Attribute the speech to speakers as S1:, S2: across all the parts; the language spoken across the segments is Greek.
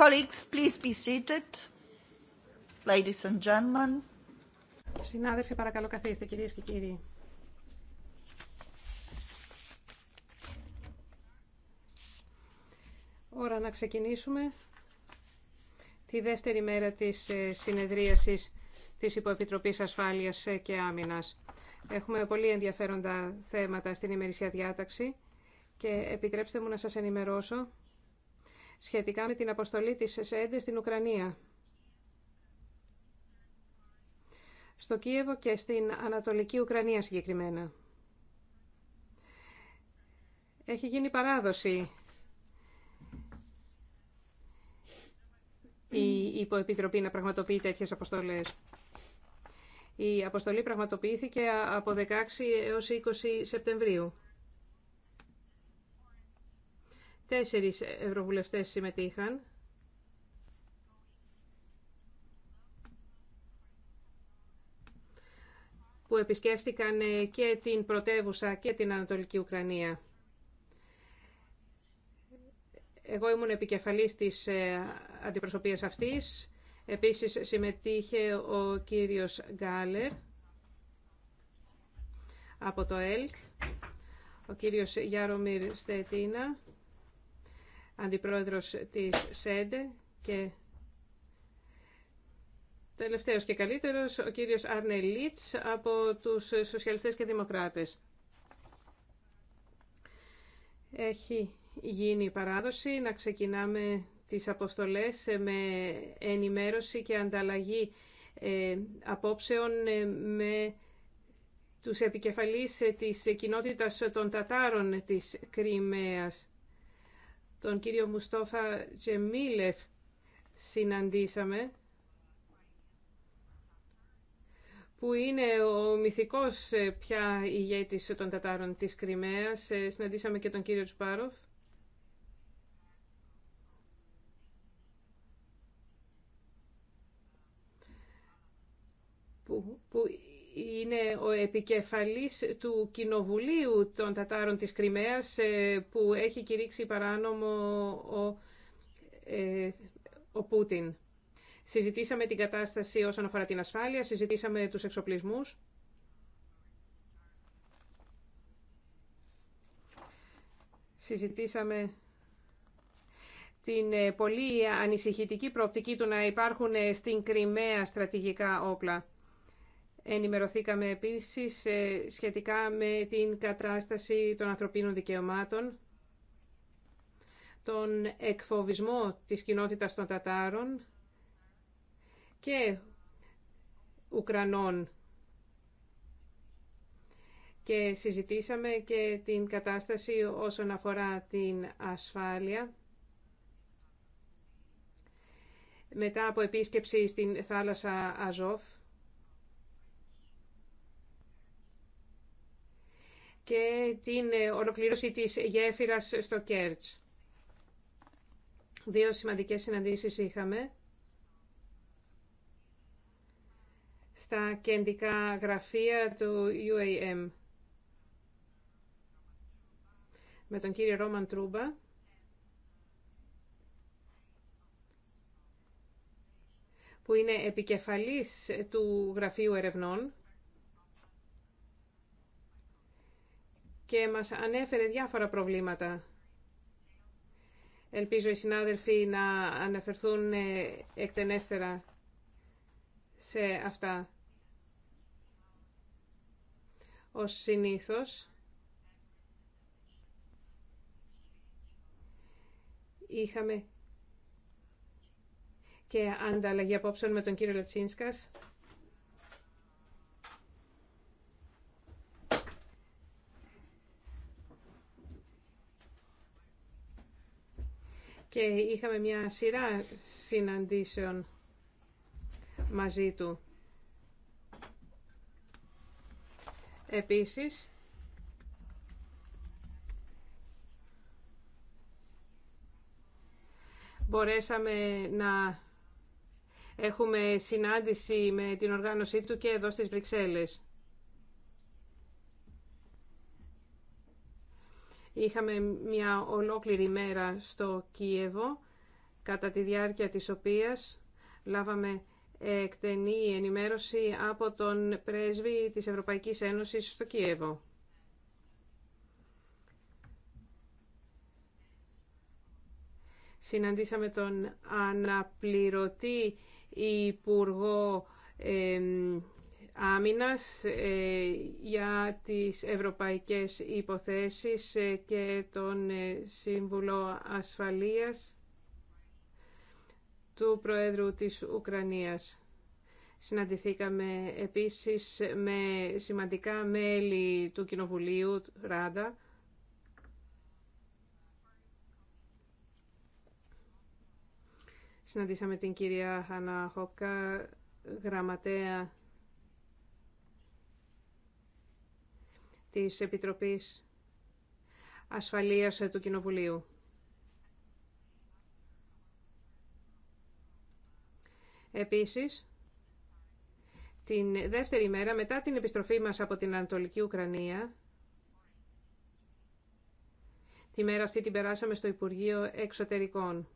S1: Colleagues, please be seated. Ladies and
S2: gentlemen. Συνάδελφοι, παρακαλώ καθίστε, κυρίες και κύριοι. Ώρα να ξεκινήσουμε τη δεύτερη μέρα της ε, συνεδρίασης της Υποεπιτροπής Ασφάλειας ε, και Άμυνας. Έχουμε πολύ ενδιαφέροντα θέματα στην ημερησία διάταξη και επιτρέψτε μου να σας ενημερώσω σχετικά με την αποστολή της ΣΕΝΤΕ στην Ουκρανία. Στο Κίεβο και στην Ανατολική Ουκρανία συγκεκριμένα. Έχει γίνει παράδοση η υποεπιτροπή να πραγματοποιεί τέτοιες αποστολές. Η αποστολή πραγματοποιήθηκε από 16 έως 20 Σεπτεμβρίου. Τέσσερις ευρωβουλευτές συμμετείχαν. που επισκέφτηκαν ε, και την πρωτεύουσα και την Ανατολική Ουκρανία. Εγώ ήμουν επικεφαλής της ε, αντιπροσωπείας αυτής. Επίσης συμμετείχε ο κύριος Γκάλερ από το ΕΛΚ, ο κύριος Γιάρομιρ Στετίνα, αντιπρόεδρος της ΣΕΝΤΕ και τελευταίος και καλύτερος ο κύριος Άρνε Λίτς από τους Σοσιαλιστές και Δημοκράτες. Έχει γίνει η παράδοση να ξεκινάμε τις αποστολές με ενημέρωση και ανταλλαγή ε, απόψεων ε, με τους επικεφαλείς ε, της κοινότητας των Τατάρων της Κρυμαίας τον κύριο Μουστόφα Τζεμίλεφ συναντήσαμε, που είναι ο μυθικός ε, πια ηγέτης των Τατάρων της Κρυμαίας. Ε, συναντήσαμε και τον κύριο Τσπάροφ. είναι ο επικεφαλής του Κοινοβουλίου των Τατάρων της Κρυμαίας ε, που έχει κηρύξει παράνομο ο, ε, ο Πούτιν. Συζητήσαμε την κατάσταση όσον αφορά την ασφάλεια, συζητήσαμε τους εξοπλισμούς. Συζητήσαμε την ε, πολύ ανησυχητική προοπτική του να υπάρχουν στην Κρυμαία στρατηγικά όπλα. Ενημερωθήκαμε επίσης ε, σχετικά με την κατάσταση των ανθρωπίνων δικαιωμάτων, τον εκφοβισμό της κοινότητας των Τατάρων και Ουκρανών και συζητήσαμε και την κατάσταση όσον αφορά την ασφάλεια. Μετά από επίσκεψη στην θάλασσα Αζόφ, και την ε, ολοκλήρωση της γέφυρας στο Κέρτς. Δύο σημαντικές συναντήσεις είχαμε στα κεντρικά γραφεία του UAM με τον κύριο Ρόμαν Τρούμπα που είναι επικεφαλής του Γραφείου Ερευνών και μας ανέφερε διάφορα προβλήματα. Ελπίζω οι συνάδελφοι να αναφερθούν ε, εκτενέστερα σε αυτά. Ως συνήθως, είχαμε και ανταλλαγή απόψεων με τον κύριο Λατσίνσκας. και είχαμε μια σειρά συναντήσεων μαζί του. Επίσης, μπορέσαμε να έχουμε συνάντηση με την οργάνωσή του και εδώ στις Βρυξέλλες. Είχαμε μια ολόκληρη μέρα στο Κίεβο, κατά τη διάρκεια της οποίας λάβαμε εκτενή ενημέρωση από τον πρέσβη της Ευρωπαϊκής Ένωσης στο Κίεβο. Συναντήσαμε τον αναπληρωτή υπουργό άμυνας ε, για τις ευρωπαϊκές υποθέσεις ε, και τον ε, Σύμβουλο Ασφαλείας του Προέδρου της Ουκρανίας. Συναντηθήκαμε επίσης με σημαντικά μέλη του Κοινοβουλίου, Ράντα, Συναντήσαμε την κυρία Χάνα γραμματέα της Επιτροπής Ασφαλείας του Κοινοβουλίου. Επίσης, την δεύτερη μέρα μετά την επιστροφή μας από την Ανατολική Ουκρανία, τη μέρα αυτή την περάσαμε στο Υπουργείο Εξωτερικών,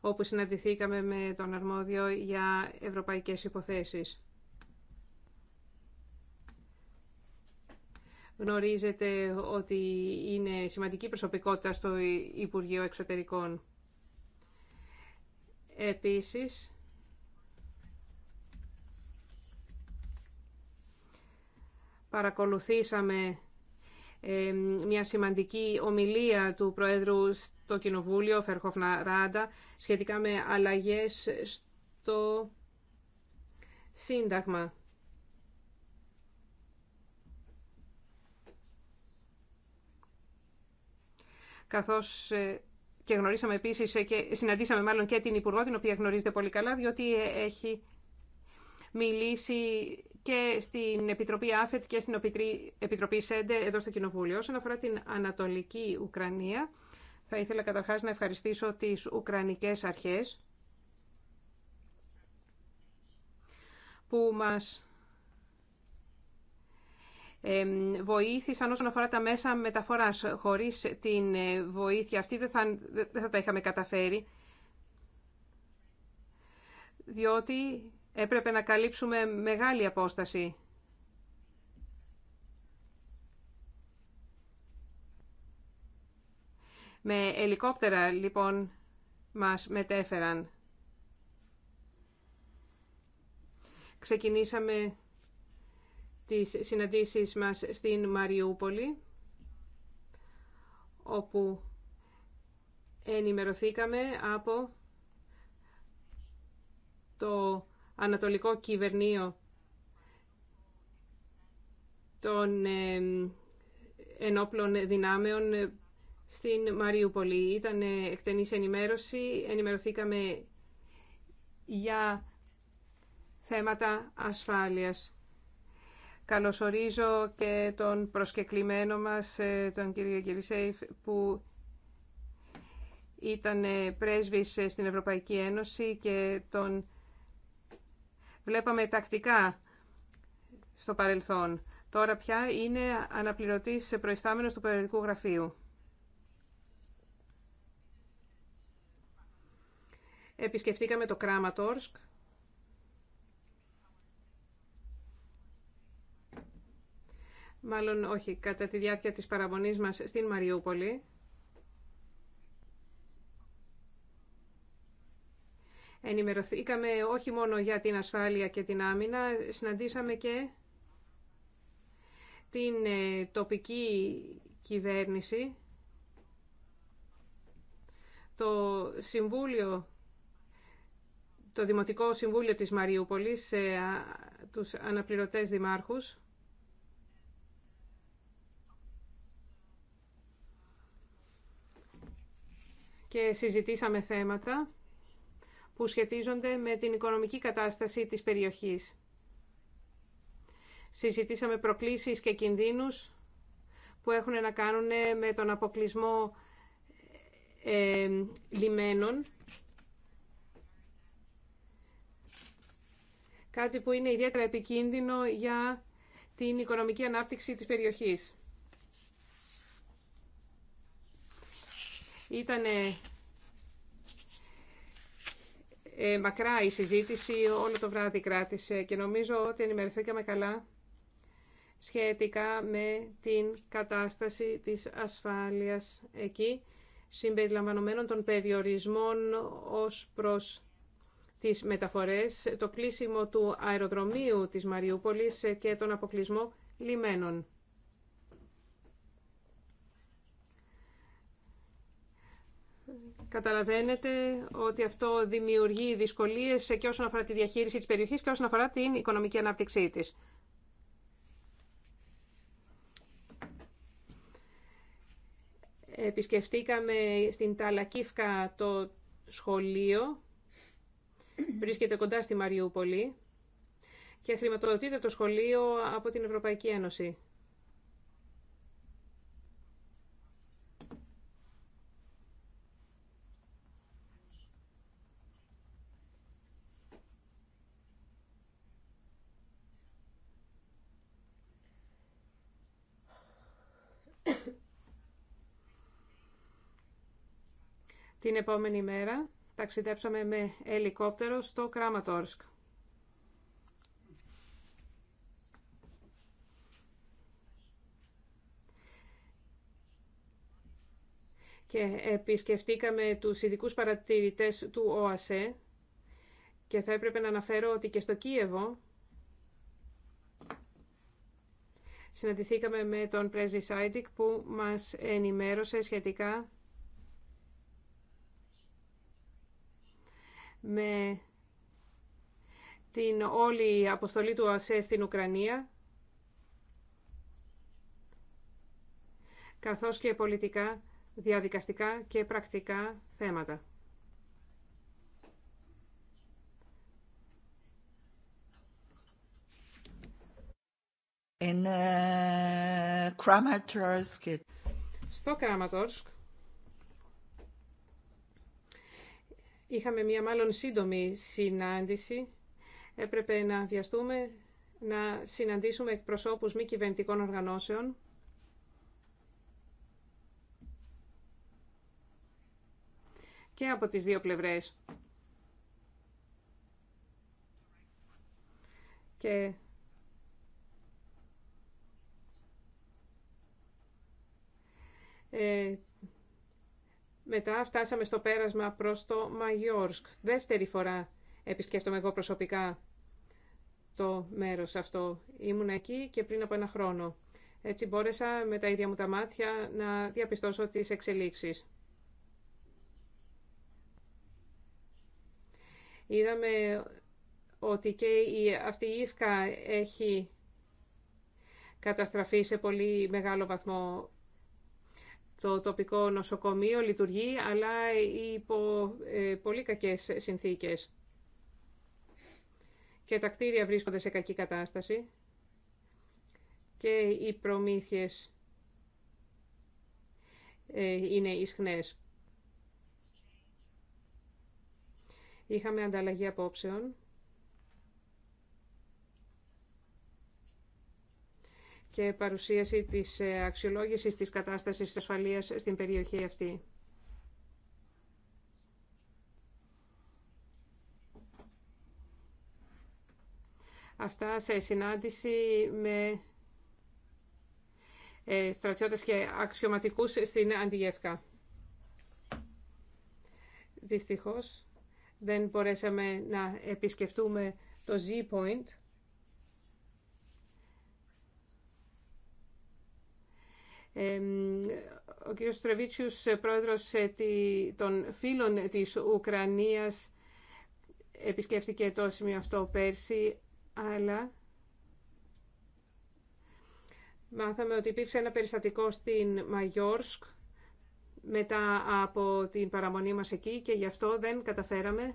S2: όπου συναντηθήκαμε με τον αρμόδιο για ευρωπαϊκές υποθέσεις. Γνωρίζετε ότι είναι σημαντική προσωπικότητα στο Υπουργείο Εξωτερικών. Επίσης, παρακολουθήσαμε ε, μια σημαντική ομιλία του Προέδρου στο Κοινοβούλιο, Φερχόφνα Ράντα, σχετικά με αλλαγές στο Σύνταγμα. καθώς ε, και γνωρίσαμε επίσης ε, και συναντήσαμε μάλλον και την Υπουργό, την οποία γνωρίζετε πολύ καλά, διότι ε, έχει μιλήσει και στην Επιτροπή ΑΦΕΤ και στην Επιτροπή ΣΕΝΤΕ εδώ στο Κοινοβούλιο. Όσον αφορά την Ανατολική Ουκρανία, θα ήθελα καταρχάς να ευχαριστήσω τις Ουκρανικές αρχές που μας βοήθησαν όσον αφορά τα μέσα μεταφοράς. Χωρίς την ε, βοήθεια αυτή δεν θα, θα τα είχαμε καταφέρει, διότι έπρεπε να καλύψουμε μεγάλη απόσταση. Με ελικόπτερα, λοιπόν, μας μετέφεραν. Ξεκινήσαμε τις συναντήσεις μας στην Μαριούπολη, όπου ενημερωθήκαμε από το Ανατολικό Κυβερνείο των ε, ενόπλων δυνάμεων στην Μαριούπολη. Ήταν ε, εκτενής ενημέρωση, ενημερωθήκαμε για θέματα ασφάλειας. Καλωσορίζω και τον προσκεκλημένο μας, ε, τον κύριο Γελισέη, που ήταν ε, πρέσβης ε, στην Ευρωπαϊκή Ένωση και τον βλέπαμε τακτικά στο παρελθόν. Τώρα πια είναι αναπληρωτής προϊστάμενος του Περιοδικού Γραφείου. Επισκεφτήκαμε το Τόρσκ. μάλλον όχι, κατά τη διάρκεια της παραμονής μας στην Μαριούπολη. Ενημερωθήκαμε όχι μόνο για την ασφάλεια και την άμυνα, συναντήσαμε και την ε, τοπική κυβέρνηση, το Συμβούλιο, το Δημοτικό Συμβούλιο της Μαριούπολης, ε, τους αναπληρωτές δημάρχους, και συζητήσαμε θέματα που σχετίζονται με την οικονομική κατάσταση της περιοχής. Συζητήσαμε προκλήσεις και κινδύνους που έχουν να κάνουν με τον αποκλεισμό ε, λιμένων. Κάτι που είναι ιδιαίτερα επικίνδυνο για την οικονομική ανάπτυξη της περιοχής. Ήταν ε, μακρά η συζήτηση, όλο το βράδυ κράτησε και νομίζω ότι ενημερωθήκαμε καλά σχετικά με την κατάσταση της ασφάλειας εκεί, συμπεριλαμβανομένων των περιορισμών ως προς τις μεταφορές, το κλείσιμο του αεροδρομίου της Μαριούπολης και τον αποκλεισμό λιμένων. Καταλαβαίνετε ότι αυτό δημιουργεί δυσκολίες και όσον αφορά τη διαχείριση της περιοχής και όσον αφορά την οικονομική ανάπτυξή τη. Επισκεφτήκαμε στην Ταλακίφκα το σχολείο, βρίσκεται κοντά στη Μαριούπολη και χρηματοδοτείται το σχολείο από την Ευρωπαϊκή Ένωση. Την επόμενη μέρα ταξιδέψαμε με ελικόπτερο στο Κράματόρσκ. και επισκεφτήκαμε τους ειδικού παρατηρητές του ΟΑΣΕ και θα έπρεπε να αναφέρω ότι και στο Κίεβο συναντηθήκαμε με τον πρέσβη Σάιντικ που μας ενημέρωσε σχετικά με την όλη αποστολή του ΟΑΣΕ στην Ουκρανία, καθώς και πολιτικά, διαδικαστικά και πρακτικά θέματα. Uh, Στο Κραματόρσκ Είχαμε μία μάλλον σύντομη συνάντηση. Έπρεπε να βιαστούμε να συναντήσουμε εκπροσώπους μη κυβερνητικών οργανώσεων. Και από τις δύο πλευρές. Και ε, μετά φτάσαμε στο πέρασμα προς το Μαγιόρσκ. Δεύτερη φορά επισκέφτομαι εγώ προσωπικά το μέρος αυτό. Ήμουν εκεί και πριν από ένα χρόνο. Έτσι μπόρεσα με τα ίδια μου τα μάτια να διαπιστώσω τις εξελίξεις. Είδαμε ότι και η, αυτή η ύφκα έχει καταστραφεί σε πολύ μεγάλο βαθμό το τοπικό νοσοκομείο λειτουργεί, αλλά υπό ε, πολύ κακές συνθήκες. Και τα κτίρια βρίσκονται σε κακή κατάσταση και οι προμήθειες ε, είναι ισχνές. Είχαμε ανταλλαγή απόψεων και παρουσίαση της ε, αξιολόγησης της κατάστασης της ασφαλείας στην περιοχή αυτή. Αυτά σε συνάντηση με ε, στρατιώτες και αξιωματικούς στην Αντιγεύκα. Δυστυχώς δεν μπορέσαμε να επισκεφτούμε το Z-Point, ο κ. Στρεβίτσιους, πρόεδρος ε, των φίλων της Ουκρανίας, επισκέφθηκε το σημείο αυτό πέρσι, αλλά μάθαμε ότι υπήρξε ένα περιστατικό στην Μαγιόρσκ μετά από την παραμονή μας εκεί και γι' αυτό δεν καταφέραμε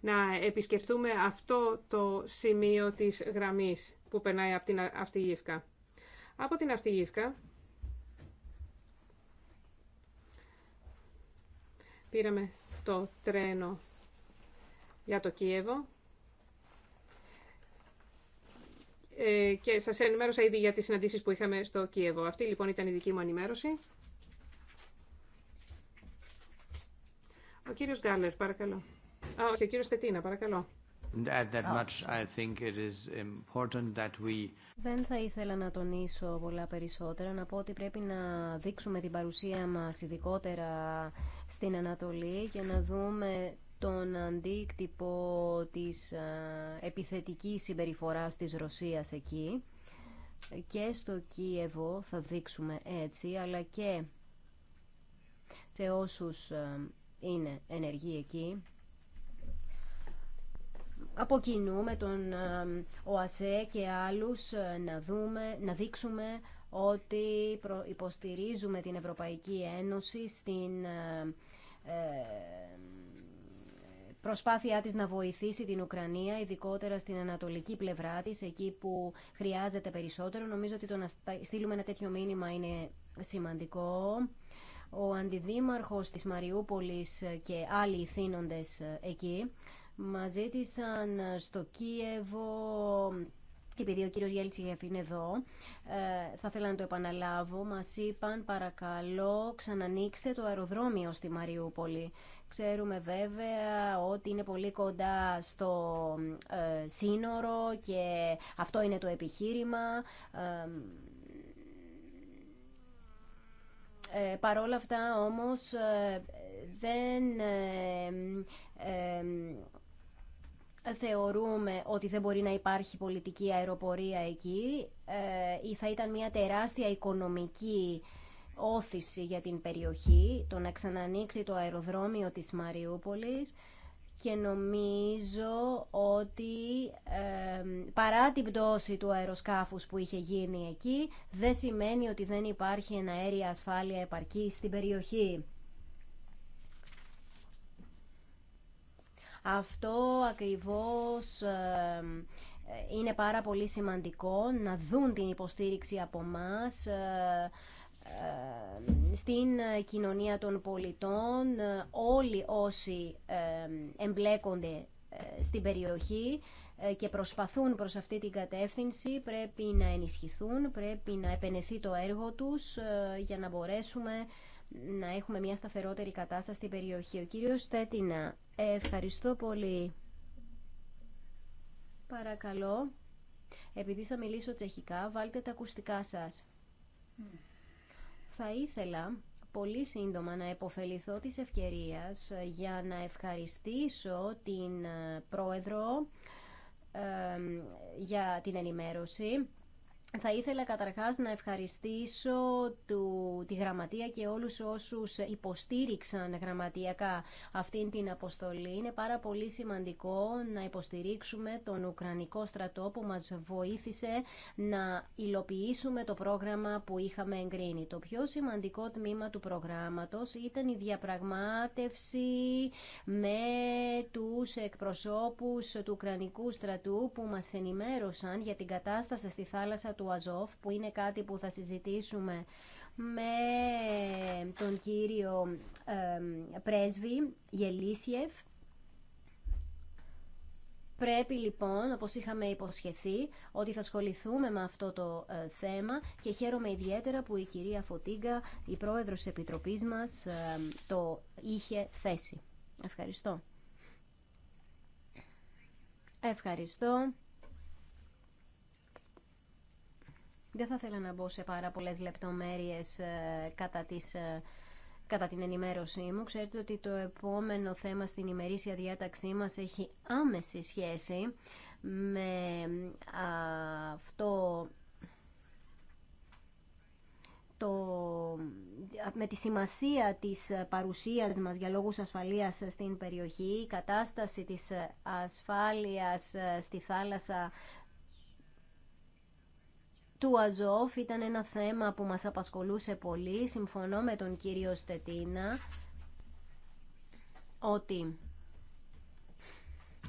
S2: να επισκεφτούμε αυτό το σημείο της γραμμής που περνάει από την Αυτιγίφκα. Από την Αυτιγίφκα πήραμε το τρένο για το Κίεβο ε, και σας ενημέρωσα ήδη για τις συναντήσεις που είχαμε στο Κίεβο. Αυτή λοιπόν ήταν η δική μου ενημέρωση. Ο κύριος Γκάλερ, παρακαλώ όχι, ο κύριο παρακαλώ. Δεν θα ήθελα να τονίσω πολλά περισσότερα.
S3: Να πω ότι πρέπει να δείξουμε την παρουσία μας ειδικότερα στην Ανατολή για να δούμε τον αντίκτυπο της επιθετικής συμπεριφοράς της Ρωσίας εκεί. Και στο Κίεβο θα δείξουμε έτσι, αλλά και σε όσους είναι ενεργοί εκεί από κοινού τον ε, ΟΑΣΕ και άλλους ε, να, δούμε, να δείξουμε ότι υποστηρίζουμε την Ευρωπαϊκή Ένωση στην ε, προσπάθειά της να βοηθήσει την Ουκρανία, ειδικότερα στην ανατολική πλευρά της, εκεί που χρειάζεται περισσότερο. Νομίζω ότι το να στείλουμε ένα τέτοιο μήνυμα είναι σημαντικό. Ο αντιδήμαρχος της Μαριούπολης και άλλοι θύνοντες εκεί Μα ζήτησαν ε, στο Κίεβο επειδή ο κύριος Γέλτσιεφ είναι εδώ, ε, θα ήθελα να το επαναλάβω, μας είπαν παρακαλώ ξανανοίξτε το αεροδρόμιο στη Μαριούπολη. Ξέρουμε βέβαια ότι είναι πολύ κοντά στο ε, σύνορο και αυτό είναι το επιχείρημα. Ε, παρόλα αυτά όμως δεν θεωρούμε ότι δεν μπορεί να υπάρχει πολιτική αεροπορία εκεί ε, ή θα ήταν μια τεράστια οικονομική όθηση για την περιοχή το να ξανανοίξει το αεροδρόμιο της Μαριούπολης και νομίζω ότι ε, παρά την πτώση του αεροσκάφους που είχε γίνει εκεί δεν σημαίνει ότι δεν υπάρχει ένα αέρια ασφάλεια επαρκή στην περιοχή. Αυτό ακριβώς ε, είναι πάρα πολύ σημαντικό να δουν την υποστήριξη από μας ε, ε, στην κοινωνία των πολιτών όλοι όσοι εμπλέκονται στην περιοχή και προσπαθούν προς αυτή την κατεύθυνση πρέπει να ενισχυθούν, πρέπει να επενεθεί το έργο τους για να μπορέσουμε να έχουμε μια σταθερότερη κατάσταση στην περιοχή. Ο κύριος Στέτινα Ευχαριστώ πολύ. Παρακαλώ, επειδή θα μιλήσω τσεχικά, βάλτε τα ακουστικά σας. Θα ήθελα πολύ σύντομα να επωφεληθώ της ευκαιρίας ε, για να ευχαριστήσω την ε, Πρόεδρο ε, για την ενημέρωση θα ήθελα καταρχάς να ευχαριστήσω του, τη Γραμματεία και όλους όσους υποστήριξαν γραμματιακά αυτήν την αποστολή. Είναι πάρα πολύ σημαντικό να υποστηρίξουμε τον Ουκρανικό στρατό που μας βοήθησε να υλοποιήσουμε το πρόγραμμα που είχαμε εγκρίνει. Το πιο σημαντικό τμήμα του προγράμματος ήταν η διαπραγμάτευση με τους εκπροσώπους του Ουκρανικού στρατού που μας ενημέρωσαν για την κατάσταση στη θάλασσα του Αζόφ που είναι κάτι που θα συζητήσουμε με τον κύριο πρέσβη Γελίσιεφ. Πρέπει λοιπόν, όπως είχαμε υποσχεθεί, ότι θα ασχοληθούμε με αυτό το ε, θέμα και χαίρομαι ιδιαίτερα που η κυρία Φωτίγκα, η πρόεδρος της Επιτροπής μας, ε, το είχε θέσει. Ευχαριστώ. Ευχαριστώ. Δεν θα ήθελα να μπω σε πάρα πολλές λεπτομέρειες ε, κατά ε, κατά την ενημέρωσή μου. Ξέρετε ότι το επόμενο θέμα στην ημερήσια διάταξή μας έχει άμεση σχέση με αυτό το, με τη σημασία της παρουσίας μας για λόγους ασφαλείας στην περιοχή, η κατάσταση της ασφάλειας ε, στη θάλασσα του Αζόφ ήταν ένα θέμα που μας απασχολούσε πολύ. Συμφωνώ με τον κύριο Στετίνα ότι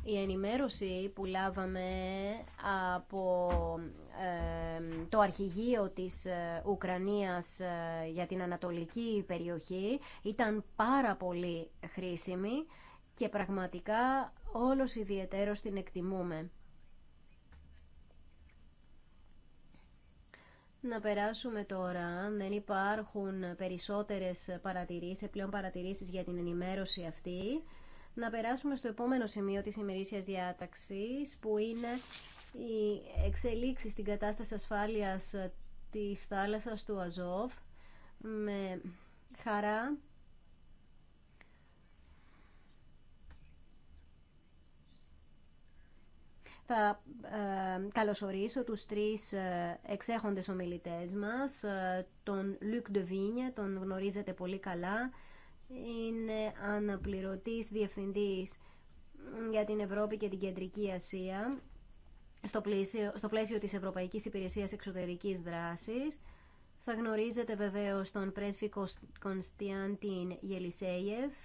S3: η ενημέρωση που λάβαμε από το αρχηγείο της ε, Ουκρανίας ε, για την ανατολική περιοχή ήταν πάρα πολύ χρήσιμη και πραγματικά όλος ιδιαίτερος την εκτιμούμε. Να περάσουμε τώρα, δεν υπάρχουν περισσότερες παρατηρήσεις, πλέον παρατηρήσεις για την ενημέρωση αυτή, να περάσουμε στο επόμενο σημείο της ημερήσιας διάταξης, που είναι η εξελίξη στην κατάσταση ασφάλειας της θάλασσας του Αζόφ. Με χαρά Θα ε, καλωσορίσω τους τρεις ε, εξέχοντες ομιλητές μας, ε, τον Λουκ Ντεβίνια, τον γνωρίζετε πολύ καλά, είναι αναπληρωτής διευθυντής για την Ευρώπη και την Κεντρική Ασία στο πλαίσιο, στο πλαίσιο της Ευρωπαϊκής Υπηρεσίας Εξωτερικής Δράσης. Θα γνωρίζετε βεβαίως τον πρέσβη Κωνστιαντίν Γελισέγεφ,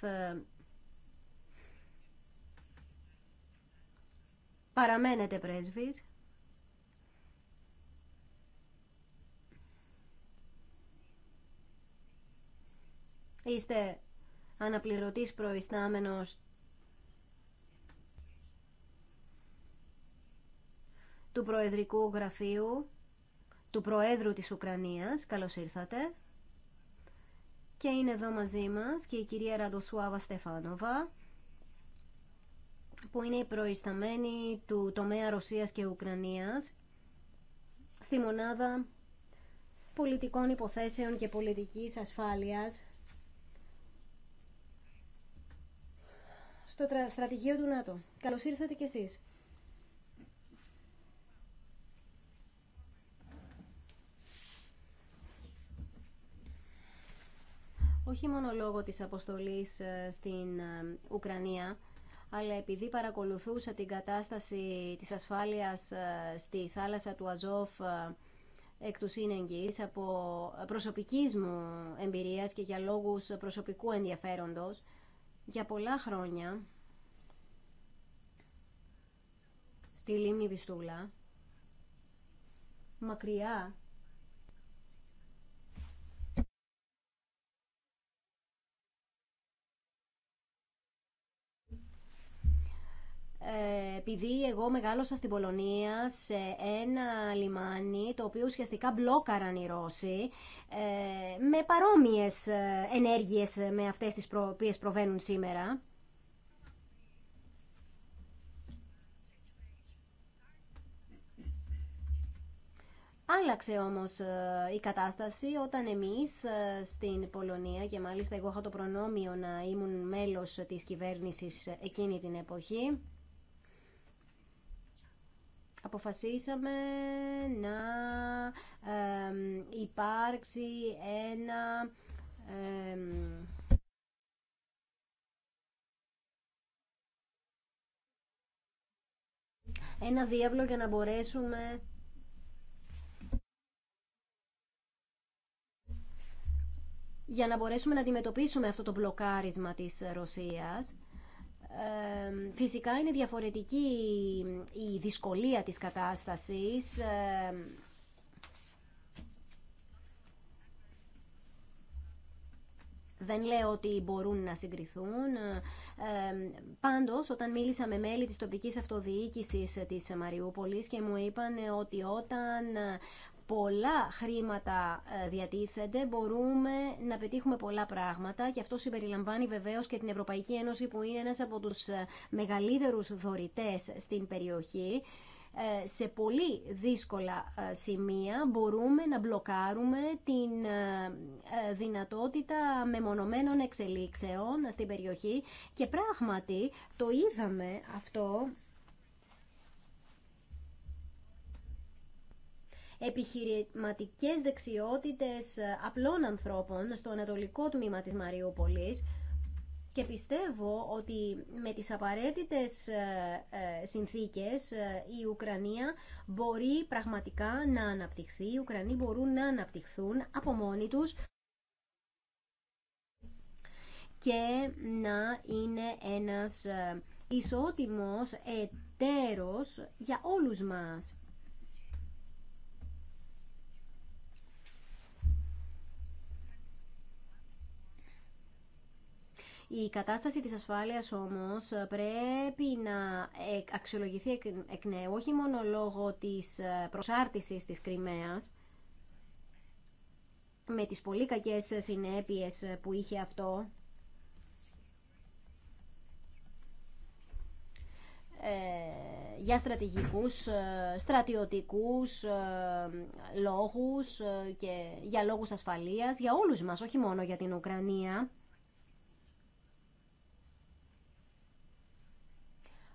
S3: Παραμένετε πρέσβης. Είστε αναπληρωτής προϊστάμενος του Προεδρικού Γραφείου του Προέδρου της Ουκρανίας. Καλώς ήρθατε. Και είναι εδώ μαζί μας και η κυρία Ραντοσουάβα Στεφάνοβα που είναι η προϊσταμένη του τομέα Ρωσίας και Ουκρανίας στη μονάδα πολιτικών υποθέσεων και πολιτικής ασφάλειας στο στρατηγείο του ΝΑΤΟ. Καλώς ήρθατε κι εσείς. Όχι μόνο λόγω της αποστολής ε, στην ε, Ουκρανία, αλλά επειδή παρακολουθούσα την κατάσταση της ασφάλειας ε, στη θάλασσα του Αζόφ ε, εκ του από προσωπικής μου εμπειρίας και για λόγους προσωπικού ενδιαφέροντος για πολλά χρόνια στη λίμνη Βιστούλα μακριά Ε, επειδή εγώ μεγάλωσα στην Πολωνία σε ένα λιμάνι το οποίο ουσιαστικά μπλόκαραν οι Ρώσοι ε, με παρόμοιες ε, ενέργειες με αυτές τις οποίες προβαίνουν σήμερα. Άλλαξε όμως η κατάσταση όταν εμείς στην Πολωνία και μάλιστα εγώ είχα το προνόμιο να ήμουν μέλος της κυβέρνησης εκείνη την εποχή αποφασίσαμε να υπάρξει ένα ένα διάβλο για να μπορέσουμε για να μπορέσουμε να αντιμετωπίσουμε αυτό το μπλοκάρισμα της Ρωσίας Φυσικά είναι διαφορετική η δυσκολία της κατάστασης. Δεν λέω ότι μπορούν να συγκριθούν. Ε, πάντως, όταν μίλησα με μέλη της τοπικής αυτοδιοίκησης της Μαριούπολης και μου είπαν ότι όταν πολλά χρήματα ε, διατίθενται, μπορούμε να πετύχουμε πολλά πράγματα και αυτό συμπεριλαμβάνει βεβαίως και την Ευρωπαϊκή Ένωση που είναι ένας από τους ε, μεγαλύτερους δωρητές στην περιοχή. Ε, σε πολύ δύσκολα σημεία μπορούμε να μπλοκάρουμε την δυνατότητα μεμονωμένων εξελίξεων στην περιοχή και πράγματι το είδαμε αυτό επιχειρηματικές δεξιότητες ε, απλών ανθρώπων στο ανατολικό τμήμα της Μαριούπολης και πιστεύω ότι με τις απαραίτητες ε, ε, συνθήκες η Ουκρανία μπορεί πραγματικά να αναπτυχθεί, οι Ουκρανοί μπορούν να αναπτυχθούν από μόνοι τους και να είναι ένας ισότιμος εταίρος για όλους μας. Η κατάσταση της ασφάλειας όμως πρέπει να αξιολογηθεί εκ νέου, όχι μόνο λόγω της ε, προσάρτησης της Κρυμαίας, με τις πολύ κακές συνέπειες που είχε αυτό, ε, για στρατηγικούς, ε, στρατιωτικούς λόγους και για λόγους ασφαλείας, για όλους μας, όχι μόνο για την Ουκρανία.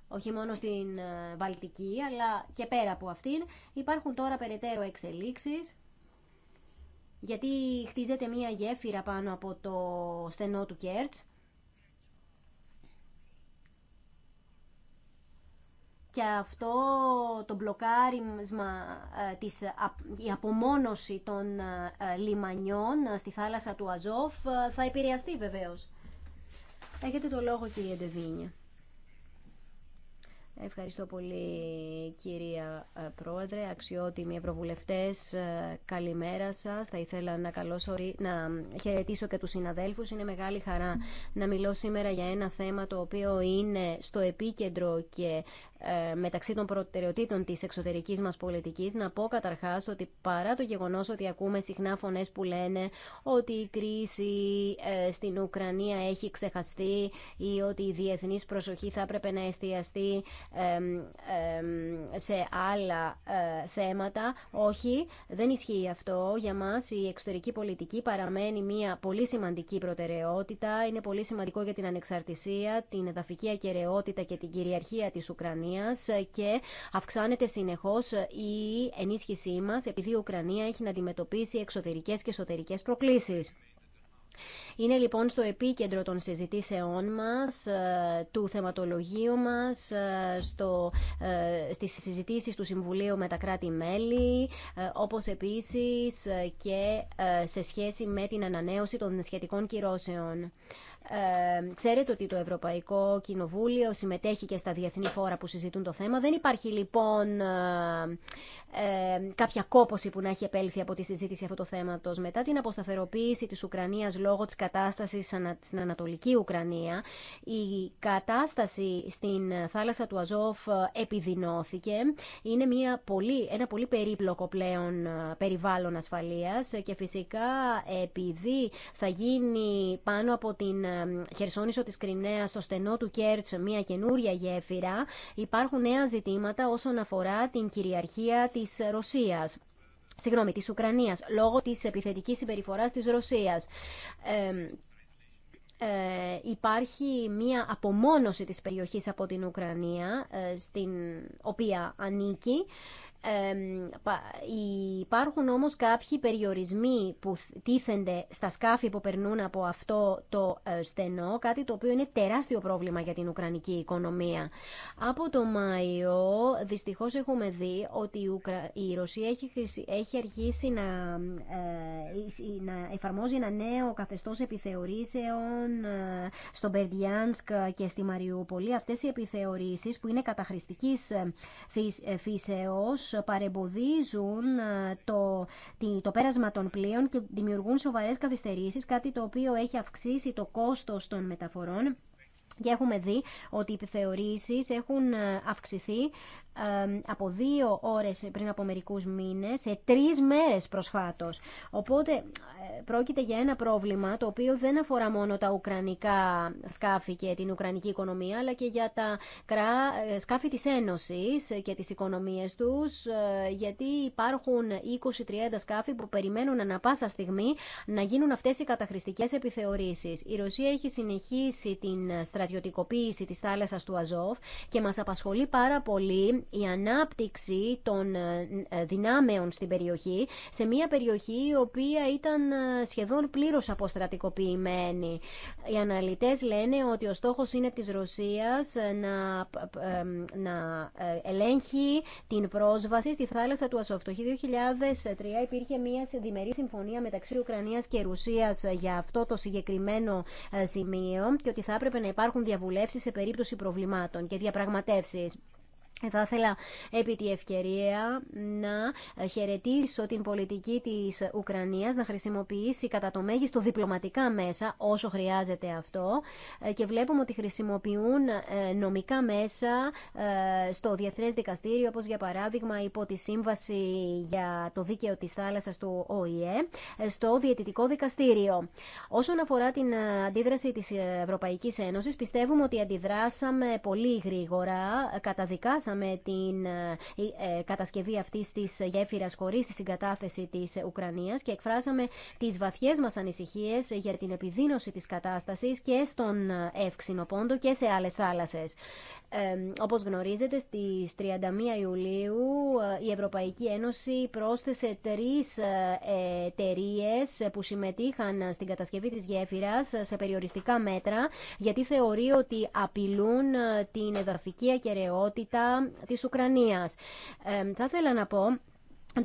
S3: όχι μόνο στην ε, Βαλτική, αλλά και πέρα από αυτήν, υπάρχουν τώρα περαιτέρω εξελίξεις, γιατί χτίζεται μία γέφυρα πάνω από το στενό του Κέρτς, και αυτό το μπλοκάρισμα, ε, της, η απομόνωση των ε, λιμανιών στη θάλασσα του Αζόφ θα επηρεαστεί βεβαίως. Έχετε το λόγο κύριε Ντεβίνια. Ευχαριστώ πολύ κυρία ε, Πρόεδρε, αξιότιμοι ευρωβουλευτές, ε, καλημέρα σας. Θα ήθελα να, καλώς, να χαιρετήσω και τους συναδέλφους. Είναι μεγάλη χαρά να μιλώ σήμερα για ένα θέμα το οποίο είναι στο επίκεντρο και ε, μεταξύ των προτεραιοτήτων της εξωτερικής μας πολιτικής να πω καταρχάς ότι παρά το γεγονός ότι ακούμε συχνά φωνές που λένε ότι η κρίση ε, στην Ουκρανία έχει ξεχαστεί ή ότι η διεθνής προσοχή θα έπρεπε να εστιαστεί σε άλλα ε, θέματα. Όχι, δεν ισχύει αυτό. Για μας η εξωτερική πολιτική παραμένει μια πολύ σημαντική προτεραιότητα. Είναι πολύ σημαντικό για την ανεξαρτησία, την εδαφική ακεραιότητα και την κυριαρχία της Ουκρανίας ε, και αυξάνεται συνεχώς ε, η ενίσχυσή μας επειδή η Ουκρανία έχει να αντιμετωπίσει εξωτερικές και εσωτερικές προκλήσεις. Είναι λοιπόν στο επίκεντρο των συζητήσεών μας, ε, του θεματολογίου μας, στο, στις συζητήσεις του Συμβουλίου με τα κράτη-μέλη, όπως επίσης και σε σχέση με την ανανέωση των σχετικών κυρώσεων. Ε, ξέρετε ότι το Ευρωπαϊκό Κοινοβούλιο συμμετέχει και στα διεθνή φόρα που συζητούν το θέμα. Δεν υπάρχει λοιπόν ε, ε κάποια κόποση που να έχει επέλθει από τη συζήτηση αυτού του θέματος. Μετά την αποσταθεροποίηση της Ουκρανίας λόγω της κατάστασης στην Ανατολική Ουκρανία, η κατάσταση στην θάλασσα του Αζόφ ε, επιδεινώθηκε. Είναι μια πολύ, ένα πολύ περίπλοκο πλέον ε, περιβάλλον ασφαλείας και φυσικά επειδή θα γίνει πάνω από την χερσόνησο της Κρινέα στο στενό του Κέρτς μια καινούρια γέφυρα υπάρχουν νέα ζητήματα όσον αφορά την κυριαρχία της Ρωσίας συγγνώμη, της Ουκρανίας, λόγω της επιθετικής συμπεριφοράς της Ρωσίας. Ε, υπάρχει μία απομόνωση της περιοχής από την Ουκρανία, ε, στην οποία ανήκει, υπάρχουν όμως κάποιοι περιορισμοί που τίθενται στα σκάφη που περνούν από αυτό το ε, στενό, κάτι το οποίο είναι τεράστιο πρόβλημα για την Ουκρανική οικονομία. Από το Μάιο δυστυχώς έχουμε δει ότι η Ρωσία έχει αρχίσει να, ε, να εφαρμόζει ένα νέο καθεστώς επιθεωρήσεων ε, στο Περδιάνσκ και στη Μαριούπολη. Αυτές οι επιθεωρήσεις που είναι καταχρηστικής φύσεως παρεμποδίζουν ε, το, το πέρασμα των πλοίων και δημιουργούν σοβαρές καθυστερήσεις, κάτι το οποίο έχει αυξήσει το κόστος των μεταφορών. Και έχουμε δει ότι οι επιθεωρήσεις έχουν ε, αυξηθεί από δύο ώρες πριν από μερικούς μήνες σε τρεις μέρες προσφάτως. Οπότε ε, πρόκειται για ένα πρόβλημα το οποίο δεν αφορά μόνο τα ουκρανικά σκάφη και την ουκρανική οικονομία αλλά και για τα ε, σκάφη της Ένωσης και τις οικονομίες τους ε, γιατί υπάρχουν 20-30 σκάφη που περιμένουν ανα πάσα στιγμή να γίνουν αυτές οι καταχρηστικές επιθεωρήσεις. Η Ρωσία έχει συνεχίσει την στρατιωτικοποίηση της θάλασσας του Αζόφ και μας απασχολεί πάρα πολύ η ανάπτυξη των ε, ε, δυνάμεων στην περιοχή, σε μια περιοχή η οποία ήταν ε, σχεδόν πλήρως αποστρατικοποιημένη. Οι αναλυτές λένε ότι ο στόχος είναι της Ρωσίας να, να ελέγχει την πρόσβαση στη θάλασσα του Ασόφτου. Το 2003 υπήρχε μια διμερή συμφωνία μεταξύ Ουκρανίας και Ρουσίας για αυτό το συγκεκριμένο σημείο και ότι θα έπρεπε να υπάρχουν διαβουλεύσεις σε περίπτωση προβλημάτων και διαπραγματεύσεις. Θα ήθελα επί τη ευκαιρία να χαιρετήσω την πολιτική της Ουκρανίας να χρησιμοποιήσει κατά το μέγιστο διπλωματικά μέσα όσο χρειάζεται αυτό ε, και βλέπουμε ότι χρησιμοποιούν ε, νομικά μέσα ε, στο Διεθνές Δικαστήριο όπως για παράδειγμα υπό τη Σύμβαση για το Δίκαιο της Θάλασσας του ΟΗΕ στο Διετητικό Δικαστήριο. Όσον αφορά την αντίδραση της Ευρωπαϊκής Ένωσης πιστεύουμε ότι αντιδράσαμε πολύ γρήγορα, Εξετάσαμε την ε, ε, κατασκευή αυτή τη γέφυρα χωρί τη συγκατάθεση τη Ουκρανία και εκφράσαμε τι βαθιέ μα ανησυχίε για την επιδείνωση τη κατάσταση και στον Εύξηνο ε, Πόντο και σε άλλε θάλασσε. Ε, όπως γνωρίζετε, στις 31 Ιουλίου ε, η Ευρωπαϊκή Ένωση πρόσθεσε τρεις ε, ε, εταιρείε που συμμετείχαν στην κατασκευή της γέφυρας σε περιοριστικά μέτρα, γιατί θεωρεί ότι απειλούν την εδαφική ακεραιότητα της Ουκρανίας. θα ήθελα να πω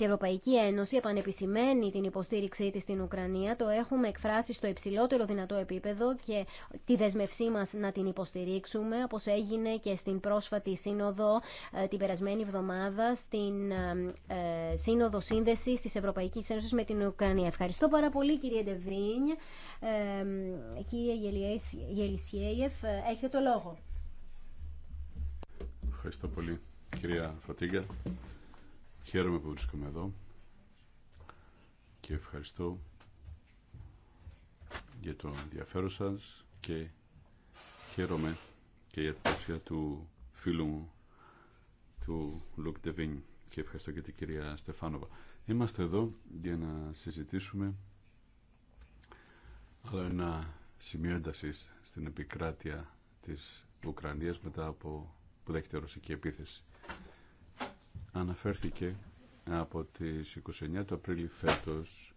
S3: η Ευρωπαϊκή Ένωση επανεπισημαίνει την υποστήριξή της στην Ουκρανία, το έχουμε εκφράσει στο υψηλότερο δυνατό επίπεδο και τη δεσμευσή μας να την υποστηρίξουμε, όπως έγινε και στην πρόσφατη σύνοδο ε, την περασμένη εβδομάδα, στην ε, ε, σύνοδο σύνδεσης της Ευρωπαϊκής Ένωσης με την Ουκρανία. Ευχαριστώ πάρα πολύ κύριε Ε, κύριε Γελισιέιεφ, έχετε το
S1: λόγο.
S4: Ευχαριστώ πολύ κυρία Φωτίγκα. Χαίρομαι που βρίσκομαι εδώ και ευχαριστώ για το ενδιαφέρον σας και χαίρομαι και για την παρουσία του φίλου μου του Λουκ Ντεβίν και ευχαριστώ και την κυρία Στεφάνοβα. Είμαστε εδώ για να συζητήσουμε άλλο ένα σημείο ένταση στην επικράτεια της Ουκρανίας μετά από που δέχεται ρωσική επίθεση αναφέρθηκε από τις 29 του Απρίλη φέτος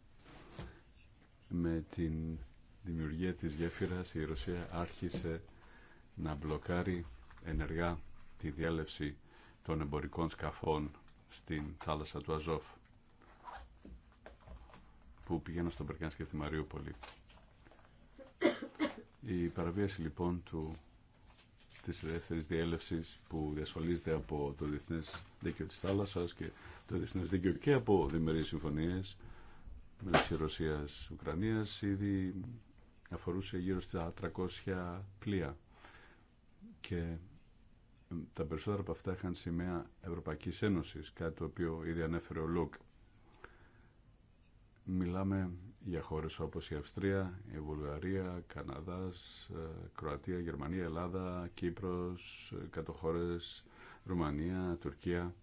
S4: με την δημιουργία της γέφυρας η Ρωσία άρχισε να μπλοκάρει ενεργά τη διάλευση των εμπορικών σκαφών στην θάλασσα του Αζόφ που πηγαίνουν στον Περκάνσκι και στη Μαριούπολη. Η παραβίαση λοιπόν του τη ελεύθερη διέλευση που διασφαλίζεται από το Διεθνές Δίκαιο τη θάλασσα και το Διεθνές Δίκαιο και από διμερείς συμφωνίες μεταξύ Ρωσίας Ουκρανία, ήδη αφορούσε γύρω στα 300 πλοία και τα περισσότερα από αυτά είχαν σημαία Ευρωπαϊκής Ένωσης, κάτι το οποίο ήδη ανέφερε ο Λουκ. Μιλάμε για χώρες όπως η Αυστρία, η Βουλγαρία, Καναδάς, ε, Κροατία, Γερμανία, Ελλάδα, Κύπρος, ε, κατοχώρες, Ρουμανία, Τουρκία.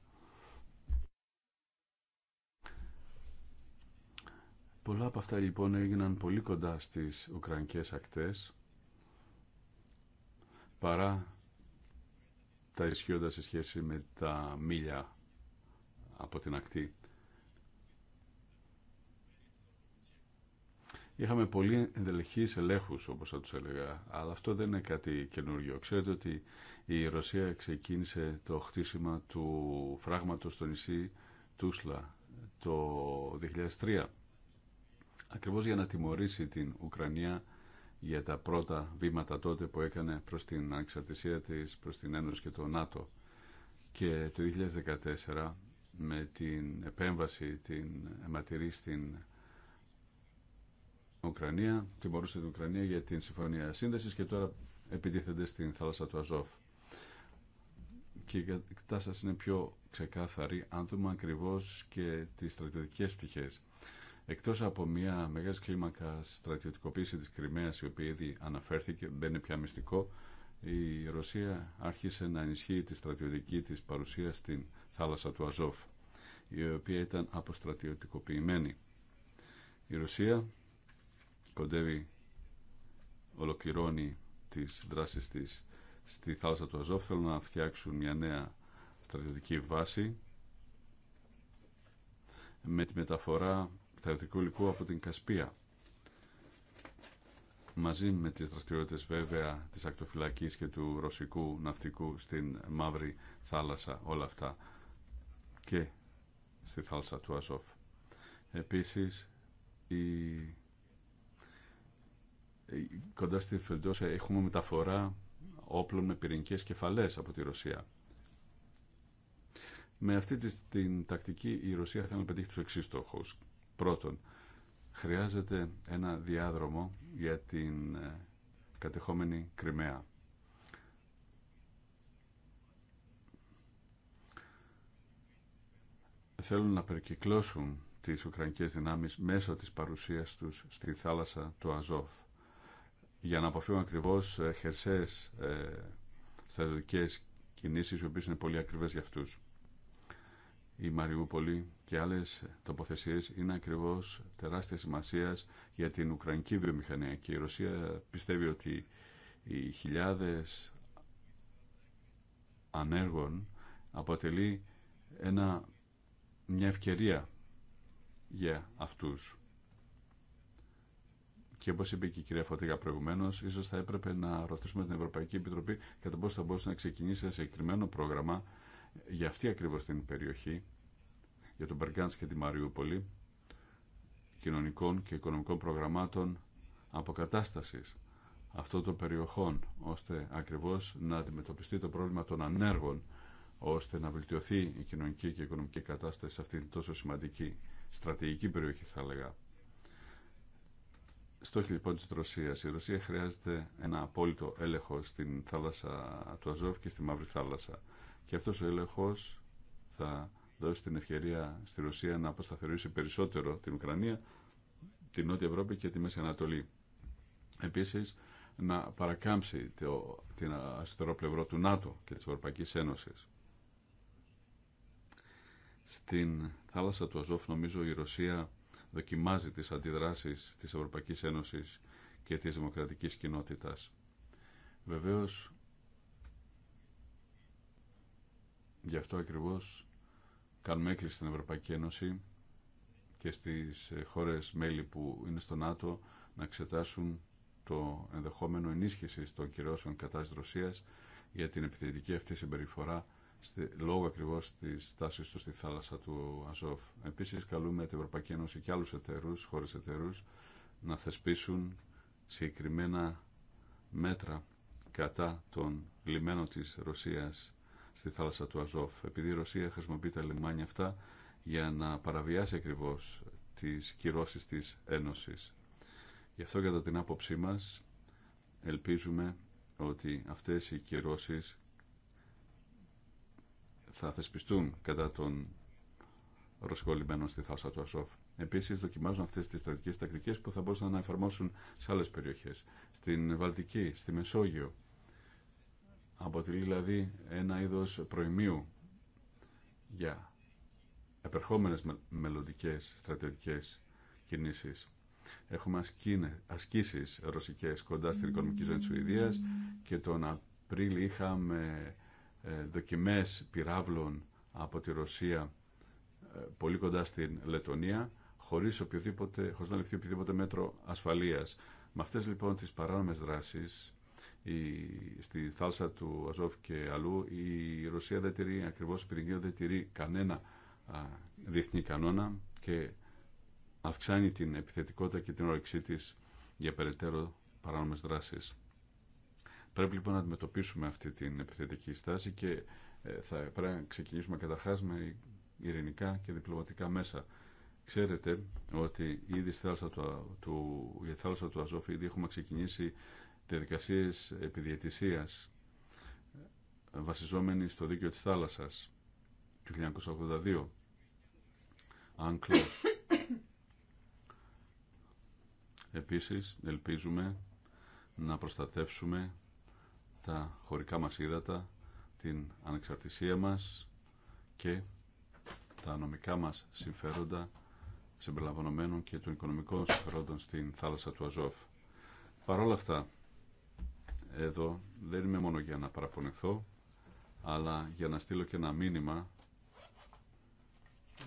S4: Πολλά από αυτά λοιπόν έγιναν πολύ κοντά στις Ουκρανικές ακτές παρά τα ισχύοντα σε σχέση με τα μίλια από την ακτή. Είχαμε πολύ ενδελεχείς ελέγχους, όπως θα τους έλεγα, αλλά αυτό δεν είναι κάτι καινούργιο. Ξέρετε ότι η Ρωσία ξεκίνησε το χτίσιμα του φράγματος στο νησί Τούσλα το 2003, ακριβώς για να τιμωρήσει την Ουκρανία για τα πρώτα βήματα τότε που έκανε προς την ανεξαρτησία της, προς την Ένωση και το ΝΑΤΟ. Και το 2014, με την επέμβαση την αιματηρή στην Ουκρανία, τιμωρούσε την Ουκρανία για την συμφωνία σύνδεση και τώρα επιτίθενται στην θάλασσα του Αζόφ. Και η κατάσταση είναι πιο ξεκάθαρη αν δούμε ακριβώ και τι στρατιωτικέ πτυχέ. Εκτό από μια μεγάλη κλίμακα στρατιωτικοποίηση τη Κρυμαία, η οποία ήδη αναφέρθηκε, μπαίνει πια μυστικό, η Ρωσία άρχισε να ενισχύει τη στρατιωτική της παρουσία στην θάλασσα του Αζόφ, η οποία ήταν αποστρατιωτικοποιημένη. Η Ρωσία κοντεύει, ολοκληρώνει τις δράσεις της στη θάλασσα του Αζόφ. Θέλουν να φτιάξουν μια νέα στρατιωτική βάση με τη μεταφορά θεωτικού υλικού από την Κασπία. Μαζί με τις δραστηριότητες βέβαια της ακτοφυλακής και του ρωσικού ναυτικού στην Μαύρη Θάλασσα, όλα αυτά και στη θάλασσα του Αζόφ. Επίσης, η ε, κοντά στη Φεντόσα ε, έχουμε μεταφορά όπλων με πυρηνικές κεφαλές από τη Ρωσία. Με αυτή την τακτική η Ρωσία θέλει να πετύχει τους εξής στόχους. Πρώτον, χρειάζεται ένα διάδρομο για την ε, κατεχόμενη Κρυμαία. Θέλουν να περικυκλώσουν τις Ουκρανικές δυνάμεις μέσω της παρουσίας τους στη θάλασσα του Αζόφ για να αποφύγουν ακριβώς χερσέ ε, ε κινήσεις οι οποίες είναι πολύ ακριβές για αυτούς. Η Μαριούπολη και άλλες τοποθεσίες είναι ακριβώς τεράστια σημασία για την Ουκρανική βιομηχανία και η Ρωσία πιστεύει ότι οι χιλιάδες ανέργων αποτελεί ένα, μια ευκαιρία για αυτούς. Και όπω είπε και η κυρία Φωτήγα προηγουμένω, ίσω θα έπρεπε να ρωτήσουμε την Ευρωπαϊκή Επιτροπή κατά πώ θα μπορούσε να ξεκινήσει ένα συγκεκριμένο πρόγραμμα για αυτή ακριβώ την περιοχή, για τον Μπεργκάντ και τη Μαριούπολη, κοινωνικών και οικονομικών προγραμμάτων αποκατάσταση αυτών των περιοχών, ώστε ακριβώ να αντιμετωπιστεί το πρόβλημα των ανέργων, ώστε να βελτιωθεί η κοινωνική και οικονομική κατάσταση σε αυτήν την τόσο σημαντική στρατηγική περιοχή, θα έλεγα. Στόχοι λοιπόν της Ρωσίας. Η Ρωσία χρειάζεται ένα απόλυτο έλεγχο στην θάλασσα του Αζόφ και στη Μαύρη Θάλασσα. Και αυτός ο έλεγχος θα δώσει την ευκαιρία στη Ρωσία να αποσταθερήσει περισσότερο την Ουκρανία, την Νότια Ευρώπη και τη Μέση Ανατολή. Επίσης, να παρακάμψει το, την αστερό πλευρό του ΝΑΤΟ και της Ευρωπαϊκής Ένωσης. Στην θάλασσα του Αζόφ νομίζω η Ρωσία δοκιμάζει τις αντιδράσεις της Ευρωπαϊκής Ένωσης και της δημοκρατικής κοινότητας. Βεβαίως, γι' αυτό ακριβώς κάνουμε έκκληση στην Ευρωπαϊκή Ένωση και στις ε, χώρες μέλη που είναι στο ΝΑΤΟ να εξετάσουν το ενδεχόμενο ενίσχυση των κυρώσεων κατά της Ρωσίας για την επιθετική αυτή συμπεριφορά λόγω ακριβώ τη τάση του στη θάλασσα του Αζόφ. Επίση, καλούμε την Ευρωπαϊκή Ένωση και άλλου εταιρού, χώρε εταιρού, να θεσπίσουν συγκεκριμένα μέτρα κατά των λιμένων της Ρωσίας στη θάλασσα του Αζόφ. Επειδή η Ρωσία χρησιμοποιεί τα λιμάνια αυτά για να παραβιάσει ακριβώς τις κυρώσεις της Ένωσης. Γι' αυτό κατά την άποψή μας ελπίζουμε ότι αυτές οι κυρώσεις θα θεσπιστούν κατά των ρωσικών στη θάλασσα του Ασόφ. Επίση, δοκιμάζουν αυτέ τι στρατιωτικέ τακτικέ που θα μπορούσαν να εφαρμόσουν σε άλλε περιοχέ, στην Βαλτική, στη Μεσόγειο. Αποτελεί δηλαδή ένα είδο προημίου για επερχόμενες μελλοντικέ στρατιωτικέ κινήσεις. Έχουμε ασκήσει ασκήσεις κοντά στην οικονομική ζώνη τη Σουηδίας και τον Απρίλιο είχαμε ε, δοκιμές πυράβλων από τη Ρωσία ε, πολύ κοντά στην Λετωνία χωρίς, χωρίς να ληφθεί οποιοδήποτε μέτρο ασφαλείας. Με αυτές λοιπόν τις παράνομες δράσεις η, στη θάλασσα του Αζόφ και αλλού η Ρωσία δεν τηρεί, ακριβώς δεν τηρεί κανένα α, διεθνή κανόνα και αυξάνει την επιθετικότητα και την όρεξή της για περαιτέρω παράνομες δράσεις. Πρέπει λοιπόν να αντιμετωπίσουμε αυτή την επιθετική στάση και ε, θα πρέπει να ξεκινήσουμε καταρχάς με ειρηνικά και διπλωματικά μέσα. Ξέρετε ότι ήδη στη θάλασσα του, θάλασσα του Αζόφη ήδη έχουμε ξεκινήσει διαδικασίε επιδιαιτησία ε, βασιζόμενοι στο δίκαιο της θάλασσας του 1982. Άγκλος. Επίσης, ελπίζουμε να προστατεύσουμε τα χωρικά μας ύδατα, την ανεξαρτησία μας και τα νομικά μας συμφέροντα συμπεριλαμβανομένων και των οικονομικών συμφερόντων στην θάλασσα του Αζόφ. Παρ' όλα αυτά, εδώ δεν είμαι μόνο για να παραπονηθώ, αλλά για να στείλω και ένα μήνυμα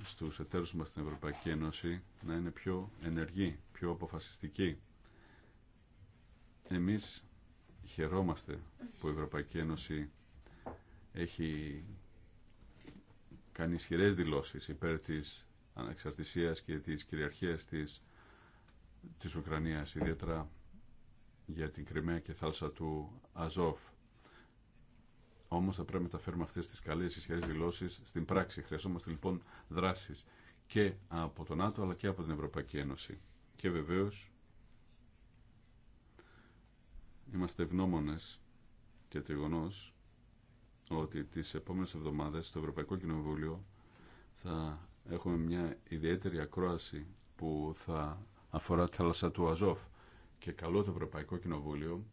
S4: στους εταίρους μας στην Ευρωπαϊκή Ένωση να είναι πιο ενεργοί, πιο αποφασιστικοί. Εμείς Χαιρόμαστε που η Ευρωπαϊκή Ένωση έχει κάνει ισχυρές δηλώσεις υπέρ της ανεξαρτησίας και της κυριαρχίας της, της Ουκρανίας, ιδιαίτερα για την Κρυμαία και θάλασσα του Αζόφ. Όμως θα πρέπει να τα φέρουμε αυτές τις καλές ισχυρές δηλώσεις στην πράξη. Χρειαζόμαστε λοιπόν δράσεις και από τον ΝΑΤΟ αλλά και από την Ευρωπαϊκή Ένωση. Και βεβαίως Είμαστε ευνόμονες και το ότι τις επόμενες εβδομάδες στο Ευρωπαϊκό Κοινοβούλιο θα έχουμε μια ιδιαίτερη ακρόαση που θα αφορά τη θάλασσα του Αζόφ και καλό το Ευρωπαϊκό Κοινοβούλιο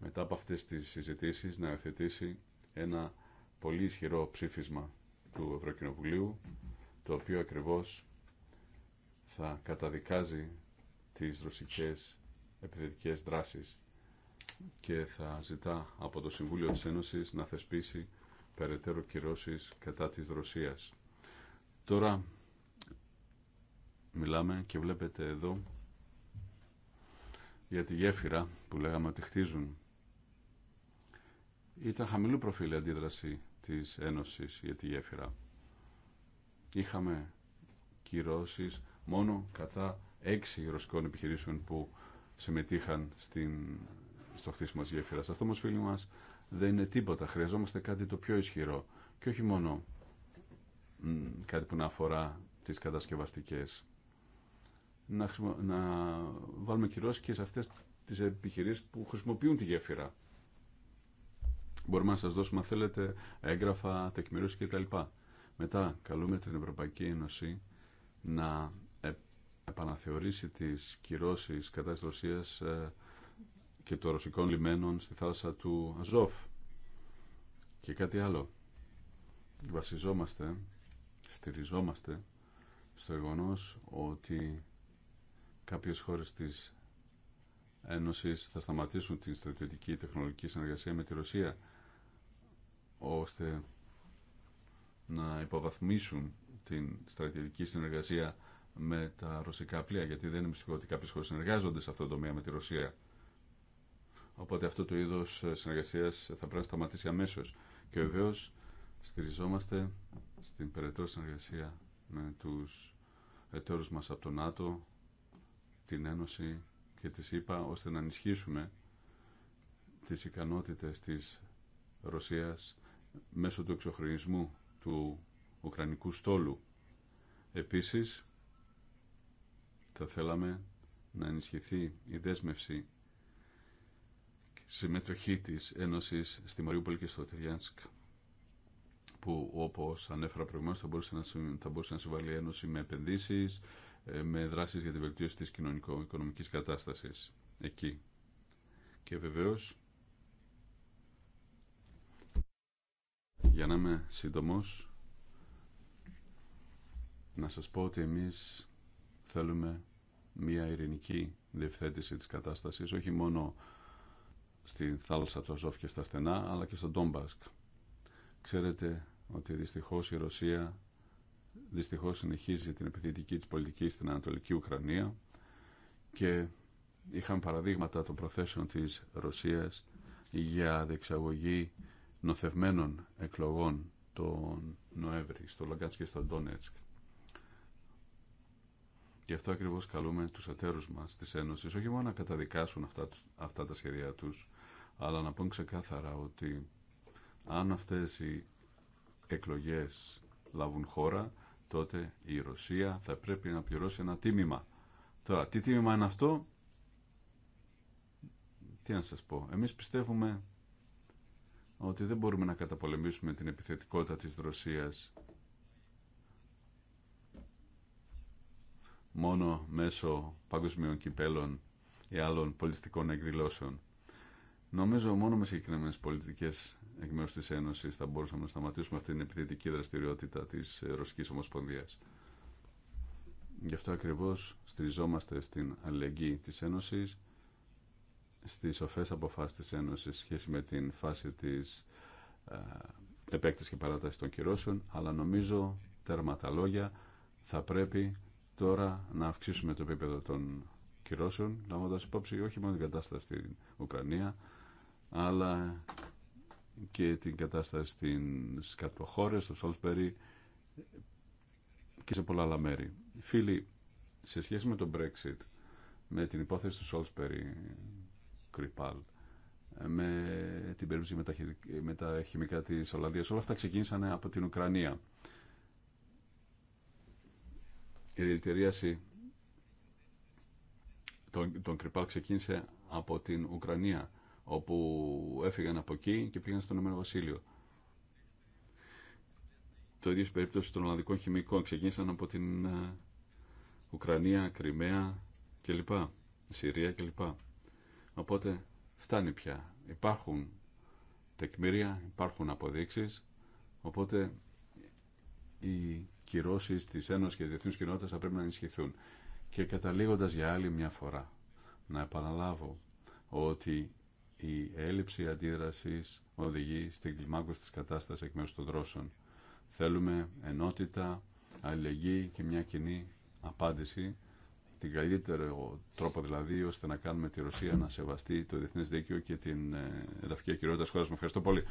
S4: μετά από αυτές τις συζητήσεις να υιοθετήσει ένα πολύ ισχυρό ψήφισμα του Ευρωκοινοβουλίου το οποίο ακριβώς θα καταδικάζει τις ρωσικές επιθετικές δράσεις και θα ζητά από το Συμβούλιο της Ένωσης να θεσπίσει περαιτέρω κυρώσεις κατά της Ρωσίας. Τώρα μιλάμε και βλέπετε εδώ για τη γέφυρα που λέγαμε ότι χτίζουν. Ήταν χαμηλού προφίλ η αντίδραση της Ένωσης για τη γέφυρα. Είχαμε κυρώσεις μόνο κατά έξι ρωσικών επιχειρήσεων που συμμετείχαν στην στο χτίσιμο της γέφυρας. Αυτό όμως φίλοι μας δεν είναι τίποτα. Χρειαζόμαστε κάτι το πιο ισχυρό και όχι μόνο κάτι που να αφορά τις κατασκευαστικές. Να, να βάλουμε κυρώσεις και σε αυτές τις επιχειρήσεις που χρησιμοποιούν τη γέφυρα. Μπορούμε να σας δώσουμε, αν θέλετε, έγγραφα, τεκμηρίωση κτλ. Μετά, καλούμε την Ευρωπαϊκή Ένωση να επαναθεωρήσει τις κυρώσεις κατά ε, και των ρωσικών λιμένων στη θάλασσα του Αζόφ. Και κάτι άλλο. Βασιζόμαστε, στηριζόμαστε στο γεγονό ότι κάποιες χώρες της Ένωσης θα σταματήσουν την στρατιωτική τεχνολογική συνεργασία με τη Ρωσία ώστε να υποβαθμίσουν την στρατιωτική συνεργασία με τα ρωσικά πλοία, γιατί δεν είναι μυστικό ότι κάποιε χώρε συνεργάζονται σε αυτό το τομέα με τη Ρωσία. Οπότε αυτό το είδο ε, συνεργασία θα πρέπει να σταματήσει αμέσω. Και βεβαίω στηριζόμαστε στην περαιτέρω συνεργασία με του εταίρου μα από το ΝΑΤΟ, την Ένωση και τη ΣΥΠΑ, ώστε να ενισχύσουμε τι ικανότητε τη Ρωσία μέσω του εξοχρονισμού του Ουκρανικού στόλου. Επίσης, θα θέλαμε να ενισχυθεί η δέσμευση συμμετοχή της Ένωσης στη Μαριούπολη και στο Τριάνσκ που όπως ανέφερα προηγουμένως θα μπορούσε να, θα να συμβάλλει η Ένωση με επενδύσεις, ε, με δράσεις για τη βελτίωση της κοινωνικο-οικονομικής κατάστασης εκεί. Και βεβαίως, για να είμαι σύντομος, να σας πω ότι εμείς θέλουμε μία ειρηνική διευθέτηση της κατάστασης, όχι μόνο στη θάλασσα του Αζόφ και στα στενά, αλλά και στον Ντόμπασκ. Ξέρετε ότι δυστυχώς η Ρωσία δυστυχώς συνεχίζει την επιθετική της πολιτική στην Ανατολική Ουκρανία και είχαν παραδείγματα των προθέσεων της Ρωσίας για διεξαγωγή νοθευμένων εκλογών τον Νοέμβρη στο Λογκάτσκ και στο Ντόνετσκ. Γι' αυτό ακριβώ καλούμε του εταίρου μας τη Ένωση όχι μόνο να καταδικάσουν αυτά, αυτά τα σχέδιά τους, αλλά να πούν ξεκάθαρα ότι αν αυτές οι εκλογές λάβουν χώρα, τότε η Ρωσία θα πρέπει να πληρώσει ένα τίμημα. Τώρα, τι τίμημα είναι αυτό, τι να σα πω. Εμείς πιστεύουμε ότι δεν μπορούμε να καταπολεμήσουμε την επιθετικότητα της Ρωσίας μόνο μέσω παγκοσμίων κυπέλων ή άλλων πολιτιστικών εκδηλώσεων. Νομίζω μόνο με συγκεκριμένε πολιτικέ εκ μέρου τη Ένωση θα μπορούσαμε να σταματήσουμε αυτή την επιθετική δραστηριότητα τη Ρωσική Ομοσπονδία. Γι' αυτό ακριβώ στηριζόμαστε στην αλληλεγγύη τη Ένωση, στι σοφέ αποφάσει τη Ένωση σχέση με την φάση τη ε, επέκτηση και παράταση των κυρώσεων, αλλά νομίζω τέρμα τα λόγια θα πρέπει τώρα να αυξήσουμε το επίπεδο των κυρώσεων, λαμβάνοντα υπόψη όχι μόνο την κατάσταση στην Ουκρανία, αλλά και την κατάσταση στην Σκατοχώρε, στο Σόλσπερι και σε πολλά άλλα μέρη. Φίλοι, σε σχέση με το Brexit, με την υπόθεση του Σόλσπερι, Κρυπάλ, με την περίπτωση με τα, χημικά της Ολλανδίας, όλα αυτά ξεκίνησαν από την Ουκρανία η δηλητηρίαση των, των ξεκίνησε από την Ουκρανία, όπου έφυγαν από εκεί και πήγαν στον Ηνωμένο Βασίλειο. Το ίδιο περίπτωση των Ολλανδικών χημικών ξεκίνησαν από την ε, Ουκρανία, Κρυμαία κλπ. Συρία κλπ. Οπότε φτάνει πια. Υπάρχουν τεκμήρια, υπάρχουν αποδείξεις, οπότε η κυρώσει τη Ένωση και τη διεθνή κοινότητα θα πρέπει να ενισχυθούν. Και καταλήγοντα για άλλη μια φορά, να επαναλάβω ότι η έλλειψη αντίδραση οδηγεί στην κλιμάκωση τη κατάσταση εκ μέρου των δρόσεων. Θέλουμε ενότητα, αλληλεγγύη και μια κοινή απάντηση την καλύτερο τρόπο δηλαδή ώστε να κάνουμε τη Ρωσία να σεβαστεί το διεθνέ δίκαιο και την ε, εδαφική ακυρότητα τη χώρα. ευχαριστώ πολύ.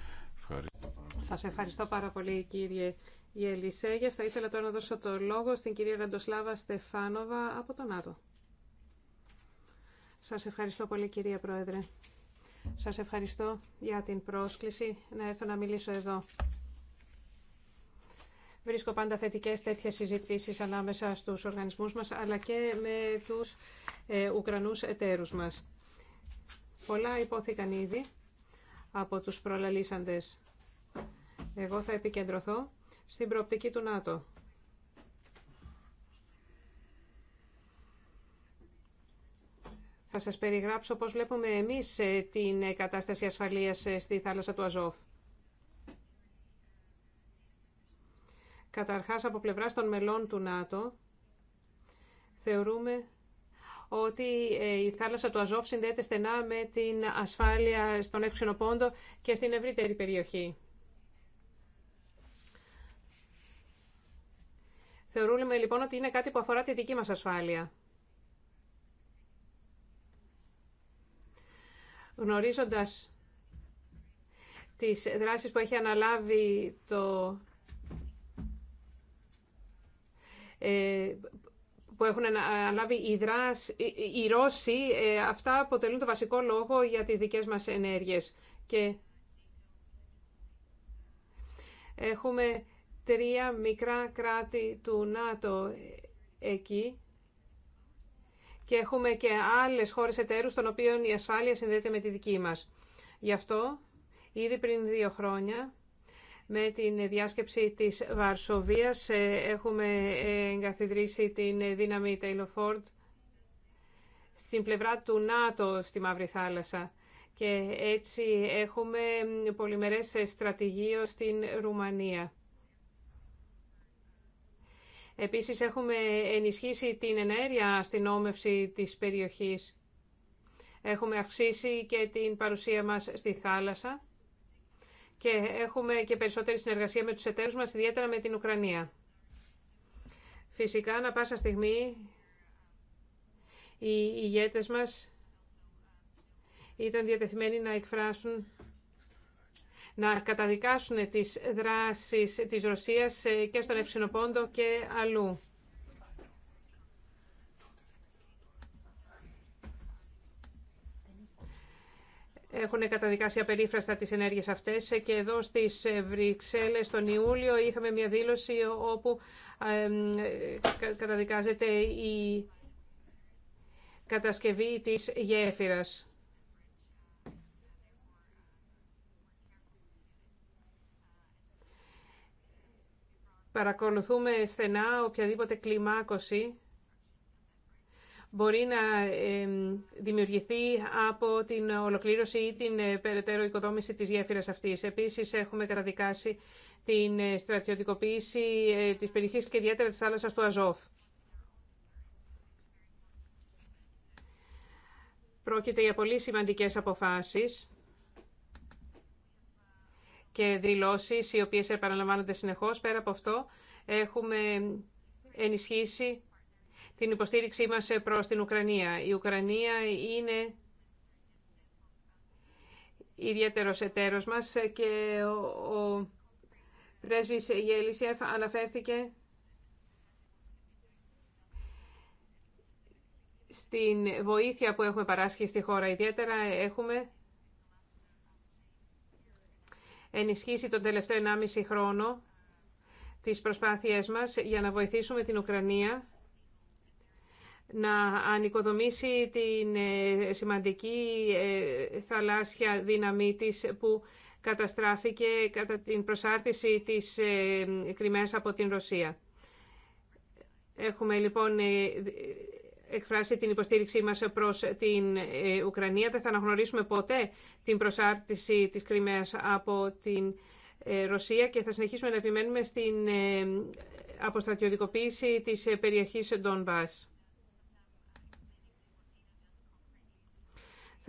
S2: ευχαριστώ πάρα πολύ κύριε η Ελισέγεφ. Θα ήθελα τώρα να δώσω το λόγο στην κυρία Ραντοσλάβα Στεφάνοβα από τον ΝΑΤΟ. Σας ευχαριστώ πολύ κυρία Πρόεδρε. Σας ευχαριστώ για την πρόσκληση να έρθω να μιλήσω εδώ. Βρίσκω πάντα θετικές τέτοιες συζητήσεις ανάμεσα στους οργανισμούς μας, αλλά και με τους ε, Ουκρανούς εταίρους μας. Πολλά υπόθηκαν ήδη από τους προλαλήσαντες. Εγώ θα επικεντρωθώ στην προοπτική του ΝΑΤΟ. Θα σας περιγράψω πώς βλέπουμε εμείς ε, την ε, κατάσταση ασφαλείας ε, στη θάλασσα του Αζόφ. Καταρχάς, από πλευράς των μελών του ΝΑΤΟ, θεωρούμε ότι η θάλασσα του Αζόφ συνδέεται στενά με την ασφάλεια στον Εύξενο Πόντο και στην ευρύτερη περιοχή. Θεωρούμε λοιπόν ότι είναι κάτι που αφορά τη δική μας ασφάλεια. Γνωρίζοντας τις δράσεις που έχει αναλάβει το... Ε, που έχουν αναλάβει οι, δράσ... Ρώσοι, ε, αυτά αποτελούν το βασικό λόγο για τις δικές μας ενέργειες. Και έχουμε τρία μικρά κράτη του ΝΑΤΟ εκεί και έχουμε και άλλες χώρες εταίρους των οποίων η ασφάλεια συνδέεται με τη δική μας. Γι' αυτό, ήδη πριν δύο χρόνια, με την διάσκεψη της Βαρσοβίας ε, έχουμε εγκαθιδρύσει την δύναμη Τέιλοφόρντ στην πλευρά του ΝΑΤΟ στη Μαύρη Θάλασσα. Και έτσι έχουμε πολυμερές στρατηγείο στην Ρουμανία. Επίσης έχουμε ενισχύσει την ενέργεια στην όμευση της περιοχής. Έχουμε αυξήσει και την παρουσία μας στη θάλασσα και έχουμε και περισσότερη συνεργασία με τους εταίρους μας, ιδιαίτερα με την Ουκρανία. Φυσικά, να πάσα στιγμή, οι ηγέτες μας ήταν διατεθειμένοι να εκφράσουν να καταδικάσουν τις δράσεις της Ρωσίας ε, και στον Ευσυνοπόντο και αλλού. Έχουν καταδικάσει απερίφραστα τις ενέργειες αυτές ε, και εδώ στις ε, Βρυξέλλες τον Ιούλιο είχαμε μια δήλωση όπου καταδικάζεται η κατασκευή της γέφυρας. Παρακολουθούμε στενά οποιαδήποτε κλιμάκωση μπορεί να δημιουργηθεί από την ολοκλήρωση ή την ε, περαιτέρω οικοδόμηση της γέφυρας αυτής. Επίσης, έχουμε καταδικάσει την ε, στρατιωτικοποίηση ε, της περιοχής και ιδιαίτερα της θάλασσας του Αζόφ. Πρόκειται για πολύ σημαντικές αποφάσεις και δηλώσεις οι οποίες επαναλαμβάνονται συνεχώς. Πέρα από αυτό έχουμε ενισχύσει την υποστήριξή μας προς την Ουκρανία. Η Ουκρανία είναι ιδιαίτερος εταίρος μας και ο πρέσβης Γελίσιεφ αναφέρθηκε στην βοήθεια που έχουμε παράσχει στη χώρα. Ιδιαίτερα έχουμε ενισχύσει τον τελευταίο 1,5 χρόνο τις προσπάθειές μας για να βοηθήσουμε την Ουκρανία να ανοικοδομήσει την ε, σημαντική ε, θαλάσσια δύναμή της που καταστράφηκε κατά την προσάρτηση της ε, Κρυμαίας από την Ρωσία. Έχουμε λοιπόν εκφράσει την υποστήριξή μας προς την ε, Ουκρανία. Δεν θα αναγνωρίσουμε ποτέ την προσάρτηση της Κρυμαίας από την ε, Ρωσία και θα συνεχίσουμε να επιμένουμε στην ε, αποστρατιωτικοποίηση της περιοχής Ντονβάς.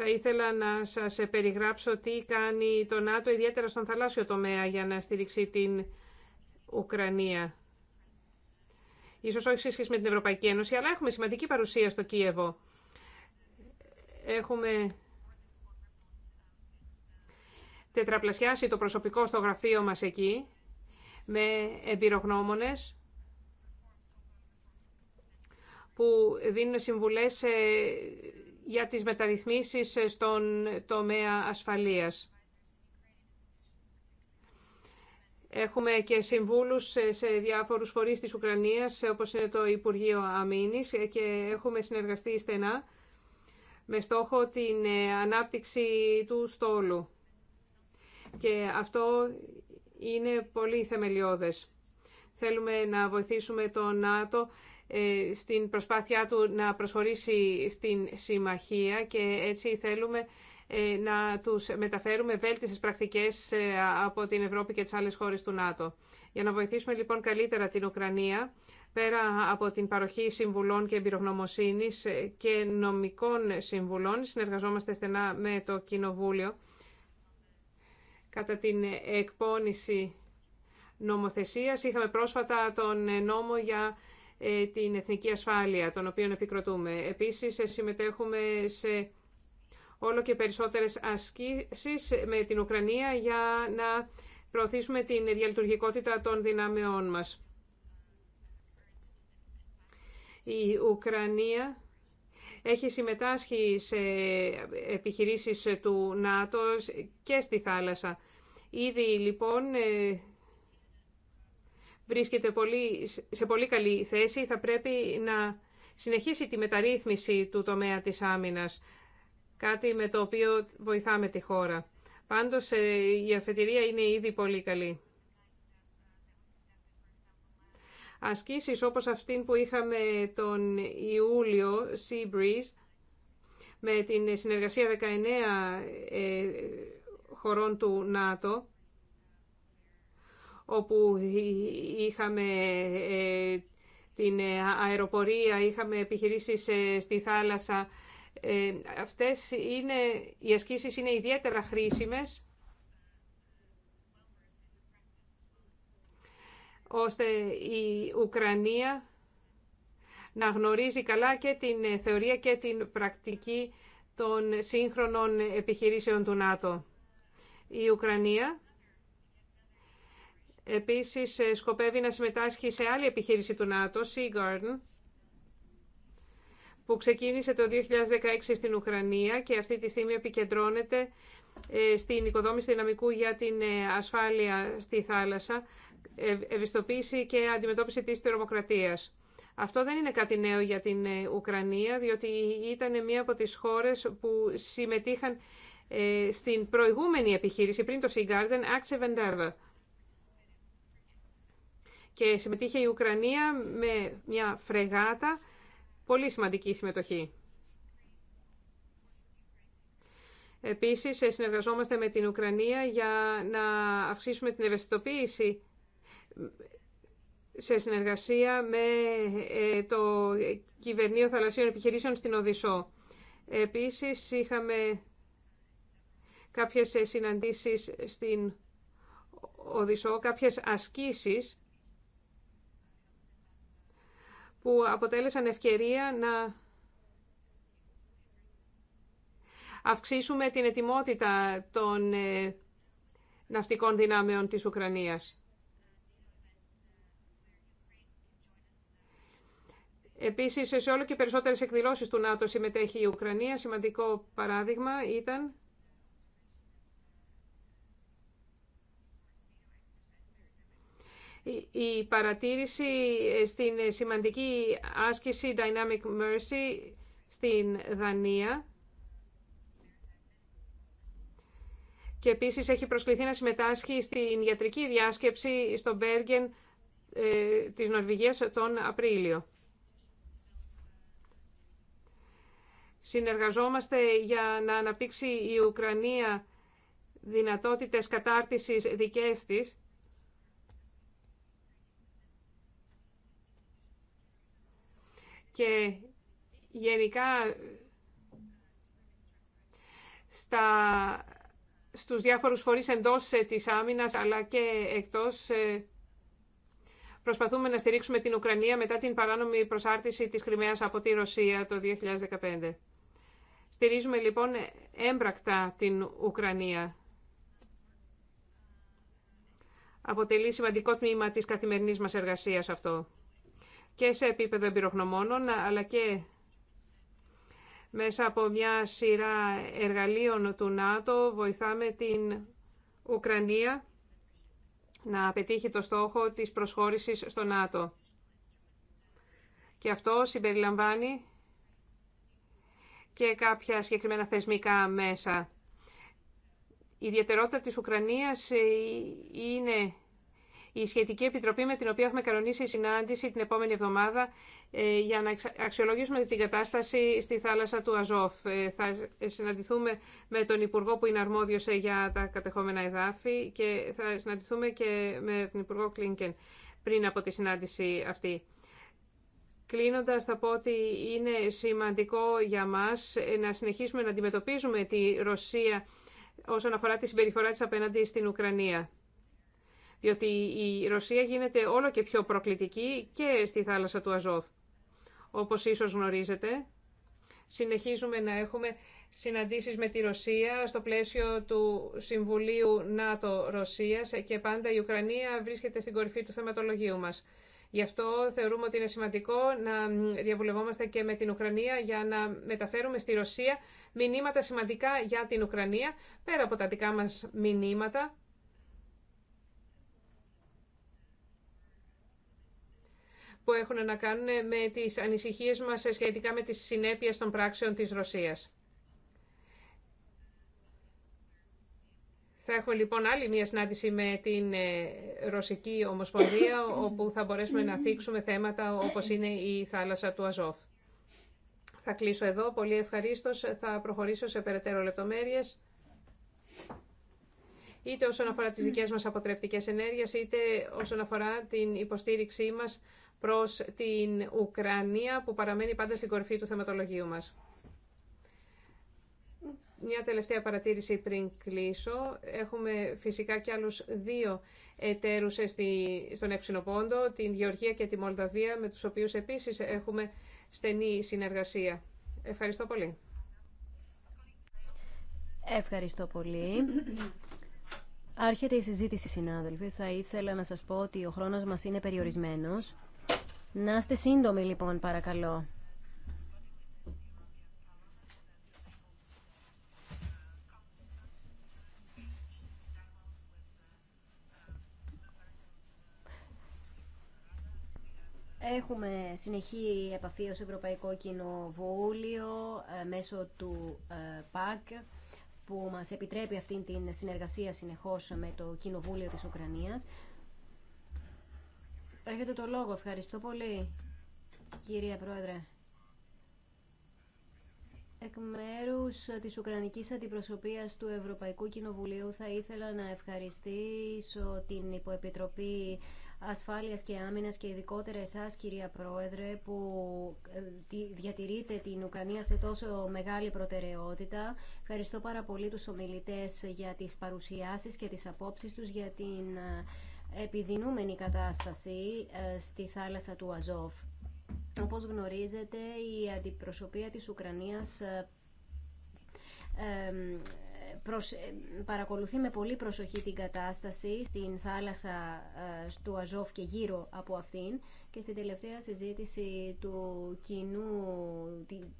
S2: Θα ήθελα να σας περιγράψω τι κάνει το ΝΑΤΟ ιδιαίτερα στον θαλάσσιο τομέα για να στηρίξει την Ουκρανία. Ίσως όχι σε με την Ευρωπαϊκή Ένωση, αλλά έχουμε σημαντική παρουσία στο Κίεβο. Έχουμε τετραπλασιάσει το προσωπικό στο γραφείο μας εκεί, με εμπειρογνώμονες που δίνουν συμβουλές ε, για τις μεταρρυθμίσεις στον τομέα ασφαλείας. Έχουμε και συμβούλους σε διάφορους φορείς της Ουκρανίας, όπως είναι το Υπουργείο Αμήνης, και έχουμε συνεργαστεί στενά με στόχο την ε, ανάπτυξη του στόλου. Και αυτό είναι πολύ θεμελιώδες. Θέλουμε να βοηθήσουμε το ΝΑΤΟ ε, στην προσπάθειά του να προσφορήσει στην συμμαχία και έτσι θέλουμε ε, να τους μεταφέρουμε βέλτιστες πρακτικές ε, από την Ευρώπη και τις άλλες χώρες του ΝΑΤΟ. Για να βοηθήσουμε λοιπόν καλύτερα την Ουκρανία, πέρα από την παροχή συμβουλών και εμπειρογνωμοσύνης ε, και νομικών συμβουλών, συνεργαζόμαστε στενά με το Κοινοβούλιο κατά την εκπόνηση νομοθεσίας. Είχαμε πρόσφατα τον νόμο για την εθνική ασφάλεια, τον οποίο επικροτούμε. Επίσης, συμμετέχουμε σε όλο και περισσότερες ασκήσεις με την Ουκρανία για να προωθήσουμε την διαλειτουργικότητα των δυνάμεών μας. Η Ουκρανία έχει συμμετάσχει σε επιχειρήσεις του ΝΑΤΟ και στη θάλασσα. Ήδη λοιπόν ε, βρίσκεται σε πολύ καλή θέση. Θα πρέπει να συνεχίσει τη μεταρρύθμιση του τομέα της άμυνας κάτι με το οποίο βοηθάμε τη χώρα. Πάντως ε, η αφετηρία είναι ήδη πολύ καλή. Ασκήσεις όπως αυτήν που είχαμε τον Ιούλιο, Sea Breeze, με την συνεργασία 19 ε, χωρών του ΝΑΤΟ, όπου είχαμε ε, την αεροπορία, είχαμε επιχειρήσεις στη θάλασσα, ε, αυτές είναι, οι ασκήσεις είναι ιδιαίτερα χρήσιμες ώστε η Ουκρανία να γνωρίζει καλά και την θεωρία και την πρακτική των σύγχρονων επιχειρήσεων του ΝΑΤΟ. Η Ουκρανία επίσης σκοπεύει να συμμετάσχει σε άλλη επιχείρηση του ΝΑΤΟ, Sea Garden, που ξεκίνησε το 2016 στην Ουκρανία και αυτή τη στιγμή επικεντρώνεται ε, στην οικοδόμηση δυναμικού για την ε, ασφάλεια στη θάλασσα, ε, ευιστοποίηση και αντιμετώπιση της τρομοκρατίας. Αυτό δεν είναι κάτι νέο για την Ουκρανία, διότι ήταν μία από τις χώρες που συμμετείχαν στην προηγούμενη επιχείρηση, πριν το Sea Garden, Axe Και συμμετείχε η Ουκρανία με μια φρεγάτα Πολύ σημαντική συμμετοχή. Επίσης, ε, συνεργαζόμαστε με την Ουκρανία για να αυξήσουμε την ευαισθητοποίηση σε συνεργασία με ε, το Κυβερνείο Θαλασσίων Επιχειρήσεων στην Οδυσσό. Επίσης, είχαμε κάποιες συναντήσεις στην Οδυσσό, κάποιες ασκήσεις που αποτέλεσαν ευκαιρία να αυξήσουμε την ετοιμότητα των ε, ναυτικών δυνάμεων της Ουκρανίας. Επίσης, σε όλο και περισσότερες εκδηλώσεις του ΝΑΤΟ συμμετέχει η Ουκρανία. Σημαντικό παράδειγμα ήταν Η παρατήρηση ε, στην σημαντική άσκηση Dynamic Mercy στην Δανία και επίσης έχει προσκληθεί να συμμετάσχει στην ιατρική διάσκεψη στο Μπέργεν ε, της Νορβηγίας τον Απρίλιο. Συνεργαζόμαστε για να αναπτύξει η Ουκρανία δυνατότητες κατάρτισης δικές της και γενικά στα, στους διάφορους φορείς εντός ε, της άμυνας αλλά και εκτός ε, προσπαθούμε να στηρίξουμε την Ουκρανία μετά την παράνομη προσάρτηση της Κρυμαίας από τη Ρωσία το 2015. Στηρίζουμε λοιπόν έμπρακτα την Ουκρανία. Αποτελεί σημαντικό τμήμα της καθημερινής μας εργασίας αυτό και σε επίπεδο εμπειρογνωμόνων, αλλά και μέσα από μια σειρά εργαλείων του ΝΑΤΟ βοηθάμε την Ουκρανία να πετύχει το στόχο της προσχώρησης στο ΝΑΤΟ. Και αυτό συμπεριλαμβάνει και κάποια συγκεκριμένα θεσμικά μέσα. Η ιδιαιτερότητα της Ουκρανίας ε, είναι η σχετική επιτροπή με την οποία έχουμε κανονίσει η συνάντηση την επόμενη εβδομάδα ε, για να αξιολογήσουμε την κατάσταση στη θάλασσα του Αζόφ. Ε, θα συναντηθούμε με τον Υπουργό που είναι αρμόδιο ε, για τα κατεχόμενα εδάφη και θα συναντηθούμε και με τον Υπουργό Κλίνκεν πριν από τη συνάντηση αυτή. Κλείνοντας, θα πω ότι είναι σημαντικό για μας να συνεχίσουμε να αντιμετωπίζουμε τη Ρωσία όσον αφορά τη συμπεριφορά της απέναντι στην Ουκρανία διότι η Ρωσία γίνεται όλο και πιο προκλητική και στη θάλασσα του Αζόφ. Όπως ίσως γνωρίζετε, συνεχίζουμε να έχουμε συναντήσεις με τη Ρωσία στο πλαίσιο του Συμβουλίου ΝΑΤΟ-Ρωσίας και πάντα η Ουκρανία βρίσκεται στην κορυφή του θεματολογίου μας. Γι' αυτό θεωρούμε ότι είναι σημαντικό να διαβουλευόμαστε και με την Ουκρανία για να μεταφέρουμε στη Ρωσία μηνύματα σημαντικά για την Ουκρανία, πέρα από τα δικά μας μηνύματα που έχουν να κάνουν με τις ανησυχίες μας σχετικά με τις συνέπειες των πράξεων της Ρωσίας. Θα έχουμε λοιπόν άλλη μία συνάντηση με την ε, Ρωσική Ομοσπονδία, όπου θα μπορέσουμε να θίξουμε θέματα όπως είναι η θάλασσα του Αζόφ. Θα κλείσω εδώ. Πολύ ευχαριστώ, Θα προχωρήσω σε περαιτέρω λεπτομέρειες είτε όσον αφορά τις ναι. δικές μας αποτρεπτικές ενέργειες, είτε όσον αφορά την υποστήριξή μας προς την Ουκρανία που παραμένει πάντα στην κορυφή του θεματολογίου μας. Μια τελευταία παρατήρηση πριν κλείσω. Έχουμε φυσικά και άλλους δύο εταίρους στον Εύξηνο Πόντο, την Γεωργία και τη Μολδαβία, με τους οποίους επίσης έχουμε στενή συνεργασία. Ευχαριστώ πολύ.
S3: Ευχαριστώ πολύ. Άρχεται η συζήτηση, συνάδελφοι. Θα ήθελα να σας πω ότι ο χρόνος μας είναι περιορισμένος. Να είστε σύντομοι λοιπόν παρακαλώ. Έχουμε συνεχή επαφή ως Ευρωπαϊκό Κοινοβούλιο ε, μέσω του ε, ΠΑΚ που μας επιτρέπει αυτή την συνεργασία συνεχώς με το Κοινοβούλιο της Ουκρανίας. Έχετε το λόγο. Ευχαριστώ πολύ, κυρία Πρόεδρε. Εκ μέρου τη Ουκρανική Αντιπροσωπεία του Ευρωπαϊκού Κοινοβουλίου, θα ήθελα να ευχαριστήσω την Υποεπιτροπή Ασφάλεια και Άμυνα και ειδικότερα εσά, κυρία Πρόεδρε, που ε, διατηρείτε την Ουκρανία σε τόσο μεγάλη προτεραιότητα. Ευχαριστώ πάρα πολύ του ομιλητέ για τι παρουσιάσει και τι απόψει του για την ε, επιδεινούμενη κατάσταση ε, στη θάλασσα του Αζόφ. Όπως γνωρίζετε, η αντιπροσωπεία της Ουκρανίας ε, ε, παρακολουθεί με πολύ προσοχή την κατάσταση στην θάλασσα του Αζόφ και γύρω από αυτήν και στην τελευταία συζήτηση του κοινού,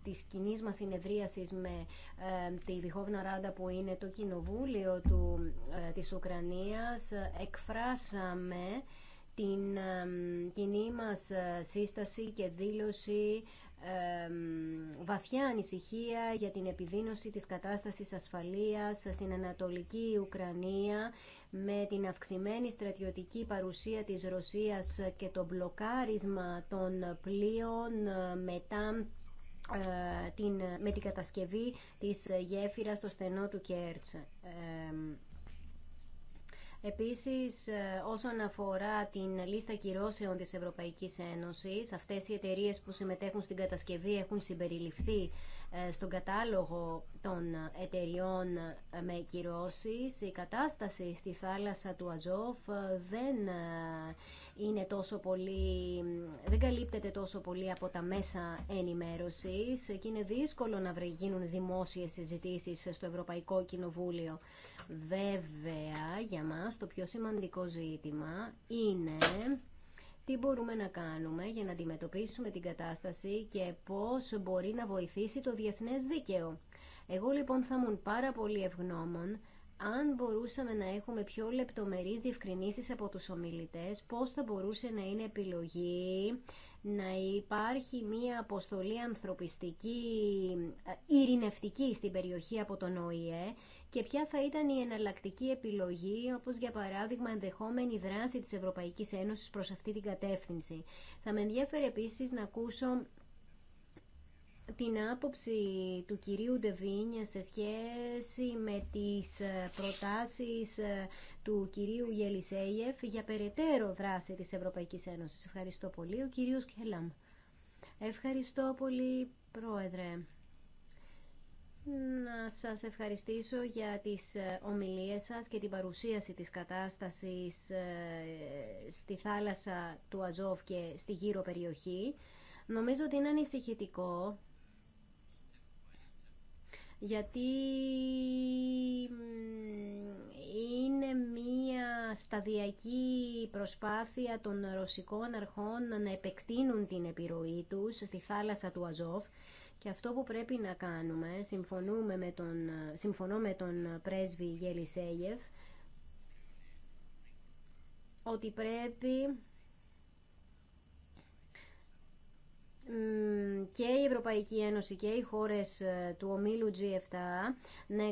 S3: της κοινή μας συνεδρίασης με τη Βιχόβνα Ράντα που είναι το κοινοβούλιο του, ε, της Ουκρανίας εκφράσαμε την κοινή μας ε, σύσταση και δήλωση βαθιά ανησυχία για την επιδείνωση της κατάστασης ασφαλείας στην Ανατολική Ουκρανία με την αυξημένη στρατιωτική παρουσία της Ρωσίας και το μπλοκάρισμα των πλοίων ε, μετά ε, την, με την κατασκευή της γέφυρας στο στενό του Κέρτς. Επίσης, ε, όσον αφορά την λίστα κυρώσεων της Ευρωπαϊκής Ένωσης, αυτές οι εταιρείες που συμμετέχουν στην κατασκευή έχουν συμπεριληφθεί ε, στον κατάλογο των εταιριών ε, με κυρώσεις. Η κατάσταση στη θάλασσα του Αζόφ ε, δεν είναι τόσο πολύ, δεν καλύπτεται τόσο πολύ από τα μέσα ενημέρωσης και είναι δύσκολο να γίνουν δημόσιες συζητήσεις στο Ευρωπαϊκό Κοινοβούλιο. Βέβαια, για μας το πιο σημαντικό ζήτημα είναι τι μπορούμε να κάνουμε για να αντιμετωπίσουμε την κατάσταση και πώς μπορεί να βοηθήσει το διεθνές δίκαιο. Εγώ λοιπόν θα ήμουν πάρα πολύ ευγνώμων αν μπορούσαμε να έχουμε πιο λεπτομερείς διευκρινήσεις από τους ομιλητές, πώς θα μπορούσε να είναι επιλογή, να υπάρχει μία αποστολή ανθρωπιστική, ε, ειρηνευτική στην περιοχή από τον ΟΗΕ και ποια θα ήταν η εναλλακτική επιλογή, όπως για παράδειγμα ενδεχόμενη δράση της Ευρωπαϊκής Ένωσης προς αυτή την κατεύθυνση. Θα με ενδιαφέρει επίσης να ακούσω την άποψη του κυρίου Ντεβίνια σε σχέση με τις ε, προτάσεις ε, του κυρίου Γελισέιεφ για περαιτέρω δράση της Ευρωπαϊκής Ένωσης. Ευχαριστώ πολύ. Ο κύριος Κελάμ. Ευχαριστώ πολύ, Πρόεδρε να σας ευχαριστήσω για τις ε, ομιλίες σας και την παρουσίαση της κατάστασης ε, στη θάλασσα του Αζόφ και στη γύρω περιοχή. Νομίζω ότι είναι ανησυχητικό γιατί είναι μία σταδιακή προσπάθεια των ρωσικών αρχών να επεκτείνουν την επιρροή τους στη θάλασσα του Αζόφ και αυτό που πρέπει να κάνουμε, συμφωνούμε με τον, συμφωνώ με τον πρέσβη Γελισέγεφ, ότι πρέπει και η Ευρωπαϊκή Ένωση και οι χώρες ε, του ομίλου G7 να,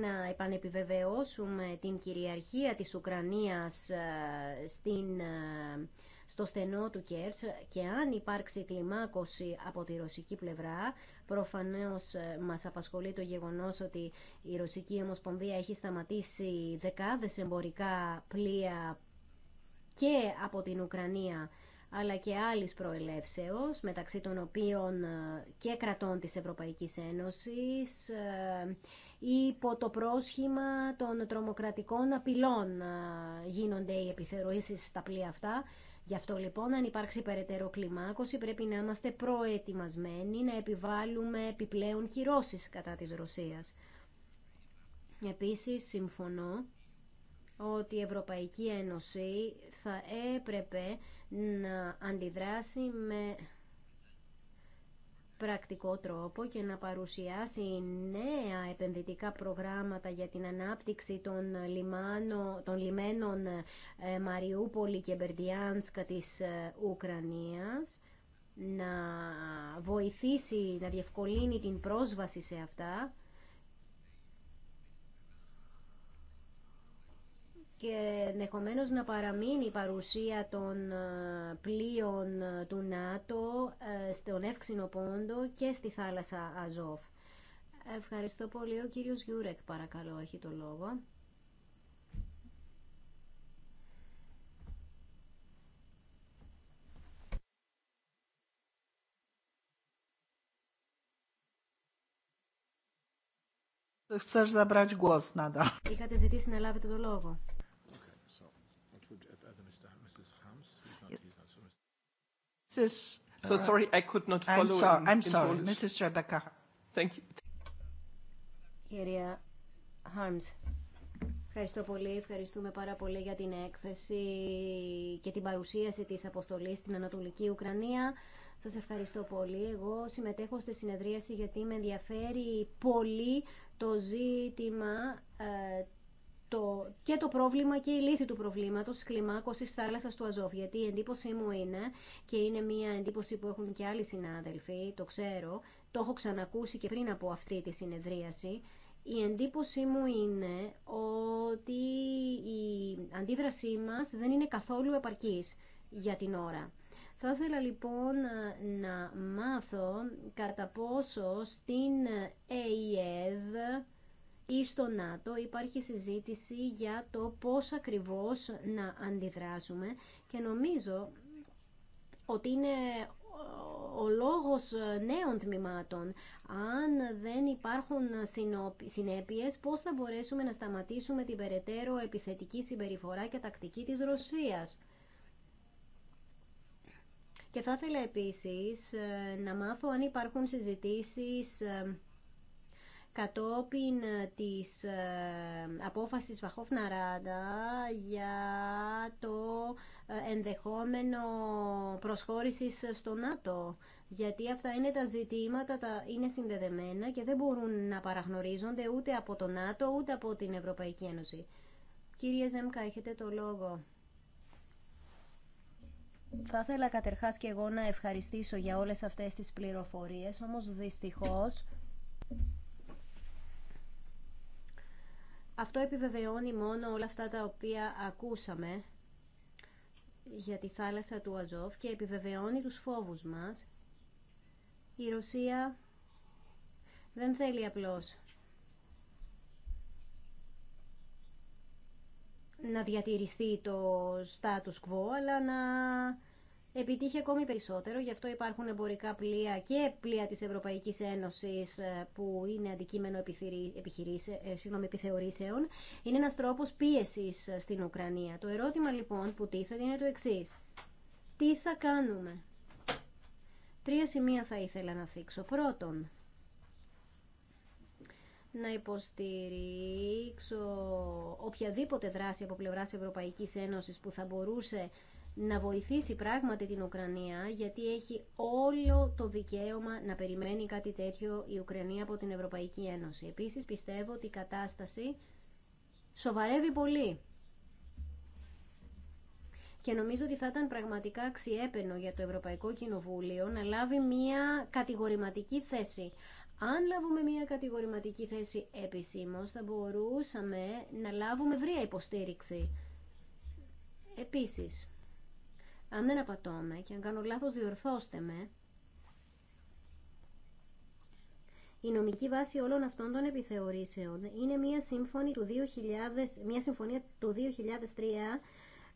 S3: να επανεπιβεβαιώσουμε την κυριαρχία της Ουκρανίας ε, στην ε, στο στενό του Κέρτς και αν υπάρξει κλιμάκωση από τη ρωσική πλευρά προφανώς ε, μας απασχολεί το γεγονός ότι η Ρωσική Ομοσπονδία έχει σταματήσει δεκάδες εμπορικά πλοία και από την Ουκρανία αλλά και άλλης προελεύσεως, μεταξύ των οποίων ε, και κρατών της Ευρωπαϊκής Ένωσης, ε, υπό το πρόσχημα των τρομοκρατικών απειλών γίνονται οι επιθερωήσεις στα πλοία αυτά Γι' αυτό λοιπόν αν υπάρξει περαιτέρω κλιμάκωση πρέπει να είμαστε προετοιμασμένοι να επιβάλλουμε επιπλέον κυρώσεις κατά της Ρωσίας. Επίσης συμφωνώ ότι η Ευρωπαϊκή Ένωση θα έπρεπε να αντιδράσει με πρακτικό τρόπο και να παρουσιάσει νέα επενδυτικά προγράμματα για την ανάπτυξη των, λιμάνων, των λιμένων ε, Μαριούπολη και Μπερντιάνσκα της ε, Ουκρανίας να βοηθήσει, να διευκολύνει την πρόσβαση σε αυτά και ενδεχομένω να παραμείνει η παρουσία των ε, πλοίων ε, του ΝΑΤΟ ε, στον Εύξηνο Πόντο και στη θάλασσα Αζόφ. Ευχαριστώ πολύ. Ο κύριος Γιούρεκ παρακαλώ έχει το λόγο.
S1: Είχατε ζητήσει να λάβετε το λόγο. this. So uh, sorry, I could not follow. I'm sorry, Mrs. Rebecca. Thank you.
S3: Κυρία Harms, ευχαριστώ πολύ. Ευχαριστούμε πάρα πολύ για την έκθεση και την παρουσίαση της αποστολής στην Ανατολική Ουκρανία. Σας ευχαριστώ πολύ. Εγώ συμμετέχω στη συνεδρίαση γιατί με ενδιαφέρει πολύ το ζήτημα ε, το, και το πρόβλημα και η λύση του προβλήματος τη κλιμάκωσης θάλασσα του Αζόφ. Γιατί η εντύπωσή μου είναι, και είναι μια εντύπωση που έχουν και άλλοι συνάδελφοι, το ξέρω, το έχω ξανακούσει και πριν από αυτή τη συνεδρίαση, η εντύπωσή μου είναι ότι η αντίδρασή μας δεν είναι καθόλου επαρκής για την ώρα. Θα ήθελα λοιπόν να μάθω κατά πόσο στην ΕΙΕΔ ή στο ΝΑΤΟ υπάρχει συζήτηση για το πώς ακριβώς να αντιδράσουμε και νομίζω ότι είναι ο λόγος νέων τμήματων. Αν δεν υπάρχουν συνέπειες, πώς θα μπορέσουμε να σταματήσουμε την περαιτέρω επιθετική συμπεριφορά και τακτική της Ρωσίας. Και θα ήθελα επίσης ε, να μάθω αν υπάρχουν συζητήσεις ε, κατόπιν ε, της ε, απόφασης Βαχόφνα Ράντα για το ε, ενδεχόμενο προσχώρησης στο ΝΑΤΟ. Γιατί αυτά είναι τα ζητήματα, τα είναι συνδεδεμένα και δεν μπορούν να παραγνωρίζονται ούτε από το ΝΑΤΟ ούτε από την Ευρωπαϊκή Ένωση. Κύριε Ζέμκα, έχετε το λόγο. Θα ήθελα κατερχάς και εγώ να ευχαριστήσω για όλες αυτές τις πληροφορίες, όμως δυστυχώς αυτό επιβεβαιώνει μόνο όλα αυτά τα οποία ακούσαμε για τη θάλασσα του Αζόφ και επιβεβαιώνει τους φόβους μας. Η Ρωσία δεν θέλει απλώς να διατηρηθεί το status quo, αλλά να επιτύχει ακόμη περισσότερο. Γι' αυτό υπάρχουν εμπορικά πλοία και πλοία της Ευρωπαϊκής Ένωσης ε, που είναι αντικείμενο ε, επιθεωρήσεων. Είναι ένας τρόπος πίεσης ε, στην Ουκρανία. Το ερώτημα λοιπόν που τίθεται είναι το εξή. Τι θα κάνουμε. Τρία σημεία θα ήθελα να θίξω. Πρώτον, να υποστηρίξω οποιαδήποτε δράση από πλευράς Ευρωπαϊκής Ένωσης που θα μπορούσε να βοηθήσει πράγματι την Ουκρανία γιατί έχει όλο το δικαίωμα να περιμένει κάτι τέτοιο η Ουκρανία από την Ευρωπαϊκή Ένωση. Επίσης πιστεύω ότι η κατάσταση σοβαρεύει πολύ και νομίζω ότι θα ήταν πραγματικά αξιέπαινο για το Ευρωπαϊκό Κοινοβούλιο να λάβει μια κατηγορηματική θέση. Αν λάβουμε μια κατηγορηματική θέση επισήμως θα μπορούσαμε να λάβουμε βρία υποστήριξη. Επίσης, αν δεν απατώμε και αν κάνω λάθος διορθώστε με, η νομική βάση όλων αυτών των επιθεωρήσεων είναι μια, σύμφωνη του 2000, μια συμφωνία του 2003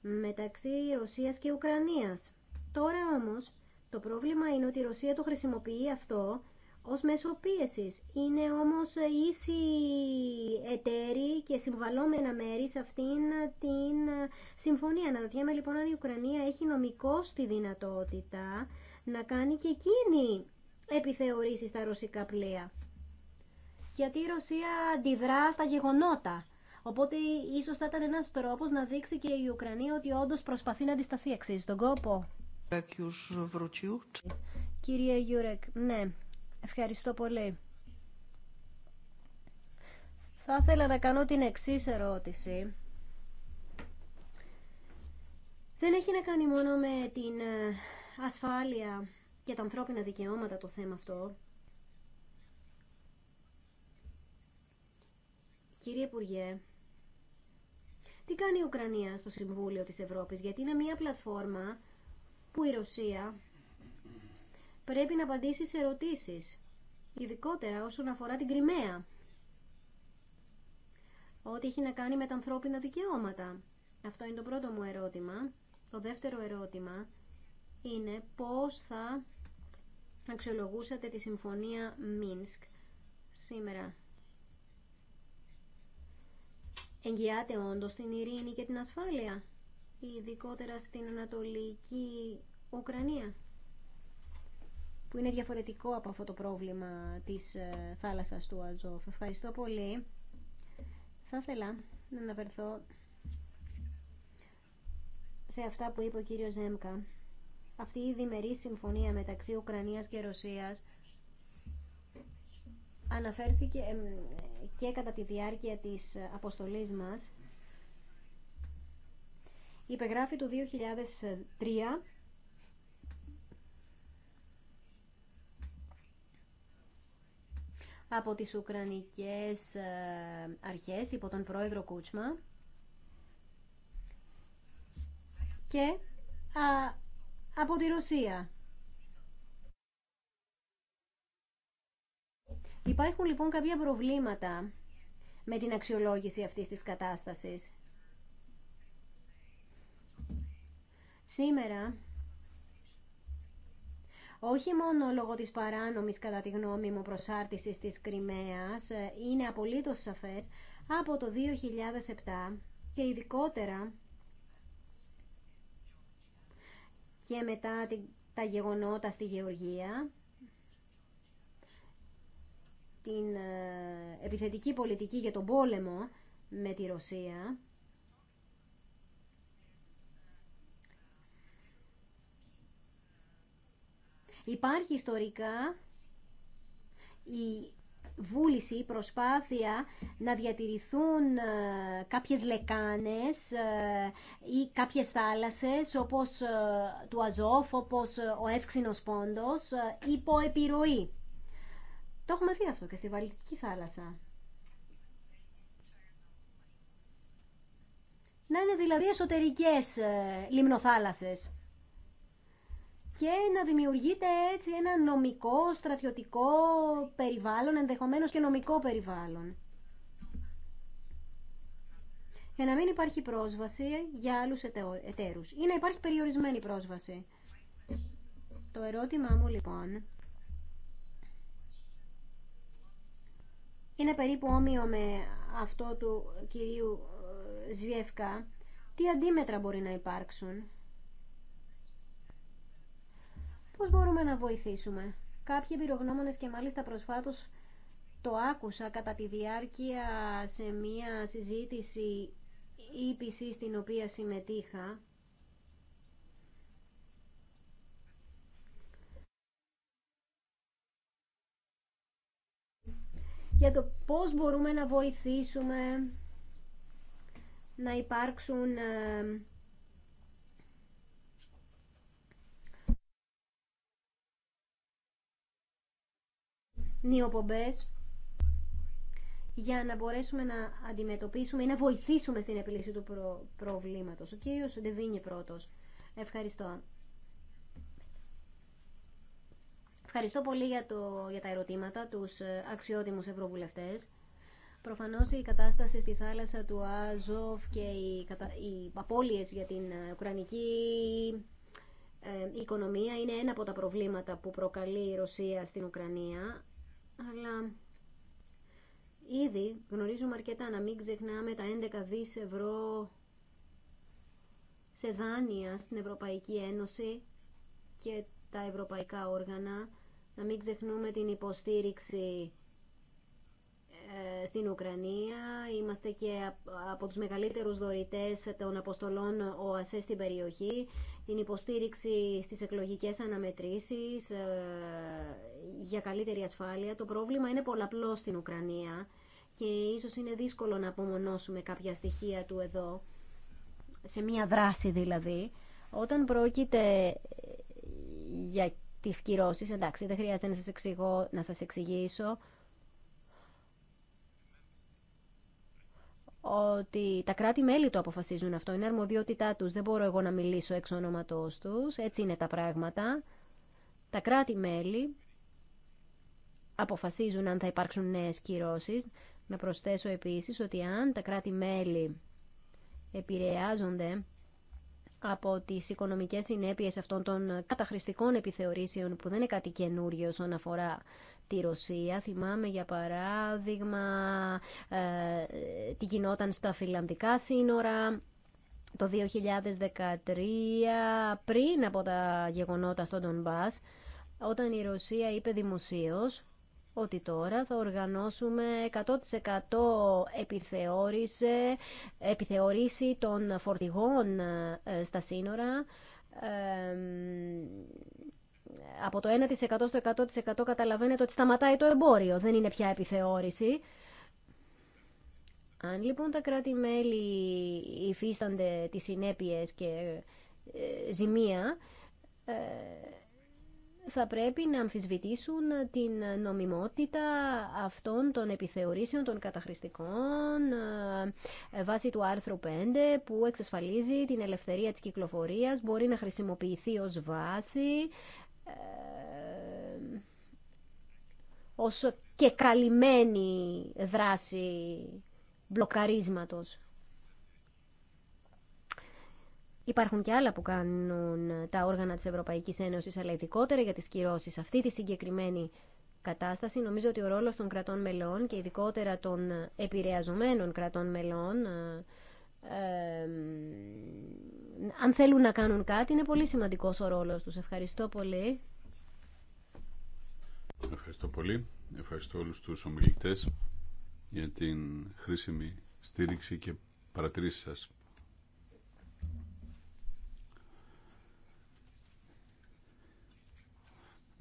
S3: μεταξύ Ρωσίας και Ουκρανίας. Τώρα όμως το πρόβλημα είναι ότι η Ρωσία το χρησιμοποιεί αυτό ως μέσο πίεσης. Είναι όμως ίση εταίροι και συμβαλόμενα μέρη σε αυτήν την συμφωνία. Αναρωτιέμαι λοιπόν αν η Ουκρανία έχει νομικό τη δυνατότητα να κάνει και εκείνη επιθεωρήσεις στα ρωσικά πλοία. Γιατί η Ρωσία αντιδρά στα γεγονότα. Οπότε ίσως θα ήταν ένας τρόπος να δείξει και η Ουκρανία ότι όντως προσπαθεί να αντισταθεί αξίζει τον κόπο. Κύριε Γιούρεκ, ναι, Ευχαριστώ πολύ. Θα ήθελα να κάνω την εξής ερώτηση. Δεν έχει να κάνει μόνο με την ε, ασφάλεια και τα ανθρώπινα δικαιώματα το θέμα αυτό. Κύριε Υπουργέ, τι κάνει η Ουκρανία στο Συμβούλιο της Ευρώπης, γιατί είναι μια πλατφόρμα που η Ρωσία πρέπει να απαντήσει σε ερωτήσεις, ειδικότερα όσον αφορά την Κρυμαία. Ό,τι έχει να κάνει με τα ανθρώπινα δικαιώματα. Αυτό είναι το πρώτο μου ερώτημα. Το δεύτερο ερώτημα είναι πώς θα αξιολογούσατε τη συμφωνία Μίνσκ σήμερα. Εγγυάται όντως την ειρήνη και την ασφάλεια, ειδικότερα στην Ανατολική Ουκρανία που είναι διαφορετικό από αυτό το πρόβλημα της ε, θάλασσας του Αζόφ. Ευχαριστώ πολύ. Θα ήθελα να αναφερθώ σε αυτά που είπε ο κύριος Ζέμκα. Αυτή η διμερή συμφωνία μεταξύ Ουκρανίας και Ρωσίας αναφέρθηκε και κατά τη διάρκεια της αποστολής μας. Υπεγράφει το 2003 από τις Ουκρανικές ε, αρχές υπό τον πρόεδρο Κούτσμα και από τη Ρωσία. Υπάρχουν λοιπόν κάποια προβλήματα με την αξιολόγηση αυτής της κατάστασης. Σήμερα όχι μόνο λόγω της παράνομης κατά τη γνώμη μου προσάρτησης της Κρυμαίας, ε, είναι απολύτως σαφές από το 2007 και ειδικότερα και μετά τα γεγονότα στη Γεωργία, την ε, επιθετική πολιτική για τον πόλεμο με τη Ρωσία, Υπάρχει ιστορικά η βούληση, η προσπάθεια να διατηρηθούν ε, κάποιες λεκάνες ε, ή κάποιες θάλασσες όπως ε, του Αζόφ, όπως ο Εύξηνος Πόντος, υπό επιρροή. Το έχουμε δει αυτό και στη Βαλτική θάλασσα. Να είναι δηλαδή εσωτερικές λιμνοθάλασσες και να δημιουργείται έτσι ένα νομικό, στρατιωτικό περιβάλλον, ενδεχομένως και νομικό περιβάλλον. Για να μην υπάρχει πρόσβαση για άλλους εταίρους ή να υπάρχει περιορισμένη πρόσβαση. Το ερώτημά μου λοιπόν είναι περίπου όμοιο με αυτό του κυρίου Ζβιεύκα. Ε, Τι αντίμετρα μπορεί να υπάρξουν Πώς μπορούμε να βοηθήσουμε. Κάποιοι πυρογνώμονε και μάλιστα προσφάτως το άκουσα κατά τη διάρκεια σε μία συζήτηση πισή στην οποία συμμετείχα. Για το πώς μπορούμε να βοηθήσουμε να υπάρξουν ε, νιοπομπές για να μπορέσουμε να αντιμετωπίσουμε ή να βοηθήσουμε στην επιλύση του προβλήματος. Ο κύριος Ντεβίνη πρώτος. Ευχαριστώ. Ευχαριστώ πολύ για, το, για τα ερωτήματα, τους ε, αξιότιμους ευρωβουλευτές. Προφανώς η κατάσταση στη θάλασσα του Άζοφ και οι, κατα... για την ε, ουκρανική ε, οικονομία είναι ένα από τα προβλήματα που προκαλεί η Ρωσία στην Ουκρανία αλλά ήδη γνωρίζουμε αρκετά να μην ξεχνάμε τα 11 δις ευρώ σε δάνεια στην Ευρωπαϊκή Ένωση και τα ευρωπαϊκά όργανα, να μην ξεχνούμε την υποστήριξη ε, στην Ουκρανία. Είμαστε και από τους μεγαλύτερους δωρητές των αποστολών ΟΑΣΕ στην περιοχή. Την υποστήριξη στις εκλογικές αναμετρήσεις ε, για καλύτερη ασφάλεια. Το πρόβλημα είναι πολλαπλό στην Ουκρανία και ίσως είναι δύσκολο να απομονώσουμε κάποια στοιχεία του εδώ, σε μία δράση δηλαδή. Όταν πρόκειται ε, για τις κυρώσεις, εντάξει δεν χρειάζεται να σας, εξηγώ, να σας εξηγήσω, ότι τα κράτη-μέλη το αποφασίζουν αυτό, είναι αρμοδιότητά τους, δεν μπορώ εγώ να μιλήσω εξ ονόματός τους, έτσι είναι τα πράγματα. Τα κράτη-μέλη αποφασίζουν αν θα υπάρξουν νέες κυρώσεις. Να προσθέσω επίσης ότι αν τα κράτη-μέλη επηρεάζονται από τις οικονομικές συνέπειες αυτών των καταχρηστικών επιθεωρήσεων που δεν είναι κάτι καινούριο όσον αφορά τη Ρωσία. Θυμάμαι για παράδειγμα ε, τι γινόταν στα φιλανδικά σύνορα το 2013 πριν από τα γεγονότα στον Ντονμπάς όταν η Ρωσία είπε δημοσίως ότι τώρα θα οργανώσουμε 100% επιθεώρηση των φορτηγών ε, στα σύνορα ε, από το 1% στο 100% καταλαβαίνετε ότι σταματάει το εμπόριο, δεν είναι πια επιθεώρηση. Αν λοιπόν τα κράτη-μέλη υφίστανται τις συνέπειες και ε, ζημία, ε, θα πρέπει να αμφισβητήσουν την νομιμότητα αυτών των επιθεωρήσεων των καταχρηστικών ε, βάσει του άρθρου 5 που εξασφαλίζει την ελευθερία της κυκλοφορίας, μπορεί να χρησιμοποιηθεί ως βάση όσο ε, και καλυμμένη δράση μπλοκαρίσματος. Υπάρχουν και άλλα που κάνουν τα όργανα της Ευρωπαϊκής Ένωσης, αλλά ειδικότερα για τις κυρώσεις. Αυτή τη συγκεκριμένη κατάσταση νομίζω ότι ο ρόλος των κρατών μελών και ειδικότερα των επηρεαζομένων κρατών μελών ε, αν θέλουν να κάνουν κάτι, είναι πολύ σημαντικός ο ρόλος τους. Ευχαριστώ πολύ.
S4: Ευχαριστώ πολύ. Ευχαριστώ όλους τους ομιλητές για την χρήσιμη στήριξη και παρατηρήσεις σας.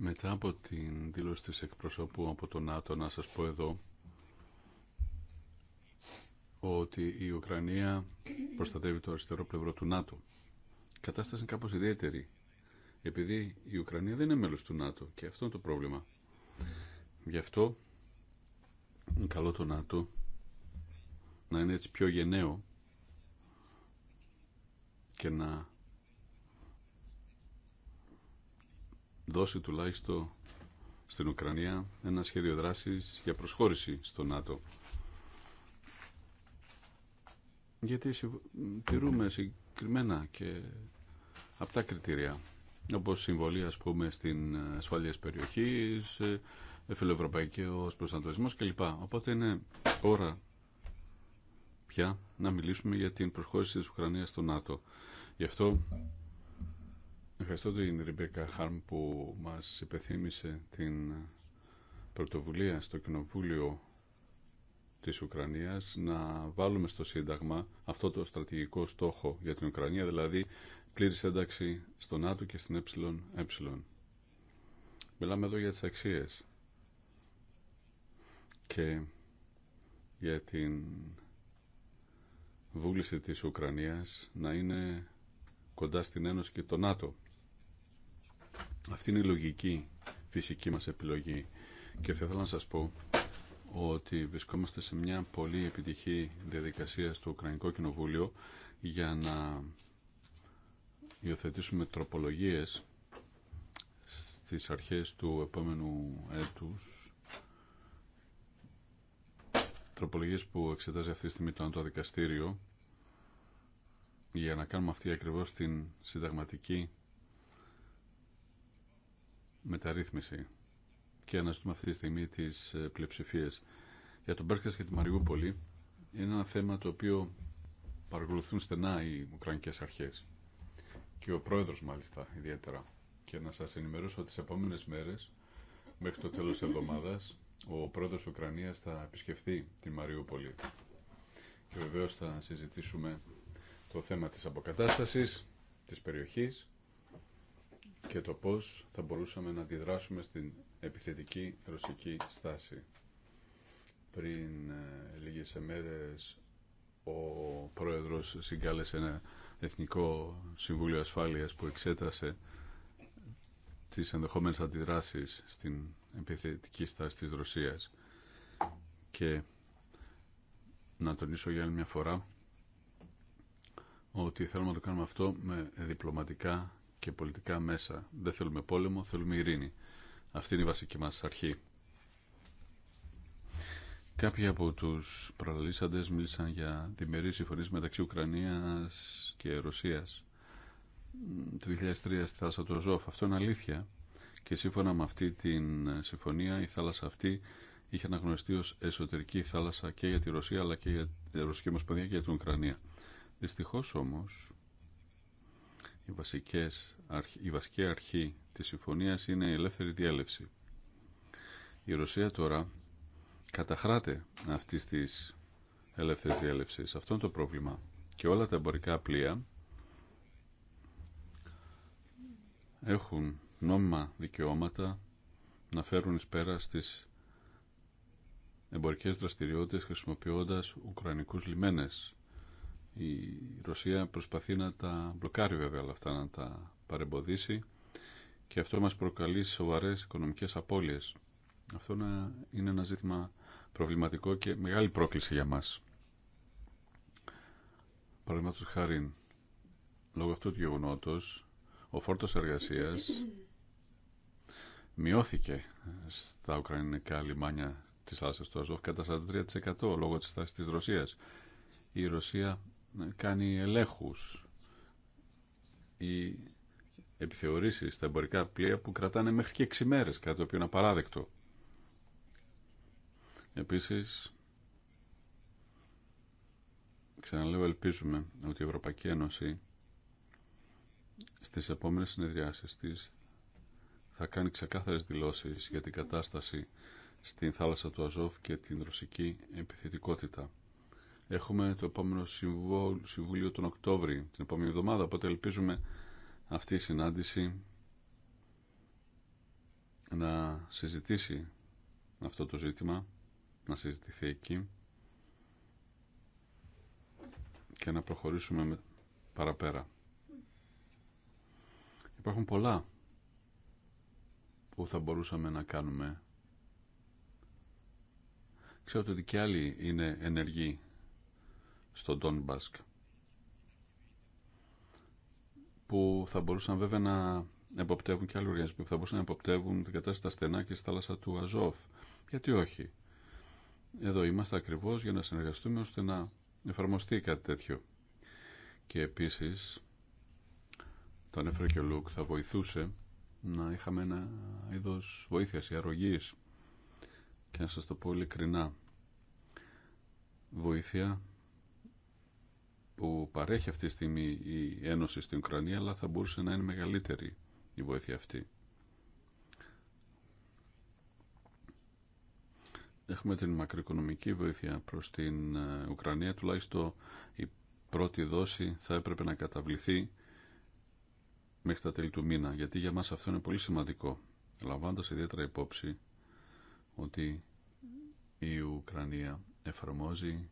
S4: Μετά από την δήλωση της εκπροσώπου από τον ΝΑΤΟ να σας πω εδώ ότι η Ουκρανία προστατεύει το αριστερό πλευρό του ΝΑΤΟ. Η κατάσταση είναι κάπως ιδιαίτερη, επειδή η Ουκρανία δεν είναι μέλος του ΝΑΤΟ και αυτό είναι το πρόβλημα. Γι' αυτό είναι καλό το ΝΑΤΟ να είναι έτσι πιο γενναίο και να δώσει τουλάχιστον στην Ουκρανία ένα σχέδιο δράσης για προσχώρηση στο ΝΑΤΟ γιατί τηρούμε συγκεκριμένα και τα κριτήρια όπως συμβολή ας πούμε στην ασφαλεία περιοχής ε, φιλοευρωπαϊκό προσανατολισμό κλπ. Οπότε είναι ώρα πια να μιλήσουμε για την προσχώρηση της Ουκρανίας στο ΝΑΤΟ. Γι' αυτό ευχαριστώ την Ριμπέκα Χάρμ που μας υπεθύμησε την πρωτοβουλία στο Κοινοβούλιο της Ουκρανίας να βάλουμε στο Σύνταγμα αυτό το στρατηγικό στόχο για την Ουκρανία, δηλαδή πλήρη ένταξη στο ΝΑΤΟ και στην ΕΕ. Μιλάμε εδώ για τις αξίες και για την βούληση της Ουκρανίας να είναι κοντά στην Ένωση και το ΝΑΤΟ. Αυτή είναι η λογική φυσική μας επιλογή και θα ήθελα να σας πω ότι βρισκόμαστε σε μια πολύ επιτυχή διαδικασία στο Ουκρανικό Κοινοβούλιο για να υιοθετήσουμε τροπολογίες στις αρχές του επόμενου έτους τροπολογίες που εξετάζει αυτή τη στιγμή το Δικαστήριο για να κάνουμε αυτή ακριβώς την συνταγματική μεταρρύθμιση και αναζητούμε αυτή τη στιγμή τι ε, πλειοψηφίε. Για τον Μπέρκα και τη Μαριούπολη είναι ένα θέμα το οποίο παρακολουθούν στενά οι Ουκρανικές αρχές και ο πρόεδρος μάλιστα ιδιαίτερα. Και να σας ενημερώσω ότι τις επόμενες μέρες, μέχρι το τέλος της εβδομάδας, ο πρόεδρος Ουκρανίας θα επισκεφθεί τη Μαριούπολη. Και βεβαίω θα συζητήσουμε το θέμα της αποκατάστασης της περιοχής και το πώς θα μπορούσαμε να αντιδράσουμε στην επιθετική ρωσική στάση. Πριν ε, λίγες μέρες ο πρόεδρος συγκάλεσε ένα Εθνικό Συμβούλιο Ασφάλειας που εξέτασε τις ενδεχόμενες αντιδράσεις στην επιθετική στάση της Ρωσίας. Και να τονίσω για άλλη μια φορά ότι θέλουμε να το κάνουμε αυτό με διπλωματικά και πολιτικά μέσα. Δεν θέλουμε πόλεμο, θέλουμε ειρήνη. Αυτή είναι η βασική μας αρχή. Κάποιοι από τους προλαλήσαντες μίλησαν για διμερείς συμφωνίες μεταξύ Ουκρανίας και Ρωσίας το 2003 στη θάλασσα του Ροζόφ. Αυτό είναι αλήθεια. Και σύμφωνα με αυτή την συμφωνία η θάλασσα αυτή είχε αναγνωριστεί ως εσωτερική θάλασσα και για τη Ρωσία αλλά και για τη Ρωσική Μοσπονδία και για την Ουκρανία. Δυστυχώς όμως οι βασικές η βασική αρχή της συμφωνίας είναι η ελεύθερη διέλευση. Η Ρωσία τώρα καταχράται αυτή της ελεύθερης διέλευσης. Αυτό είναι το πρόβλημα. Και όλα τα εμπορικά πλοία έχουν νόμιμα δικαιώματα να φέρουν εις πέρα στις εμπορικές δραστηριότητες χρησιμοποιώντας ουκρανικούς λιμένες. Η Ρωσία προσπαθεί να τα μπλοκάρει βέβαια όλα αυτά, να τα παρεμποδίσει και αυτό μας προκαλεί σοβαρές οικονομικές απώλειες. Αυτό είναι ένα ζήτημα προβληματικό και μεγάλη πρόκληση για μας. Παραδείγματος χάρη, λόγω αυτού του γεγονότος, ο φόρτος εργασίας μειώθηκε στα ουκρανικά λιμάνια της θάλασσας του Αζόφ κατά 43% λόγω της τάσης της Ρωσίας. Η Ρωσία κάνει ελέγχους επιθεωρήσεις στα εμπορικά πλοία που κρατάνε μέχρι και 6 μέρες, κάτι το οποίο είναι απαράδεκτο. Επίσης, ξαναλέω, ελπίζουμε ότι η Ευρωπαϊκή Ένωση στις επόμενες συνεδριάσεις της θα κάνει ξεκάθαρες δηλώσεις για την κατάσταση στην θάλασσα του Αζόφ και την ρωσική επιθετικότητα. Έχουμε το επόμενο Συμβούλιο τον Οκτώβρη, την επόμενη εβδομάδα, οπότε ελπίζουμε αυτή η συνάντηση να συζητήσει αυτό το ζήτημα, να συζητηθεί εκεί και να προχωρήσουμε παραπέρα. Υπάρχουν πολλά που θα μπορούσαμε να κάνουμε. Ξέρω ότι και άλλοι είναι ενεργοί στον Τόνμπασκ που θα μπορούσαν βέβαια να εποπτεύουν και άλλοι οργανισμοί που θα μπορούσαν να εποπτεύουν την κατάσταση στα στενά και στη θάλασσα του Αζόφ. Γιατί όχι. Εδώ είμαστε ακριβώς για να συνεργαστούμε ώστε να εφαρμοστεί κάτι τέτοιο. Και επίσης, το ανέφερε και ο Λουκ, θα βοηθούσε να είχαμε ένα είδο βοήθεια ή αρρωγή. Και να σα το πω ειλικρινά. Βοήθεια που παρέχει αυτή τη στιγμή η Ένωση στην Ουκρανία, αλλά θα μπορούσε να είναι μεγαλύτερη η βοήθεια αυτή. Έχουμε την μακροοικονομική βοήθεια προς την ε, Ουκρανία, τουλάχιστον η πρώτη δόση θα έπρεπε να καταβληθεί μέχρι τα τέλη του μήνα, γιατί για μας αυτό είναι πολύ σημαντικό, λαμβάνοντας ιδιαίτερα υπόψη ότι η Ουκρανία εφαρμόζει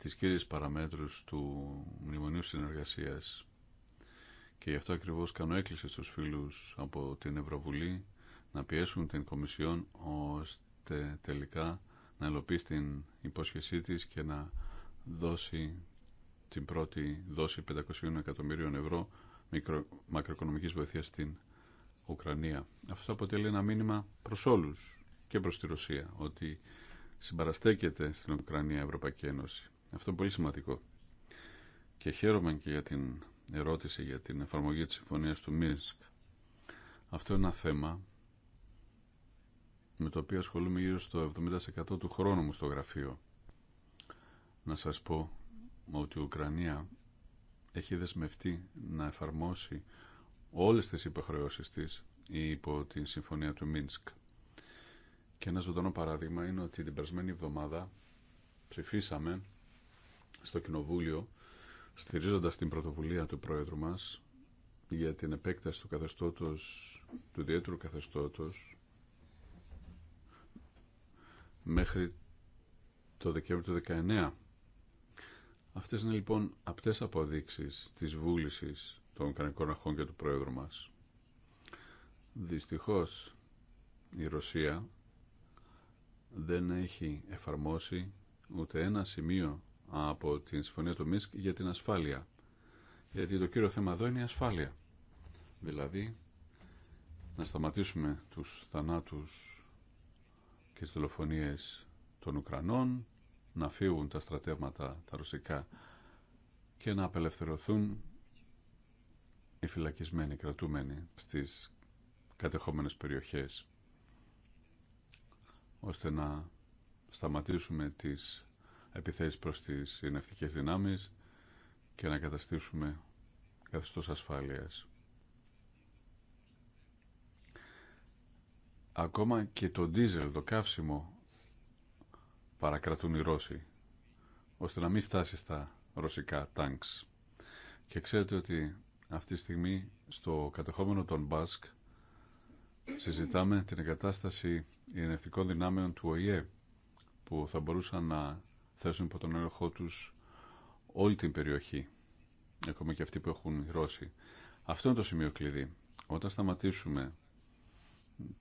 S4: τις κύριες παραμέτρους του Μνημονίου Συνεργασίας και γι' αυτό ακριβώς κάνω έκκληση στους φίλους από την Ευρωβουλή να πιέσουν την Κομισιόν ώστε τελικά να ελοπίσει την υπόσχεσή της και να δώσει την πρώτη δόση 500 εκατομμυρίων ευρώ μικρο, μακροοικονομικής βοήθειας στην Ουκρανία. Αυτό αποτελεί ένα μήνυμα προς όλους και προς τη Ρωσία ότι συμπαραστέκεται στην Ουκρανία η Ευρωπαϊκή Ένωση. Αυτό είναι πολύ σημαντικό. Και χαίρομαι και για την ερώτηση για την εφαρμογή της συμφωνίας του Μίνσκ. Αυτό είναι ένα θέμα με το οποίο ασχολούμαι γύρω στο 70% του χρόνου μου στο γραφείο. Να σας πω ότι η Ουκρανία έχει δεσμευτεί να εφαρμόσει όλες τις υποχρεώσεις της υπό την Συμφωνία του Μίνσκ. Και ένα ζωντανό παράδειγμα είναι ότι την περασμένη εβδομάδα ψηφίσαμε στο Κοινοβούλιο, στηρίζοντας την πρωτοβουλία του Πρόεδρου μας για την επέκταση του καθεστώτος, του ιδιαίτερου καθεστώτος, μέχρι το Δεκέμβριο του 2019. Αυτές είναι λοιπόν απτές αποδείξεις της βούλησης των κανονικών αρχών και του Πρόεδρου μας. Δυστυχώς η Ρωσία δεν έχει εφαρμόσει ούτε ένα σημείο από την Συμφωνία του Μίσκ για την ασφάλεια. Γιατί το κύριο θέμα εδώ είναι η ασφάλεια. Δηλαδή, να σταματήσουμε τους θανάτους και τις δολοφονίες των Ουκρανών, να φύγουν τα στρατεύματα τα ρωσικά και να απελευθερωθούν οι φυλακισμένοι, οι κρατούμενοι στις κατεχόμενες περιοχές ώστε να σταματήσουμε τις επιθέσεις προς τις ναυτικές δυνάμεις και να καταστήσουμε καθεστώς ασφάλειας. Ακόμα και το ντίζελ, το καύσιμο, παρακρατούν οι Ρώσοι, ώστε να μην φτάσει στα ρωσικά τάγκς. Και ξέρετε ότι αυτή τη στιγμή στο κατεχόμενο των Μπάσκ συζητάμε την εγκατάσταση ειρηνευτικών δυνάμεων του ΟΗΕ που θα μπορούσαν να θέσουν υπό τον έλεγχό τους όλη την περιοχή, ακόμα και αυτοί που έχουν γρώσει. Αυτό είναι το σημείο κλειδί. Όταν σταματήσουμε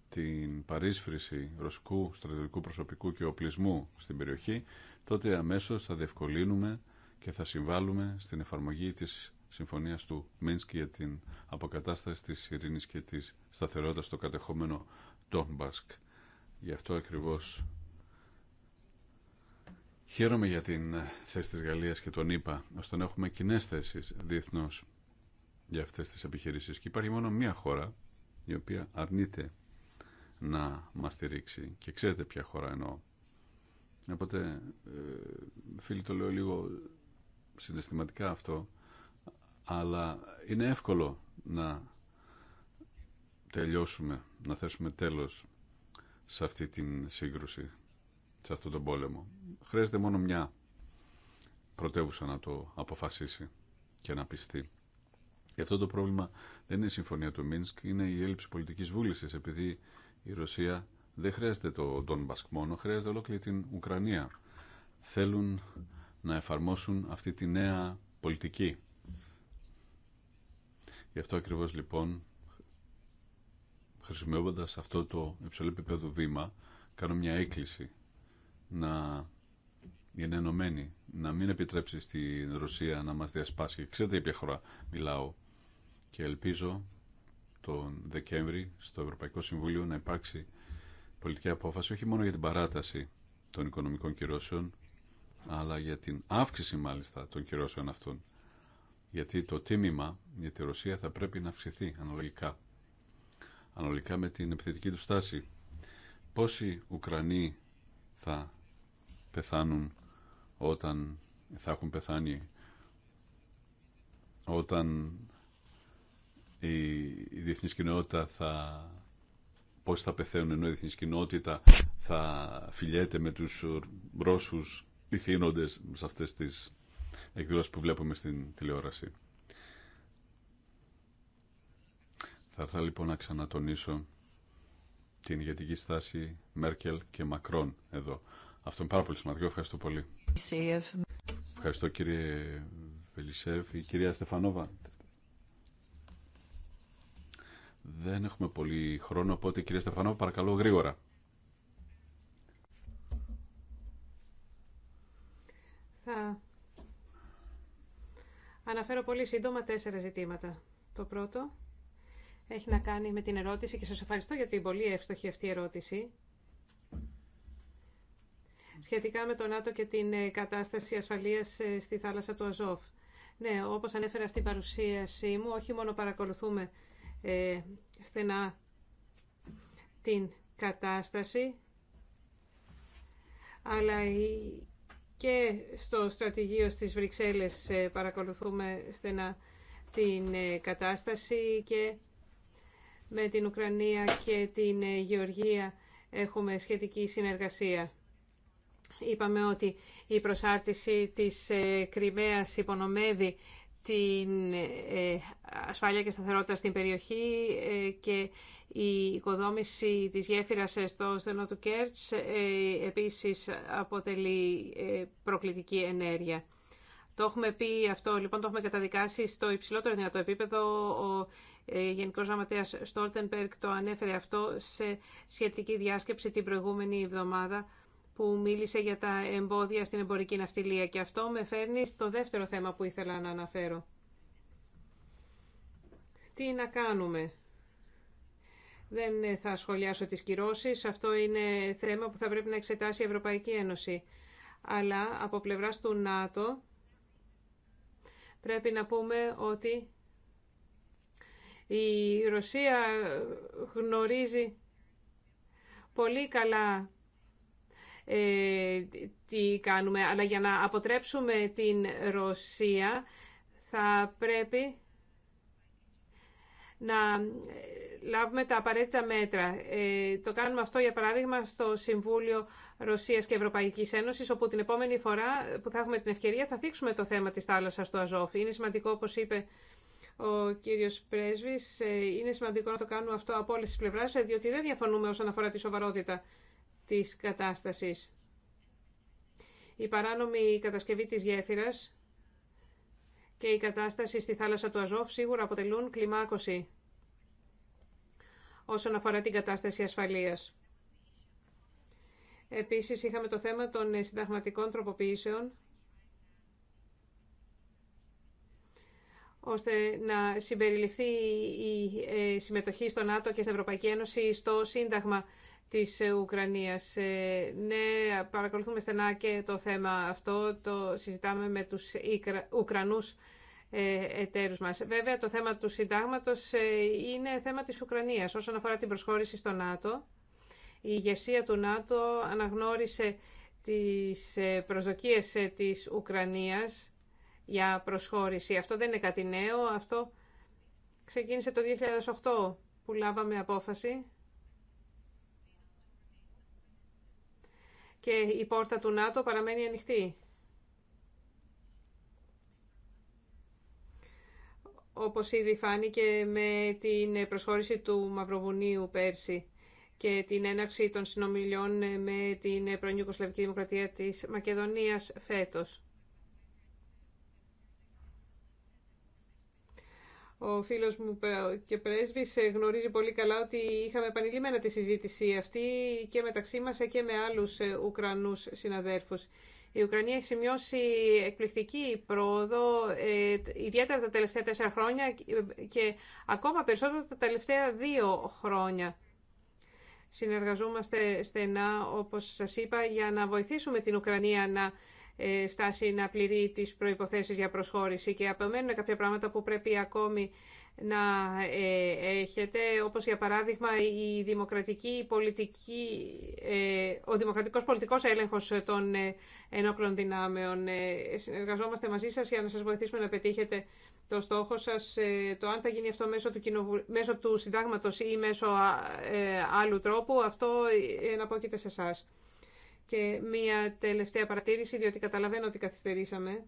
S4: την παρίσφρηση ρωσικού στρατιωτικού προσωπικού και οπλισμού στην περιοχή, τότε αμέσως θα διευκολύνουμε και θα συμβάλλουμε στην εφαρμογή της συμφωνίας του Μίνσκι για την αποκατάσταση της ειρήνης και της σταθερότητας στο κατεχόμενο Τόνμπασκ. Γι' αυτό ακριβώς Χαίρομαι για την θέση της Γαλλίας και τον ΗΠΑ, ώστε να έχουμε κοινέ θέσει διεθνώ για αυτές τις επιχειρήσεις. Και υπάρχει μόνο μία χώρα η οποία αρνείται να μας στηρίξει. Και ξέρετε ποια χώρα εννοώ. Οπότε, ε, φίλοι, το λέω λίγο συναισθηματικά αυτό, αλλά είναι εύκολο να τελειώσουμε, να θέσουμε τέλος σε αυτή την σύγκρουση σε αυτόν τον πόλεμο. Χρειάζεται μόνο μια πρωτεύουσα να το αποφασίσει και να πιστεί. Γι' αυτό το πρόβλημα δεν είναι η συμφωνία του Μίνσκ, είναι η έλλειψη πολιτική βούληση, επειδή η Ρωσία δεν χρειάζεται το Ντόν μόνο, χρειάζεται ολόκληρη την Ουκρανία. Θέλουν να εφαρμόσουν αυτή τη νέα πολιτική. Γι' αυτό ακριβώ λοιπόν, χρησιμοποιώντα αυτό το υψηλό επίπεδο βήμα, κάνω μια έκκληση να είναι ενωμένη, να μην επιτρέψει στην Ρωσία να μας διασπάσει. Ξέρετε για ποια χώρα μιλάω και ελπίζω τον Δεκέμβρη στο Ευρωπαϊκό Συμβούλιο να υπάρξει πολιτική απόφαση όχι μόνο για την παράταση των οικονομικών κυρώσεων αλλά για την αύξηση μάλιστα των κυρώσεων αυτών. Γιατί το τίμημα για τη Ρωσία θα πρέπει να αυξηθεί αναλογικά. Αναλογικά με την επιθετική του στάση. Πόσοι Ουκρανοί θα πεθάνουν όταν θα έχουν πεθάνει όταν η, η διεθνής κοινότητα θα πώς θα πεθαίνουν ενώ η διεθνής θα φιλιέται με τους Ρώσους ηθήνοντες σε αυτές τις εκδηλώσεις που βλέπουμε στην τηλεόραση. Θα ήθελα λοιπόν να ξανατονίσω την ηγετική στάση Μέρκελ και Μακρόν εδώ. Αυτό είναι πάρα πολύ σημαντικό. Ευχαριστώ πολύ. Ευχαριστώ κύριε Βελισεύ. Η κυρία Στεφανόβα. Δεν έχουμε πολύ χρόνο, οπότε κυρία Στεφανόβα παρακαλώ γρήγορα.
S2: Θα αναφέρω πολύ σύντομα τέσσερα ζητήματα. Το πρώτο έχει να κάνει με την ερώτηση και σας ευχαριστώ για την πολύ εύστοχη αυτή ερώτηση σχετικά με το ΝΑΤΟ και την ε, κατάσταση ασφαλείας ε, στη θάλασσα του Αζόφ. Ναι, όπως ανέφερα στην παρουσίασή μου, όχι μόνο παρακολουθούμε ε, στενά την κατάσταση, αλλά και στο στρατηγείο στις Βρυξέλλες ε, παρακολουθούμε στενά την κατάσταση και με την Ουκρανία και την Γεωργία έχουμε σχετική συνεργασία. Είπαμε ότι η προσάρτηση της ε, Κρυμαίας υπονομεύει την ε, ασφάλεια και σταθερότητα στην περιοχή ε, και η οικοδόμηση της γέφυρας στο στενό του Κέρτς επίσης αποτελεί προκλητική ενέργεια. Το έχουμε πει αυτό, λοιπόν, το έχουμε καταδικάσει στο υψηλότερο δυνατό επίπεδο. Ο Γενικός Γραμματέας Στόλτενπερκ το ανέφερε αυτό σε σχετική διάσκεψη την προηγούμενη εβδομάδα που μίλησε για τα εμπόδια στην εμπορική ναυτιλία και αυτό με φέρνει στο δεύτερο θέμα που ήθελα να αναφέρω. Τι να κάνουμε. Δεν θα σχολιάσω τις κυρώσεις, αυτό είναι θέμα που θα πρέπει να εξετάσει η Ευρωπαϊκή Ένωση. Αλλά από πλευράς του ΝΑΤΟ πρέπει να πούμε ότι η Ρωσία γνωρίζει πολύ καλά ε, τι κάνουμε. Αλλά για να αποτρέψουμε την Ρωσία θα πρέπει να ε, λάβουμε τα απαραίτητα μέτρα. Ε, το κάνουμε αυτό, για παράδειγμα, στο Συμβούλιο Ρωσίας και Ευρωπαϊκής Ένωσης, όπου την επόμενη φορά που θα έχουμε την ευκαιρία θα θίξουμε το θέμα της θάλασσας στο Αζόφ. Είναι σημαντικό, όπως είπε ο κύριος Πρέσβης, είναι σημαντικό να το κάνουμε αυτό από όλες τις πλευράς, διότι δεν διαφωνούμε όσον αφορά τη σοβαρότητα της κατάστασης. Η παράνομη κατασκευή της γέφυρας και η κατάσταση στη θάλασσα του Αζόφ σίγουρα αποτελούν κλιμάκωση όσον αφορά την κατάσταση ασφαλείας. Επίσης είχαμε το θέμα των συνταγματικών τροποποιήσεων ώστε να συμπεριληφθεί η ε, συμμετοχή στο ΝΑΤΟ και στην Ευρωπαϊκή Ένωση στο Σύνταγμα της ε, Ουκρανίας. Ε, ναι, παρακολουθούμε στενά και το θέμα αυτό, το συζητάμε με τους Ουκρανούς ε, εταίρους μας. Βέβαια, το θέμα του συντάγματος είναι θέμα της Ουκρανίας. Όσον αφορά την προσχώρηση στο ΝΑΤΟ, η ηγεσία του ΝΑΤΟ αναγνώρισε τις προσδοκίες της Ουκρανίας για προσχώρηση. Αυτό δεν είναι κάτι νέο, αυτό ξεκίνησε το 2008 που λάβαμε απόφαση και η πόρτα του ΝΑΤΟ παραμένει ανοιχτή. όπως ήδη φάνηκε με την προσχώρηση του Μαυροβουνίου πέρσι και την έναρξη των συνομιλιών με την πρώην Δημοκρατία της Μακεδονίας φέτος. Ο φίλος μου και πρέσβης ε, γνωρίζει πολύ καλά ότι είχαμε επανειλημμένα τη συζήτηση αυτή και μεταξύ μας ε, και με άλλους ε, Ουκρανούς συναδέρφους. Η Ουκρανία έχει σημειώσει εκπληκτική πρόοδο, ιδιαίτερα τα τελευταία τέσσερα χρόνια και ακόμα περισσότερο τα τελευταία δύο χρόνια. Συνεργαζόμαστε στενά, όπως σας είπα, για να βοηθήσουμε την Ουκρανία να ε, φτάσει να πληρεί τις προϋποθέσεις για προσχώρηση και απομένουν κάποια πράγματα που πρέπει ακόμη να ε, έχετε, όπως για παράδειγμα η δημοκρατική πολιτική, ε, ο δημοκρατικός πολιτικός έλεγχος των ενόπλων δυνάμεων. Συνεργαζόμαστε μαζί σας για να σας βοηθήσουμε να πετύχετε το στόχο σας, το αν θα γίνει αυτό μέσω του, μέσω του συντάγματος ή μέσω άλλου τρόπου, αυτό εναπόκειται σε εσάς. Και μία τελευταία παρατήρηση, διότι καταλαβαίνω ότι καθυστερήσαμε.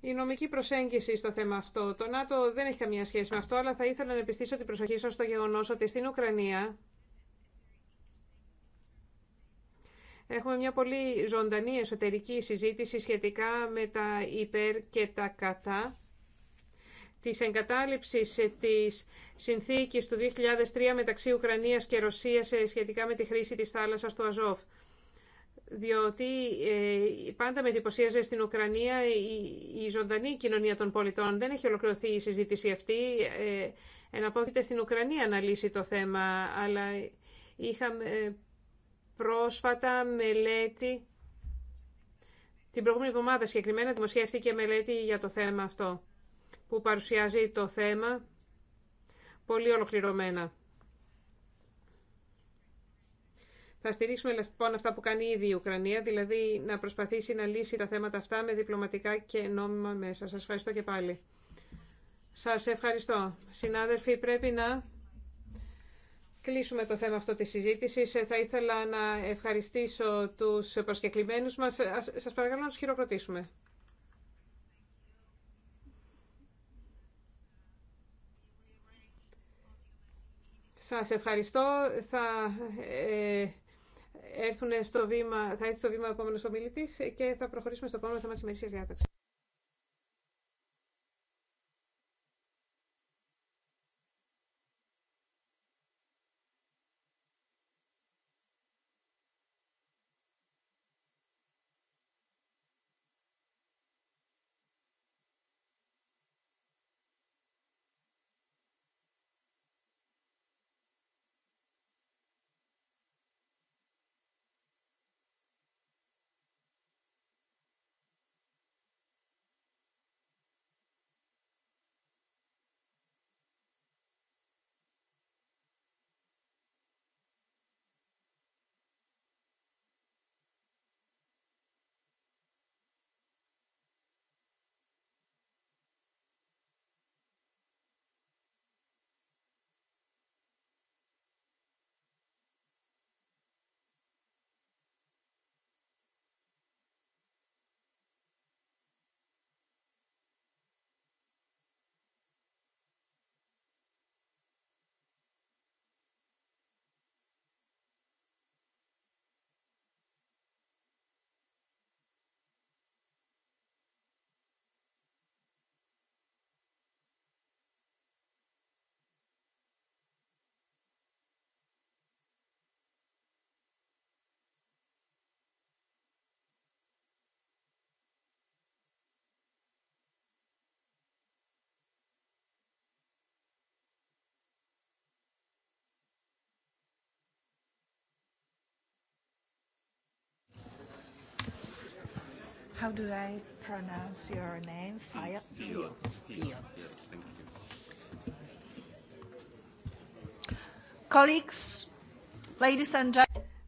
S2: Η νομική προσέγγιση στο θέμα αυτό. Το ΝΑΤΟ δεν έχει καμία σχέση με αυτό, αλλά θα ήθελα να επιστήσω την προσοχή σας στο γεγονός ότι στην Ουκρανία έχουμε μια πολύ ζωντανή εσωτερική συζήτηση σχετικά με τα υπέρ και τα κατά της εγκατάλειψης ε, της συνθήκης του 2003 μεταξύ Ουκρανίας και Ρωσίας ε, σχετικά με τη χρήση της θάλασσας του Αζόφ. Διότι ε, πάντα με εντυπωσίαζε στην Ουκρανία η ζωντανή κοινωνία των πολιτών. Δεν έχει ολοκληρωθεί η συζήτηση αυτή. Εναπόκειται στην Ουκρανία να λύσει το θέμα, αλλά είχαμε πρόσφατα μελέτη, την προηγούμενη εβδομάδα συγκεκριμένα δημοσιεύτηκε μελέτη για το θέμα αυτό που παρουσιάζει το θέμα πολύ ολοκληρωμένα. Θα στηρίξουμε λοιπόν αυτά που κάνει ήδη η Ουκρανία, δηλαδή να προσπαθήσει να λύσει τα θέματα αυτά με διπλωματικά και νόμιμα μέσα. Σας ευχαριστώ και πάλι. Σας ευχαριστώ. Συνάδελφοι, πρέπει να κλείσουμε το θέμα αυτό της συζήτησης. Ε, θα ήθελα να ευχαριστήσω τους προσκεκλημένους μας. Σας παρακαλώ να τους χειροκροτήσουμε. Σας ευχαριστώ. Θα ε, έρθουν στο βήμα, θα έρθει στο βήμα ο επόμενος ομιλητής και θα προχωρήσουμε στο επόμενο θέμα της ημερήσιας διάταξης.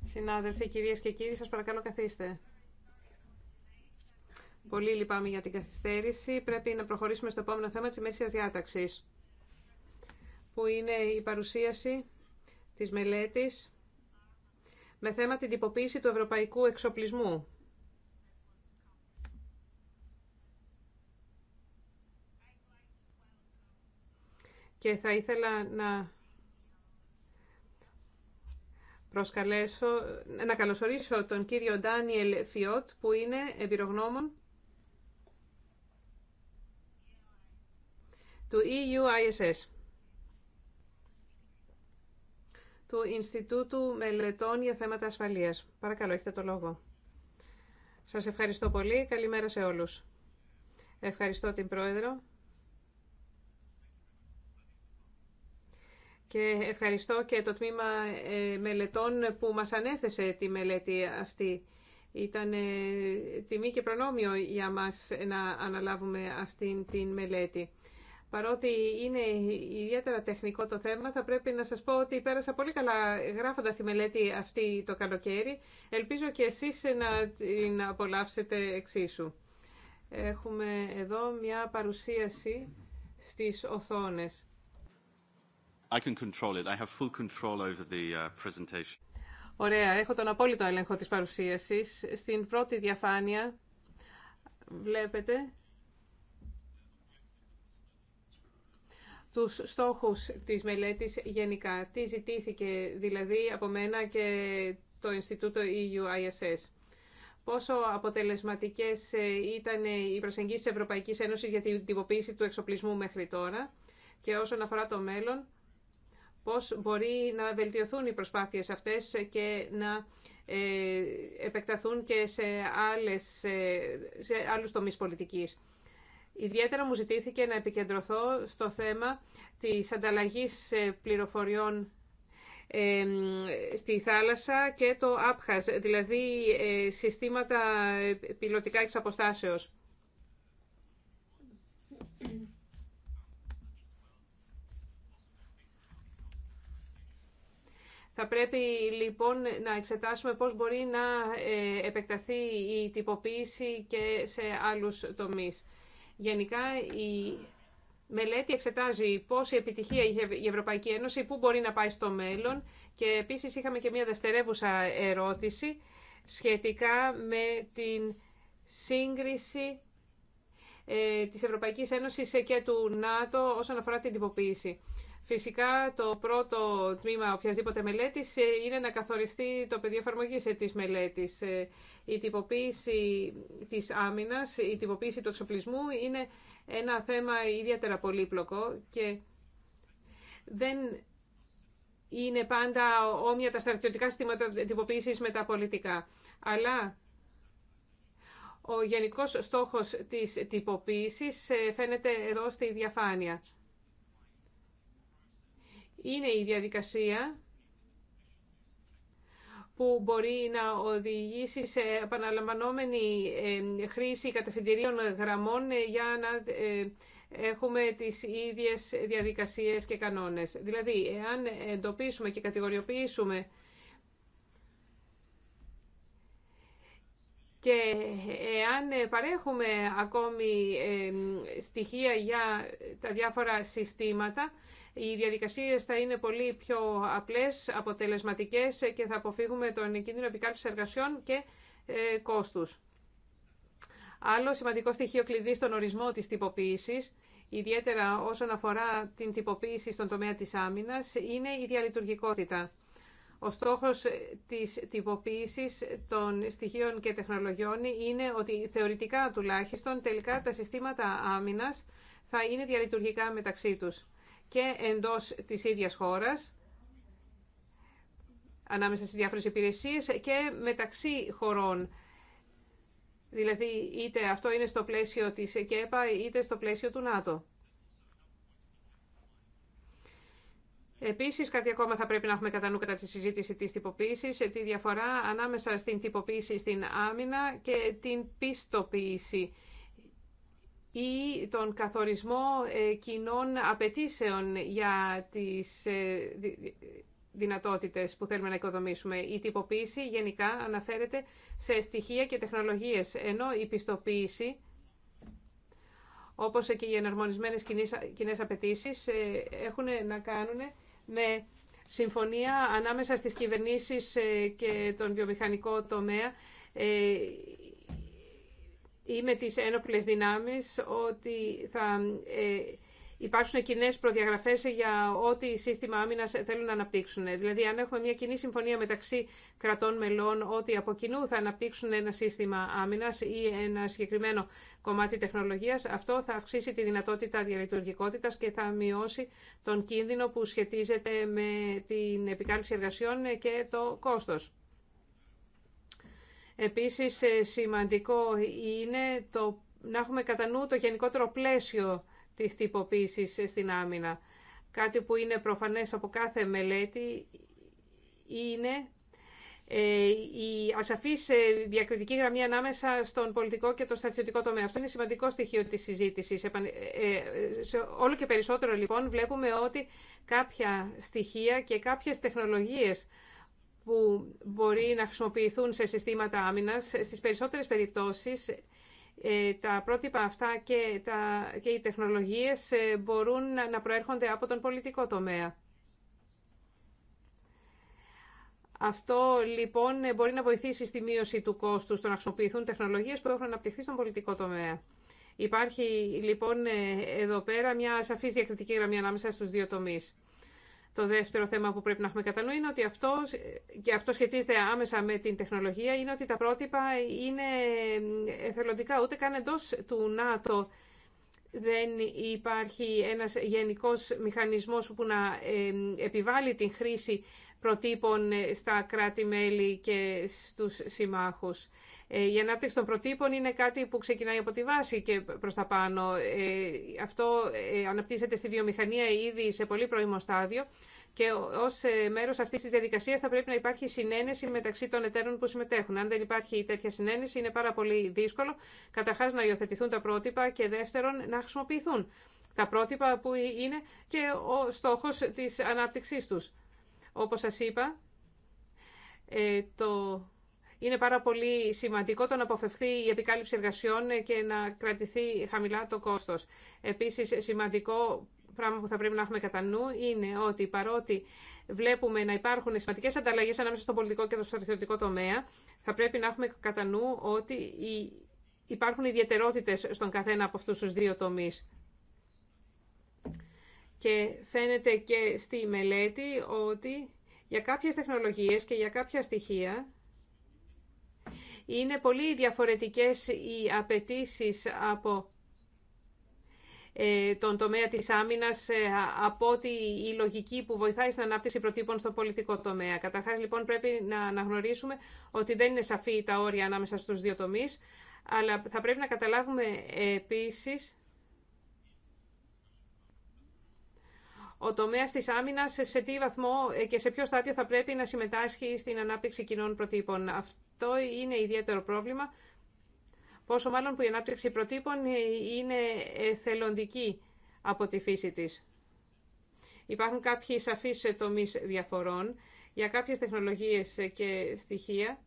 S2: Συνάδελφοι, κυρίες και κύριοι, σας παρακαλώ καθίστε. Πολύ λυπάμαι για την καθυστέρηση. Πρέπει να προχωρήσουμε στο επόμενο θέμα της μέσης διάταξης, που είναι η παρουσίαση της μελέτης με θέμα την τυποποίηση του ευρωπαϊκού εξοπλισμού. και θα ήθελα να προσκαλέσω, να καλωσορίσω τον κύριο Ντάνιελ Φιότ που είναι εμπειρογνώμων του EUISS, του Ινστιτούτου Μελετών για Θέματα Ασφαλείας. Παρακαλώ, έχετε το λόγο. Σας ευχαριστώ πολύ. Καλημέρα σε όλους. Ευχαριστώ την Πρόεδρο. και ευχαριστώ και το τμήμα ε, μελετών που μας ανέθεσε τη μελέτη αυτή. Ήταν ε, τιμή και προνόμιο για μας να αναλάβουμε αυτήν την μελέτη. Παρότι είναι ιδιαίτερα τεχνικό το θέμα, θα πρέπει να σας πω ότι πέρασα πολύ καλά γράφοντας τη μελέτη αυτή το καλοκαίρι. Ελπίζω και εσείς να την απολαύσετε εξίσου. Έχουμε εδώ μια παρουσίαση στις οθόνες.
S5: I can control it. I have full control over the uh, presentation.
S2: Ωραία, έχω τον απόλυτο έλεγχο της παρουσίασης. Στην πρώτη διαφάνεια βλέπετε τους στόχους της μελέτης γενικά. Τι ζητήθηκε δηλαδή από μένα και το Ινστιτούτο EU Πόσο αποτελεσματικές ε, ήταν οι προσεγγίσεις της Ευρωπαϊκής Ένωσης για την τυποποίηση του εξοπλισμού μέχρι τώρα και όσον αφορά το μέλλον, πώς μπορεί να βελτιωθούν οι προσπάθειες αυτές και να ε, επεκταθούν και σε, άλλες, ε, σε άλλους τομείς πολιτικής. Ιδιαίτερα μου ζητήθηκε να επικεντρωθώ στο θέμα της ανταλλαγής ε, πληροφοριών στη θάλασσα και το άπχας, δηλαδή συστήματα πιλωτικά εξαποστάσεως. Θα πρέπει λοιπόν να εξετάσουμε πώς μπορεί να ε, επεκταθεί η τυποποίηση και σε άλλους τομείς. Γενικά η μελέτη εξετάζει πώς η επιτυχία η Ευρωπαϊκή Ένωση, πού μπορεί να πάει στο μέλλον και επίσης είχαμε και μια δευτερεύουσα ερώτηση σχετικά με την σύγκριση ε, της Ευρωπαϊκής Ένωσης και του ΝΑΤΟ όσον αφορά την τυποποίηση. Φυσικά το πρώτο τμήμα οποιασδήποτε μελέτης ε, είναι να καθοριστεί το πεδίο εφαρμογή ε, της μελέτης. Ε, η τυποποίηση της άμυνας, η τυποποίηση του εξοπλισμού είναι ένα θέμα ιδιαίτερα πολύπλοκο και δεν είναι πάντα όμοια τα στρατιωτικά συστήματα τυποποίησης με τα πολιτικά. Αλλά ο γενικός στόχος της τυποποίησης φαίνεται εδώ στη διαφάνεια είναι η διαδικασία που μπορεί να οδηγήσει σε επαναλαμβανόμενη ε, χρήση κατευθυντηρίων γραμμών ε, για να ε, έχουμε τις ίδιες διαδικασίες και κανόνες. Δηλαδή, εάν εντοπίσουμε και κατηγοριοποιήσουμε και εάν παρέχουμε ακόμη στοιχεία για τα διάφορα συστήματα, οι διαδικασίες θα είναι πολύ πιο απλές, αποτελεσματικές και θα αποφύγουμε τον κίνδυνο επικάλυψης εργασιών και ε, κόστους. Άλλο σημαντικό στοιχείο κλειδί στον ορισμό της τυποποίησης, ιδιαίτερα όσον αφορά την τυποποίηση στον τομέα της άμυνας, είναι η διαλειτουργικότητα. Ο στόχος ε, της τυποποίησης των στοιχείων και τεχνολογιών είναι ότι θεωρητικά τουλάχιστον τελικά τα συστήματα άμυνας θα είναι διαλειτουργικά μεταξύ τους και εντός της ίδιας χώρας, ανάμεσα στις διάφορες υπηρεσίες και μεταξύ χωρών. Δηλαδή, είτε αυτό είναι στο πλαίσιο της ΕΚΕΠΑ, είτε στο πλαίσιο του ΝΑΤΟ. Επίσης, κάτι ακόμα θα πρέπει να έχουμε κατά νου κατά τη συζήτηση τη τυποποίηση, τη διαφορά ανάμεσα στην τυποποίηση στην άμυνα και την πιστοποίηση ή τον καθορισμό ε, κοινών απαιτήσεων για τις ε, δυνατότητες που θέλουμε να οικοδομήσουμε. Η τυποποίηση γενικά αναφέρεται σε στοιχεία και τεχνολογίες, ενώ η πιστοποίηση, όπως και οι εναρμονισμένες κοινέ απαιτήσει, ε, έχουν να κάνουν με συμφωνία ανάμεσα στις κυβερνήσεις και τον βιομηχανικό τομέα ή με τις ένοπλες δυνάμεις ότι θα ε, υπάρξουν κοινέ προδιαγραφές για ό,τι σύστημα άμυνας θέλουν να αναπτύξουν. Δηλαδή, αν έχουμε μια κοινή συμφωνία μεταξύ κρατών μελών ότι από κοινού θα αναπτύξουν ένα σύστημα άμυνας ή ένα συγκεκριμένο κομμάτι τεχνολογίας, αυτό θα αυξήσει τη δυνατότητα διαλειτουργικότητας και θα μειώσει τον κίνδυνο που σχετίζεται με την επικάλυψη εργασιών και το κόστος. Επίσης ε, σημαντικό είναι το, να έχουμε κατά νου το γενικότερο πλαίσιο της τυποποίησης ε, στην άμυνα. Κάτι που είναι προφανές από κάθε μελέτη είναι ε, η ασαφής διακριτική γραμμή ανάμεσα στον πολιτικό και τον στρατιωτικό τομέα. Αυτό είναι σημαντικό στοιχείο της συζήτησης. Όλο και περισσότερο λοιπόν βλέπουμε ότι κάποια στοιχεία και κάποιες τεχνολογίες που μπορεί να χρησιμοποιηθούν σε συστήματα άμυνας. Στις περισσότερες περιπτώσεις ε, τα πρότυπα αυτά και, τα, και οι τεχνολογίες ε, μπορούν να προέρχονται από τον πολιτικό τομέα. Αυτό λοιπόν μπορεί να βοηθήσει στη μείωση του κόστου στο να χρησιμοποιηθούν τεχνολογίες που έχουν αναπτυχθεί στον πολιτικό τομέα. Υπάρχει λοιπόν ε, εδώ πέρα μια σαφής διακριτική γραμμή ανάμεσα στους δύο τομείς. Το δεύτερο θέμα που πρέπει να έχουμε κατά νου είναι ότι αυτό, και αυτό σχετίζεται άμεσα με την τεχνολογία, είναι ότι τα πρότυπα είναι εθελοντικά, ούτε καν εντό του ΝΑΤΟ δεν υπάρχει ένας γενικός μηχανισμός που να ε, επιβάλλει την χρήση προτύπων στα κράτη-μέλη και στους συμμάχους. Ε, η ανάπτυξη των προτύπων είναι κάτι που ξεκινάει από τη βάση και προς τα πάνω. Ε, αυτό ε, αναπτύσσεται στη βιομηχανία ήδη σε πολύ πρώιμο στάδιο και ω μέρος αυτής της διαδικασίας θα πρέπει να υπάρχει συνένεση μεταξύ των εταίρων που συμμετέχουν. Αν δεν υπάρχει τέτοια συνένεση, είναι πάρα πολύ δύσκολο καταρχά να υιοθετηθούν τα πρότυπα και δεύτερον να χρησιμοποιηθούν τα πρότυπα που είναι και ο στόχος της ανάπτυξής τους. Όπως σας είπα, το είναι πάρα πολύ σημαντικό το να αποφευθεί η επικάλυψη εργασιών και να κρατηθεί χαμηλά το κόστος. Επίσης, σημαντικό πράγμα που θα πρέπει να έχουμε κατά νου είναι ότι παρότι βλέπουμε να υπάρχουν σημαντικές ανταλλαγές ανάμεσα στον πολιτικό και τον στρατιωτικό τομέα, θα πρέπει να έχουμε κατά νου ότι υπάρχουν ιδιαιτερότητες στον καθένα από αυτούς τους δύο τομείς. Και φαίνεται και στη μελέτη ότι για κάποιες τεχνολογίες και για κάποια στοιχεία είναι πολύ διαφορετικές οι απαιτήσει από ε, τον τομέα της άμυνας ε, από ότι η λογική που βοηθάει στην ανάπτυξη προτύπων στο πολιτικό τομέα. Καταρχάς, λοιπόν, πρέπει να αναγνωρίσουμε ότι δεν είναι σαφή τα όρια ανάμεσα στους δύο τομείς, αλλά θα πρέπει να καταλάβουμε ε, επίσης ο τομέας της άμυνας σε τι βαθμό και σε ποιο στάδιο θα πρέπει να συμμετάσχει στην ανάπτυξη κοινών προτύπων. Αυτό είναι ιδιαίτερο πρόβλημα, πόσο μάλλον που η ανάπτυξη προτύπων είναι θελοντική από τη φύση της. Υπάρχουν κάποιοι σαφείς τομείς διαφορών για κάποιες τεχνολογίες και στοιχεία.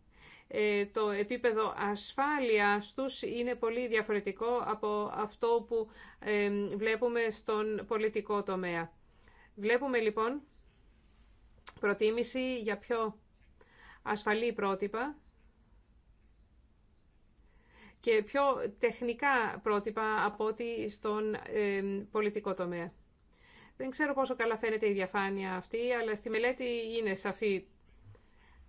S2: Ε, το επίπεδο ασφάλειας τους είναι πολύ διαφορετικό από αυτό που ε, βλέπουμε στον πολιτικό τομέα. Βλέπουμε λοιπόν προτίμηση για πιο ασφαλή πρότυπα και πιο τεχνικά πρότυπα από ό,τι στον πολιτικό τομέα. Δεν ξέρω πόσο καλά φαίνεται η διαφάνεια αυτή, αλλά στη μελέτη είναι σαφή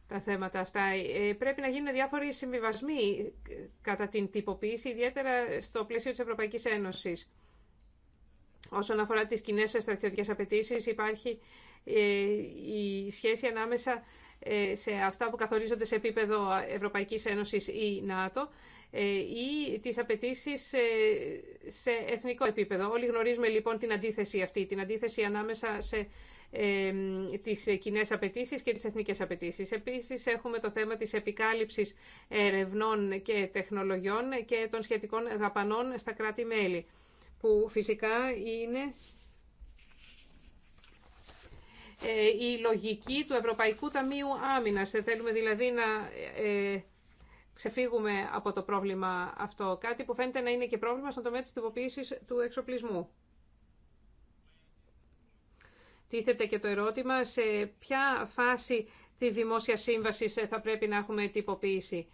S2: τα θέματα αυτά. Ε, πρέπει να γίνουν διάφοροι συμβιβασμοί ε, κατά την τυποποίηση, ιδιαίτερα στο πλαίσιο της Ευρωπαϊκής Ένωσης. Όσον αφορά τις κοινέ στρατιωτικές απαιτήσει, υπάρχει ε, η σχέση ανάμεσα σε αυτά που καθορίζονται σε επίπεδο Ευρωπαϊκής Ένωσης ή ΝΑΤΟ ε, ή τις απαιτήσει ε, σε εθνικό επίπεδο. Όλοι γνωρίζουμε λοιπόν την αντίθεση αυτή, την αντίθεση ανάμεσα σε ε, τις κοινέ απαιτήσει και τις εθνικές απαιτήσει. Επίσης έχουμε το θέμα της επικάλυψης ερευνών και τεχνολογιών και των σχετικών δαπανών στα κράτη-μέλη, που φυσικά είναι ε, η λογική του Ευρωπαϊκού Ταμείου Άμυνας. Θέλουμε δηλαδή να ξεφύγουμε από το πρόβλημα αυτό. Κάτι που φαίνεται να είναι και πρόβλημα στον τομέα της τυποποίησης του εξοπλισμού. Τίθεται και το ερώτημα σε ποια φάση της δημόσιας σύμβασης θα πρέπει να έχουμε τυποποίηση.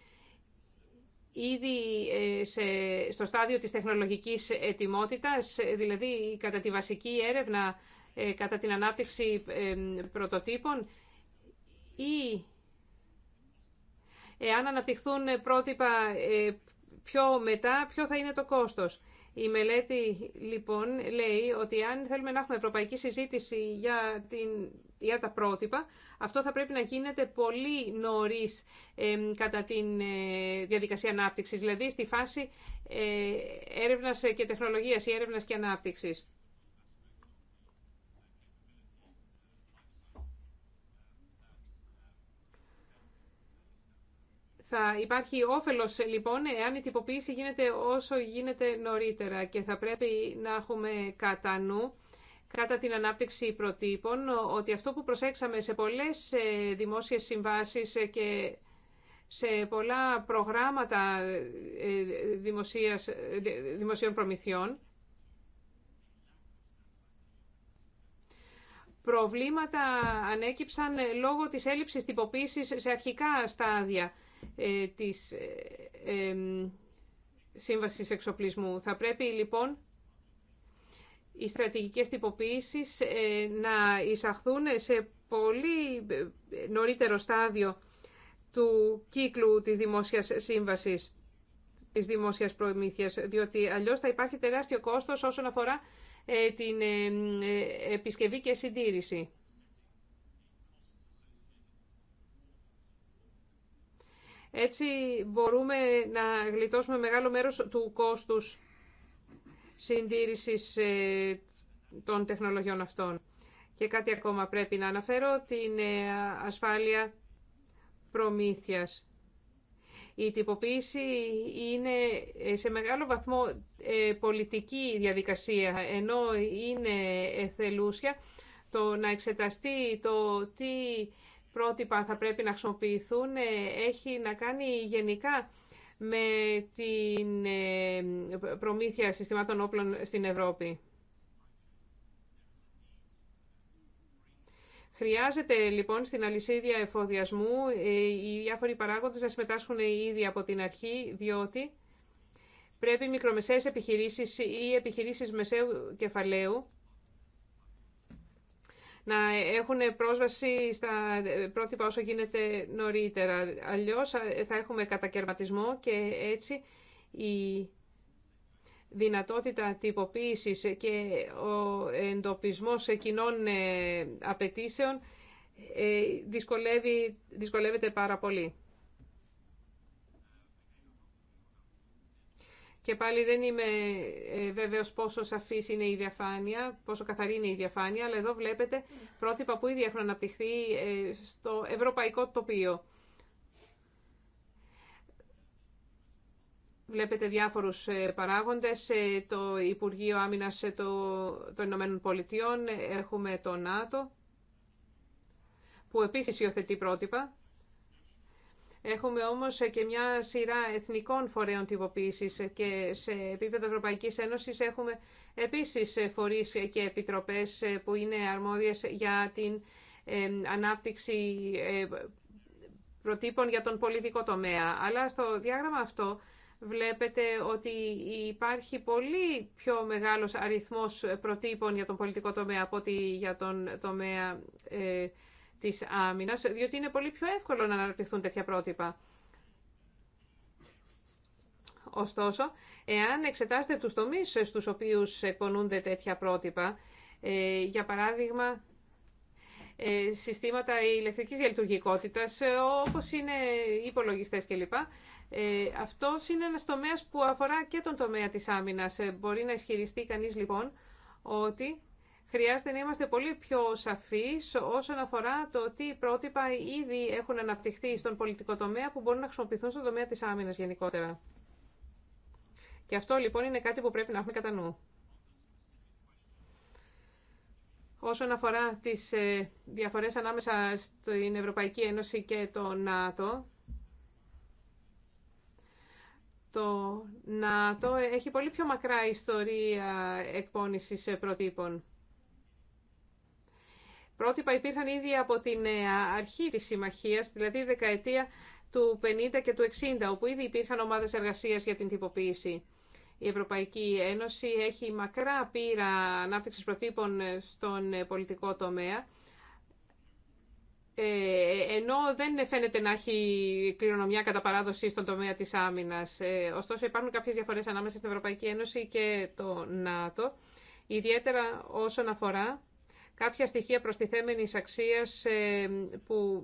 S2: Ήδη ε, στο στάδιο της τεχνολογικής ετοιμότητας, ε, δηλαδή κατά τη βασική έρευνα, ε, κατά την ανάπτυξη πρωτοτύπων ή Εάν αναπτυχθούν πρότυπα ε, πιο μετά, ποιο θα είναι το κόστος. Η μελέτη λοιπόν λέει ότι αν θέλουμε να έχουμε ευρωπαϊκή συζήτηση για, την, για τα πρότυπα, αυτό θα πρέπει να γίνεται πολύ νωρίς ε, κατά τη ε, διαδικασία ανάπτυξης, δηλαδή στη φάση ε, έρευνας και τεχνολογίας ή έρευνας και ανάπτυξης. Θα υπάρχει όφελος λοιπόν εάν η τυποποίηση γίνεται όσο γίνεται νωρίτερα και θα πρέπει να έχουμε κατά νου κατά την ανάπτυξη προτύπων ότι αυτό που προσέξαμε σε πολλές ε, δημόσιες συμβάσεις και σε πολλά προγράμματα ε, δημοσίας, ε, δημοσίων προμηθειών προβλήματα ανέκυψαν λόγω της έλλειψης τυποποίησης σε αρχικά στάδια ε, της ε, ε, Σύμβασης Εξοπλισμού. Θα πρέπει λοιπόν οι στρατηγικές τυποποίησεις να εισαχθούν σε πολύ νωρίτερο στάδιο του κύκλου της δημόσιας σύμβασης, της δημόσιας προμήθειας, διότι αλλιώς θα υπάρχει τεράστιο κόστος όσον αφορά την επισκευή και συντήρηση. Έτσι μπορούμε να γλιτώσουμε μεγάλο μέρος του κόστους συντήρησης ε, των τεχνολογιών αυτών. Και κάτι ακόμα πρέπει να αναφέρω, την ε, ασφάλεια προμήθειας. Η τυποποίηση είναι ε, σε μεγάλο βαθμό πολιτική διαδικασία, ενώ είναι εθελούσια το να εξεταστεί το τι πρότυπα θα πρέπει να χρησιμοποιηθούν ε, έχει να κάνει γενικά με την ε, προμήθεια συστημάτων όπλων στην Ευρώπη. Χρειάζεται λοιπόν στην αλυσίδια εφοδιασμού ε, οι διάφοροι παράγοντες να συμμετάσχουν ήδη από την αρχή, διότι πρέπει μικρομεσαίες επιχειρήσεις ή επιχειρήσεις μεσαίου κεφαλαίου να έχουν πρόσβαση στα πρότυπα όσο γίνεται νωρίτερα. Αλλιώς θα έχουμε κατακαιρματισμό και έτσι η δυνατότητα τυποποίησης και ο εντοπισμός κοινών ε, απαιτήσεων ε, δυσκολεύεται πάρα πολύ. Και πάλι δεν είμαι ε, βεβαίως πόσο σαφής είναι η διαφάνεια, πόσο καθαρή είναι η διαφάνεια, αλλά εδώ βλέπετε πρότυπα που ήδη έχουν αναπτυχθεί ε, στο ευρωπαϊκό τοπίο. Βλέπετε διάφορους ε, παράγοντες, το Υπουργείο Άμυνας των Ηνωμένων Πολιτειών, έχουμε το ΝΑΤΟ, που επίσης υιοθετεί πρότυπα. Έχουμε όμως και μια σειρά εθνικών φορέων τυποποίησης και σε επίπεδο Ευρωπαϊκής Ένωσης έχουμε επίσης φορείς και επιτροπές που είναι αρμόδιες για την ανάπτυξη ε, προτύπων για τον πολιτικό τομέα. Αλλά στο διάγραμμα αυτό βλέπετε ότι υπάρχει πολύ πιο μεγάλος αριθμός προτύπων για τον πολιτικό τομέα από ότι για τον τομέα ε, Τη άμυνα, διότι είναι πολύ πιο εύκολο να αναπτυχθούν τέτοια πρότυπα. Ωστόσο, εάν εξετάσετε τους τομείς στους οποίους εκπονούνται τέτοια πρότυπα, ε, για παράδειγμα ε, συστήματα ηλεκτρικής διαλειτουργικότητας, ε, όπως είναι υπολογιστές κλπ. αυτό είναι ένας τομέας που αφορά και τον τομέα της άμυνας. Μπορεί να ισχυριστεί κανείς λοιπόν ότι Χρειάζεται να είμαστε πολύ πιο σαφείς όσον αφορά το τι πρότυπα ήδη έχουν αναπτυχθεί στον πολιτικό τομέα που μπορούν να χρησιμοποιηθούν στον τομέα της άμυνας γενικότερα. Και αυτό λοιπόν είναι κάτι που πρέπει να έχουμε κατά νου. Όσον αφορά τις ε, διαφορές ανάμεσα στην Ευρωπαϊκή Ένωση και το ΝΑΤΟ, το ΝΑΤΟ έχει πολύ πιο μακρά ιστορία εκπόνησης ε, προτύπων πρότυπα υπήρχαν ήδη από την ε, αρχή της συμμαχίας, δηλαδή δεκαετία του 50 και του 60, όπου ήδη υπήρχαν ομάδες εργασίας για την τυποποίηση. Η Ευρωπαϊκή Ένωση έχει μακρά πείρα ανάπτυξης προτύπων ε, στον ε, πολιτικό τομέα, ενώ δεν φαίνεται να έχει κληρονομιά κατά παράδοση στον τομέα της άμυνας. Ωστόσο υπάρχουν κάποιες διαφορές ανάμεσα στην Ευρωπαϊκή Ένωση και το ΝΑΤΟ, ιδιαίτερα όσον αφορά κάποια στοιχεία προστιθέμενης αξίας ε, που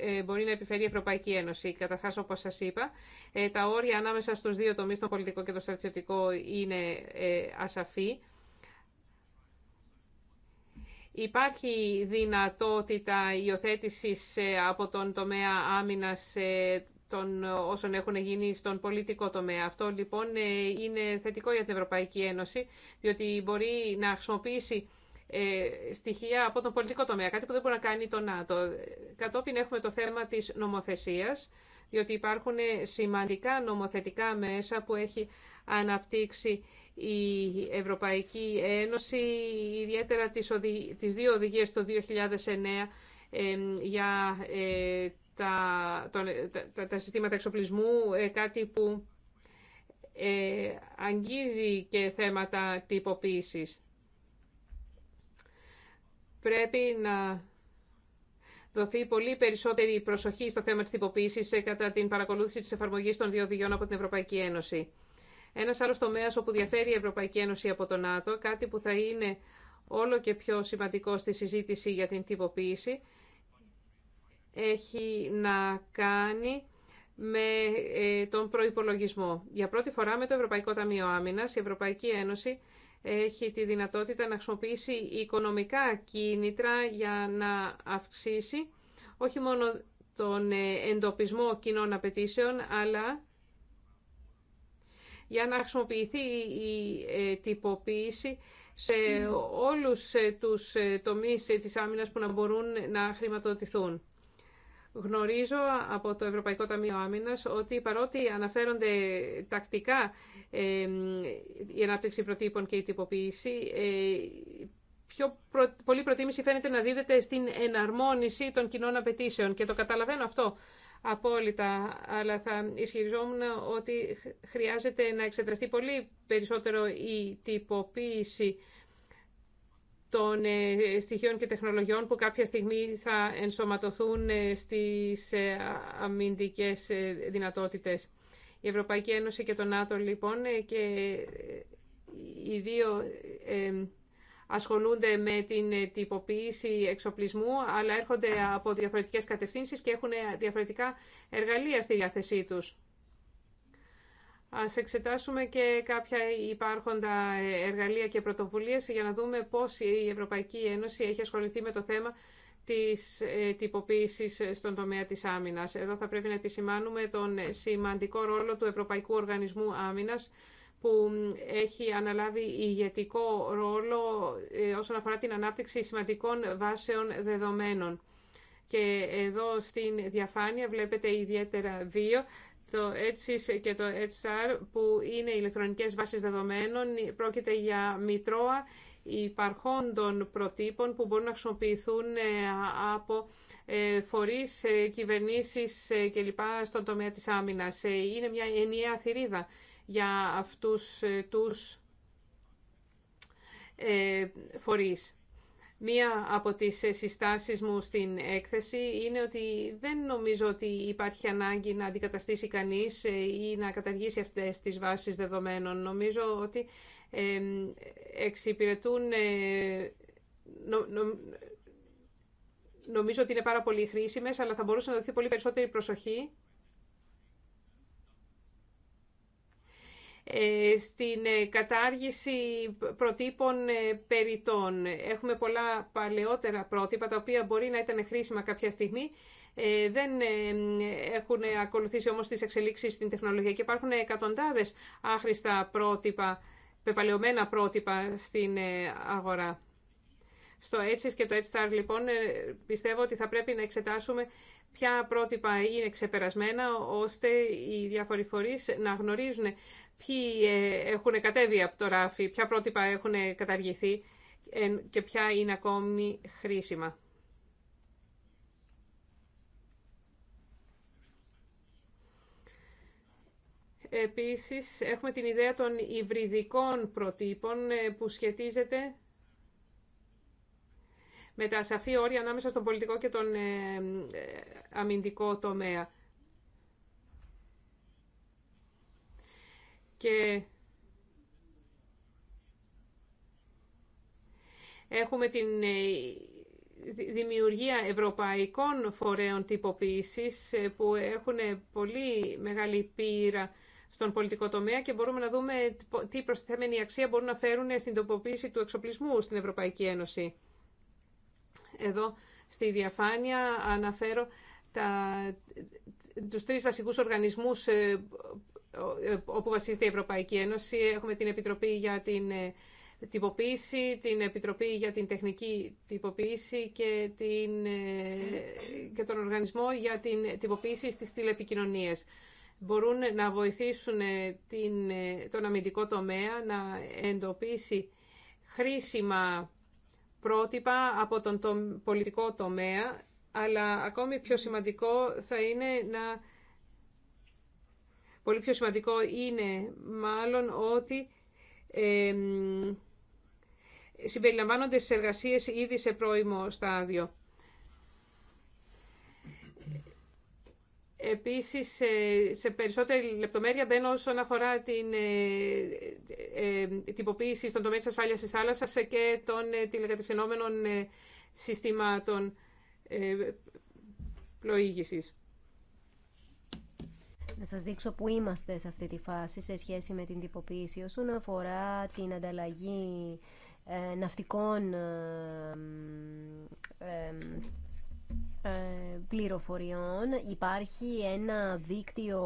S2: ε, μπορεί να επιφέρει η Ευρωπαϊκή Ένωση. Καταρχά όπως σα είπα, ε, τα όρια ανάμεσα στους δύο τομεί το πολιτικό και το στρατιωτικό, είναι ασαφή. Υπάρχει δυνατότητα υιοθέτηση από τον τομέα άμυνας των όσων έχουν γίνει στον πολιτικό τομέα. Αυτό λοιπόν είναι θετικό για την Ευρωπαϊκή Ένωση, διότι μπορεί να χρησιμοποιήσει ε, στοιχεία από τον πολιτικό τομέα, κάτι που δεν μπορεί να κάνει το ΝΑΤΟ. Κατόπιν έχουμε το θέμα της νομοθεσίας, διότι υπάρχουν σημαντικά νομοθετικά μέσα που έχει αναπτύξει η Ευρωπαϊκή Ένωση, ιδιαίτερα τις δύο οδηγίες το 2009 ε, για ε, τα, τα, τα συστήματα εξοπλισμού, κάτι που αγγίζει και θέματα τυποποίησης πρέπει να δοθεί πολύ περισσότερη προσοχή στο θέμα της τυποποίησης ε, κατά την παρακολούθηση της εφαρμογής των δύο από την Ευρωπαϊκή Ένωση. Ένας άλλος τομέας όπου διαφέρει η Ευρωπαϊκή Ένωση από το ΝΑΤΟ, κάτι που θα είναι όλο και πιο σημαντικό στη συζήτηση για την τυποποίηση, έχει να κάνει με ε, τον προϋπολογισμό. Για πρώτη φορά με το Ευρωπαϊκό Ταμείο Άμυνας, η Ευρωπαϊκή Ένωση έχει τη δυνατότητα να χρησιμοποιήσει οικονομικά κίνητρα για να αυξήσει όχι μόνο τον ε, εντοπισμό κοινών απαιτήσεων, αλλά για να χρησιμοποιηθεί η ε, τυποποίηση σε όλους ε, τους τομείς της άμυνας που να μπορούν να χρηματοδοτηθούν. Γνωρίζω από το Ευρωπαϊκό Ταμείο Άμυνας ότι παρότι αναφέρονται τακτικά η ανάπτυξη προτύπων και η τυποποίηση, ε, πιο προ... πολύ προτίμηση φαίνεται να δίδεται στην εναρμόνιση των κοινών απαιτήσεων και το καταλαβαίνω αυτό απόλυτα, αλλά θα ισχυριζόμουν ότι χρειάζεται να εξεταστεί πολύ περισσότερο η τυποποίηση των ε, στοιχείων και τεχνολογιών που κάποια στιγμή θα ενσωματωθούν ε, στις ε, αμυντικές δυνατότητες. Η Ευρωπαϊκή Ένωση και το ΝΑΤΟ λοιπόν και οι δύο ασχολούνται με την τυποποίηση εξοπλισμού, αλλά έρχονται από διαφορετικές κατευθύνσεις και έχουν διαφορετικά εργαλεία στη διάθεσή τους. Ας εξετάσουμε και κάποια υπάρχοντα εργαλεία και πρωτοβουλίες για να δούμε πώς η Ευρωπαϊκή Ένωση έχει ασχοληθεί με το θέμα της ε, τυποποίησης στον τομέα της άμυνας. Εδώ θα πρέπει να επισημάνουμε τον σημαντικό ρόλο του Ευρωπαϊκού Οργανισμού Άμυνας που έχει αναλάβει ηγετικό ρόλο ε, όσον αφορά την ανάπτυξη σημαντικών βάσεων δεδομένων. Και εδώ στην διαφάνεια βλέπετε ιδιαίτερα δύο το ETSIS και το ETSAR που είναι ηλεκτρονικές βάσεις δεδομένων πρόκειται για μητρώα υπαρχόντων προτύπων που μπορούν να χρησιμοποιηθούν ε, από ε, φορείς, ε, κυβερνήσεις κλπ. στον τομέα της άμυνας. Είναι μια ενιαία θηρίδα για αυτούς τους φορείς. Μία από τις ε, συστάσεις μου στην έκθεση είναι ότι δεν νομίζω ότι υπάρχει ανάγκη να αντικαταστήσει κανείς ε, ή να καταργήσει αυτές τις βάσεις δεδομένων. Νομίζω ότι εξυπηρετούν... Ε, νομίζω ότι είναι πάρα πολύ χρήσιμες, αλλά θα μπορούσε να δοθεί πολύ περισσότερη προσοχή Ε, στην ε, κατάργηση προτύπων ε, περιτών. Έχουμε πολλά παλαιότερα πρότυπα, τα οποία μπορεί να ήταν χρήσιμα κάποια στιγμή, δεν έχουν ακολουθήσει όμως τις εξελίξεις στην τεχνολογία και υπάρχουν εκατοντάδες άχρηστα πρότυπα, πεπαλαιωμένα πρότυπα στην αγορά. Στο Έτσι και το Star λοιπόν πιστεύω ότι θα πρέπει να εξετάσουμε ποια πρότυπα είναι ξεπερασμένα ώστε οι διάφοροι φορείς να γνωρίζουν ποιοι ε, έχουν κατέβει από το ράφι, ποια πρότυπα έχουν καταργηθεί και ποια είναι ακόμη χρήσιμα. Επίσης, έχουμε την ιδέα των υβριδικών προτύπων ε, που σχετίζεται με τα σαφή όρια ανάμεσα στον πολιτικό και τον ε, αμυντικό τομέα. και έχουμε την ε, δημιουργία ευρωπαϊκών φορέων τυποποίησης ε, που έχουν πολύ μεγάλη πείρα στον πολιτικό τομέα και μπορούμε να δούμε τι προστιθέμενη αξία μπορούν να φέρουν στην τοποποίηση του εξοπλισμού στην Ευρωπαϊκή Ένωση. Εδώ στη διαφάνεια αναφέρω τα, τους τρεις βασικούς οργανισμούς ε, όπου βασίζεται η Ευρωπαϊκή Ένωση. Έχουμε την Επιτροπή για την ε, τυποποίηση, την Επιτροπή για την τεχνική τυποποίηση και, την, ε, και τον Οργανισμό για την τυποποίηση στις τηλεπικοινωνίες. Μπορούν να βοηθήσουν ε, τον αμυντικό τομέα να εντοπίσει χρήσιμα πρότυπα από τον πολιτικό τομέα, αλλά ακόμη πιο σημαντικό θα είναι να Πολύ πιο σημαντικό είναι μάλλον ότι συμπεριλαμβάνονται στις εργασίες ήδη σε πρώιμο στάδιο. Επίσης, σε περισσότερη λεπτομέρεια μπαίνω όσον αφορά την ε, ε, ε, τυποποίηση στον τομέα της ασφάλειας της θάλασσας και των τηλεκατευθυνόμενων συστημάτων πλοήγησης
S3: να σας δείξω που είμαστε σε αυτή τη φάση σε σχέση με την τυποποίηση όσον αφορά την ανταλλαγή ε, ναυτικών ε, ε, πληροφοριών. Υπάρχει ένα δίκτυο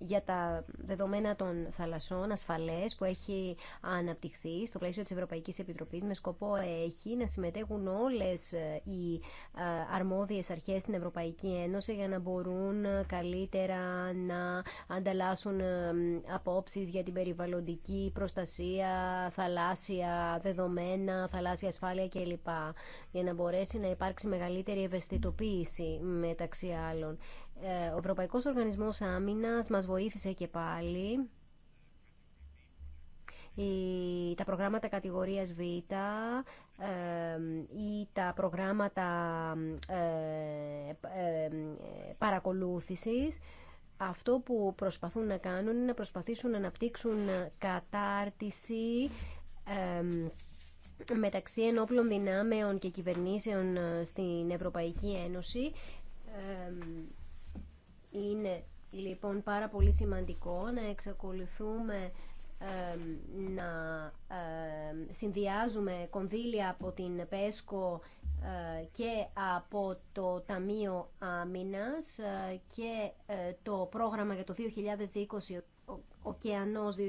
S3: για τα δεδομένα των θαλασσών ασφαλές που έχει αναπτυχθεί στο πλαίσιο της Ευρωπαϊκής Επιτροπής με σκοπό έχει να συμμετέχουν όλες ε, οι ε, αρμόδιες αρχές στην Ευρωπαϊκή Ένωση για να μπορούν καλύτερα να ανταλλάσσουν ε, απόψεις για την περιβαλλοντική προστασία, θαλάσσια δεδομένα, θαλάσσια ασφάλεια κλπ. Για να μπορέσει να υπάρξει μεγαλύτερη ευαισθητοποίηση μεταξύ άλλων. Ε, ο Ευρωπαϊκός Οργανισμός Άμυνας μας βοήθησε και πάλι τα προγράμματα κατηγορίας Β ή τα προγράμματα ε, ε, παρακολούθησης αυτό που προσπαθούν να κάνουν είναι να προσπαθήσουν να αναπτύξουν κατάρτιση μεταξύ ενόπλων δυνάμεων και κυβερνήσεων στην Ευρωπαϊκή Ένωση είναι λοιπόν πάρα πολύ σημαντικό να εξακολουθούμε να συνδυάζουμε κονδύλια από την ΠΕΣΚΟ ε, και από το Ταμείο Άμυνας ε, και ε, το πρόγραμμα για το 2020 ο ωκεανός 2020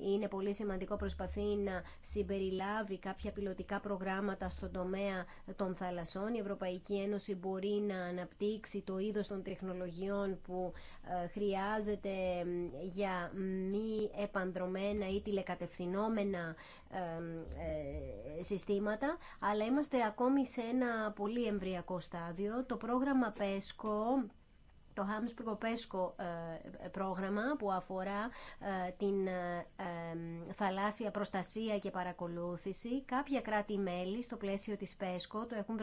S3: είναι πολύ σημαντικό προσπαθεί να συμπεριλάβει κάποια πιλωτικά προγράμματα στον τομέα των θαλασσών. Η Ευρωπαϊκή Ένωση μπορεί να αναπτύξει το είδος των τεχνολογιών που ε, χρειάζεται για μη επανδρομένα ή τηλεκατευθυνόμενα ε, ε, συστήματα, αλλά είμαστε ακόμη σε ένα πολύ εμβριακό στάδιο. Το πρόγραμμα PESCO το Habsburgo pesco ε, πρόγραμμα που αφορά ε, την ε, θαλάσσια προστασία και παρακολούθηση. Κάποια κράτη-μέλη στο πλαίσιο της Πέσκο το έχουν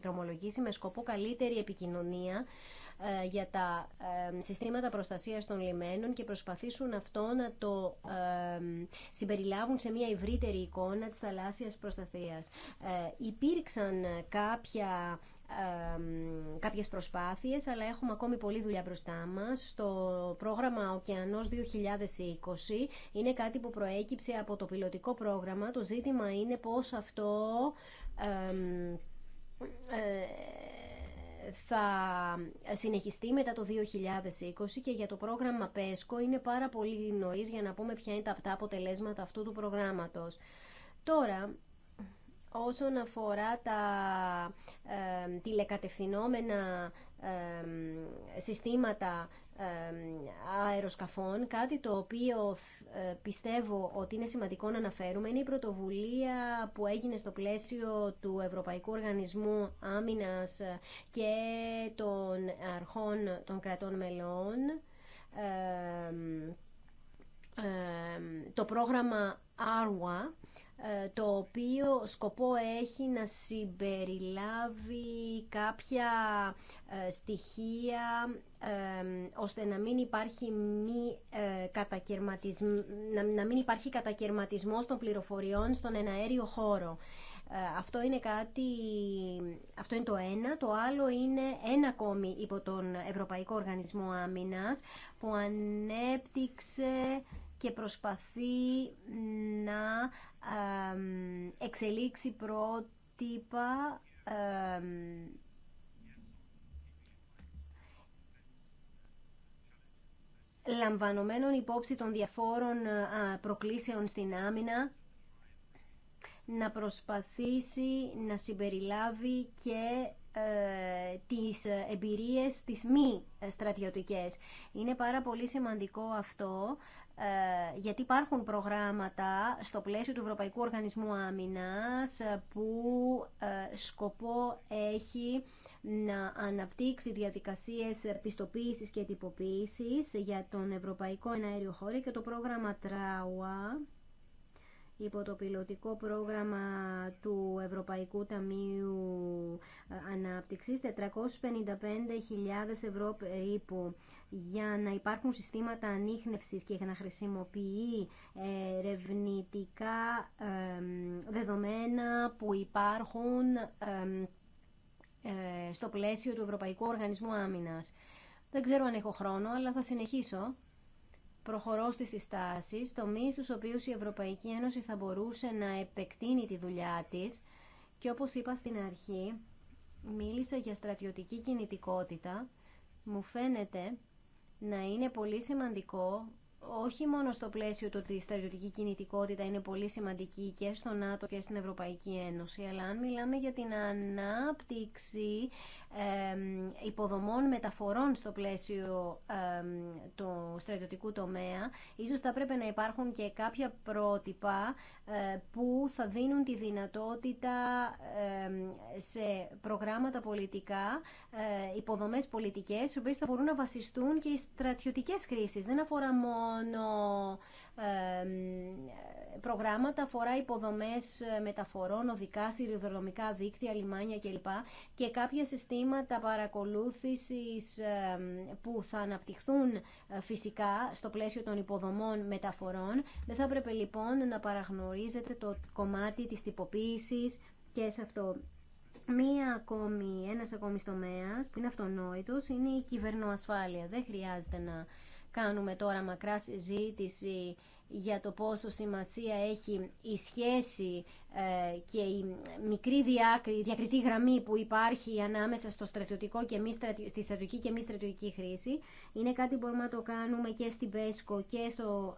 S3: δρομολογήσει με σκοπό καλύτερη επικοινωνία για τα συστήματα προστασίας των λιμένων και προσπαθήσουν αυτό να το συμπεριλάβουν σε μια ευρύτερη εικόνα της θαλάσσιας προστασίας. Υπήρξαν κάποια κάποιες προσπάθειες, αλλά έχουμε ακόμη πολλή δουλειά μπροστά μας. Στο πρόγραμμα Οκεανός 2020 είναι κάτι που προέκυψε από το πιλωτικό πρόγραμμα. Το ζήτημα είναι πώς αυτό ε, θα συνεχιστεί μετά το 2020 και για το πρόγραμμα ΠΕΣΚΟ είναι πάρα πολύ νωρίς για να πούμε ποια είναι τα αποτελέσματα αυτού του προγράμματος. Τώρα, όσον αφορά τα ε, τηλεκατευθυνόμενα συστήματα αεροσκαφών, κάτι το οποίο ε, πιστεύω ότι είναι σημαντικό να αναφέρουμε είναι η πρωτοβουλία που έγινε στο πλαίσιο του Ευρωπαϊκού Οργανισμού Άμυνας και των αρχών των κρατών μελών το πρόγραμμα ARWA ε, το οποίο σκοπό έχει να συμπεριλάβει κάποια ε, στοιχεία ε, ώστε να μην υπάρχει, μη, να μην υπάρχει κατακαιρματισμός των πληροφοριών στον εναέριο χώρο. Αυτό είναι κάτι, αυτό είναι το ένα. Το άλλο είναι ένα ακόμη υπό τον Ευρωπαϊκό Οργανισμό Άμυνας που ανέπτυξε και προσπαθεί να εξελίξει πρότυπα λαμβανομένων υπόψη των διαφόρων ε, προκλήσεων στην άμυνα να προσπαθήσει να συμπεριλάβει και ε, τις εμπειρίες τις μη ε, στρατιωτικές. Είναι πάρα πολύ σημαντικό αυτό ε, γιατί υπάρχουν προγράμματα στο πλαίσιο του Ευρωπαϊκού Οργανισμού Άμυνας που ε, σκοπό έχει να αναπτύξει διαδικασίες πιστοποίησης και τυποποίησης για τον Ευρωπαϊκό Εναέριο Χώρο και το πρόγραμμα Τράουα υπό το πιλωτικό πρόγραμμα του Ευρωπαϊκού Ταμείου ε, Ανάπτυξης 455.000 ευρώ περίπου για να υπάρχουν συστήματα ανείχνευσης και για να χρησιμοποιεί ε, ερευνητικά δεδομένα που υπάρχουν ε, στο πλαίσιο του Ευρωπαϊκού Οργανισμού Άμυνας. Δεν ξέρω αν έχω χρόνο, αλλά θα συνεχίσω προχωρώ στις συστάσεις, τομείς στους οποίους η Ευρωπαϊκή Ένωση θα μπορούσε να επεκτείνει τη δουλειά της και όπως είπα στην αρχή, μίλησα για στρατιωτική κινητικότητα. Μου φαίνεται να είναι πολύ σημαντικό όχι μόνο στο πλαίσιο του ότι η στρατιωτική κινητικότητα είναι πολύ σημαντική και στο ΝΑΤΟ και στην Ευρωπαϊκή Ένωση, αλλά αν μιλάμε για την ανάπτυξη υποδομών μεταφορών στο πλαίσιο του στρατιωτικού τομέα. Ίσως θα πρέπει να υπάρχουν και κάποια πρότυπα ε, που θα δίνουν τη δυνατότητα σε προγράμματα πολιτικά, ε, υποδομές πολιτικές, οι οποίες θα μπορούν να βασιστούν και οι στρατιωτικές κρίσεις. Δεν αφορά μόνο προγράμματα αφορά υποδομές ε, μεταφορών, οδικά, σιδηροδρομικά δίκτυα, λιμάνια κλπ. Και κάποια συστήματα παρακολούθησης που θα αναπτυχθούν ε, φυσικά στο πλαίσιο των υποδομών μεταφορών. Δεν θα έπρεπε λοιπόν να παραγνωρίζετε το κομμάτι της τυποποίησης και σε αυτό. Μία ακόμη, ένας ακόμη τομέας που είναι αυτονόητος είναι η κυβερνοασφάλεια. Δεν χρειάζεται να κάνουμε τώρα μακρά συζήτηση για το πόσο σημασία έχει η σχέση ε, και η μικρή διακριτή γραμμή που υπάρχει ανάμεσα στο στρατιωτικό και μη στη στρατιωτική και μη στρατιωτική χρήση είναι κάτι που μπορούμε να το κάνουμε και στην ΠΕΣΚΟ και στο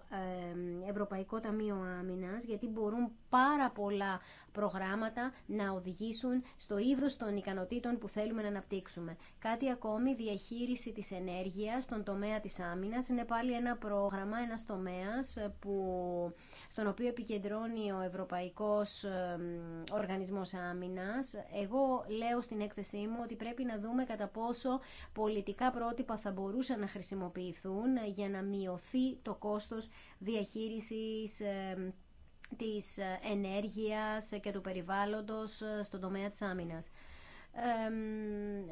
S3: Ευρωπαϊκό Ταμείο Άμυνας γιατί μπορούν πάρα πολλά προγράμματα να οδηγήσουν στο είδος των ικανοτήτων που θέλουμε να αναπτύξουμε. Κάτι ακόμη, διαχείριση της ενέργειας στον τομέα της άμυνας είναι πάλι ένα πρόγραμμα, ένας τομέας που, στον οποίο επικεντρώνει ο Ευρωπαϊκός οργανισμός άμυνας. Εγώ λέω στην έκθεσή μου ότι πρέπει να δούμε κατά πόσο πολιτικά πρότυπα θα μπορούσαν να χρησιμοποιηθούν για να μειωθεί το κόστος διαχείρισης της ενέργειας και του περιβάλλοντος στον τομέα της άμυνας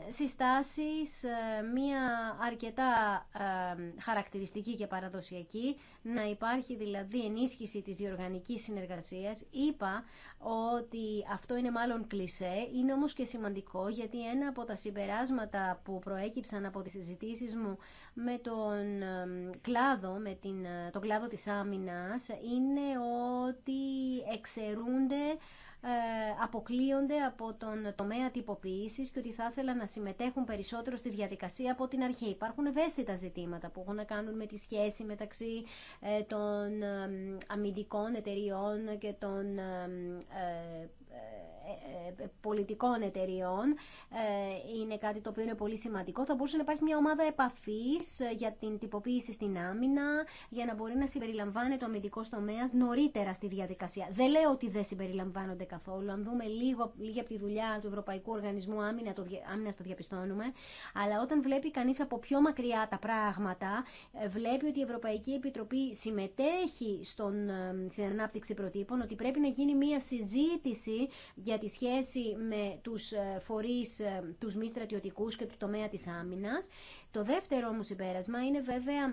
S3: συστάσεις, ε, μία αρκετά ε, χαρακτηριστική και παραδοσιακή, να υπάρχει δηλαδή ενίσχυση της διοργανικής συνεργασίας. Είπα ότι αυτό είναι μάλλον κλισέ, είναι όμως και σημαντικό γιατί ένα από τα συμπεράσματα που προέκυψαν από τις συζητήσεις μου με τον κλάδο, με την, ε, τον κλάδο της άμυνας είναι ότι εξαιρούνται ε, αποκλείονται από τον τομέα τυποποίηση και ότι θα ήθελα να συμμετέχουν περισσότερο στη διαδικασία από την αρχή. Υπάρχουν ευαίσθητα ζητήματα που έχουν να κάνουν με τη σχέση μεταξύ ε, των ε, αμυντικών εταιριών και των ε, ε, πολιτικών εταιριών ε, είναι κάτι το οποίο είναι πολύ σημαντικό. Θα μπορούσε να υπάρχει μια ομάδα επαφής για την τυποποίηση στην άμυνα, για να μπορεί να συμπεριλαμβάνεται ο αμυντικό τομέα νωρίτερα στη διαδικασία. Δεν λέω ότι δεν συμπεριλαμβάνονται καθόλου. Αν δούμε λίγο, λίγη από τη δουλειά του Ευρωπαϊκού Οργανισμού Άμυνα, το, το διαπιστώνουμε. Αλλά όταν βλέπει κανείς από πιο μακριά τα πράγματα, βλέπει ότι η Ευρωπαϊκή Επιτροπή συμμετέχει στον, στην ανάπτυξη προτύπων, ότι πρέπει να γίνει μια συζήτηση για τη σχέση με τους ε, φορείς, ε, τους μη στρατιωτικούς και του τομέα της άμυνας. Το δεύτερο όμως συμπέρασμα είναι βέβαια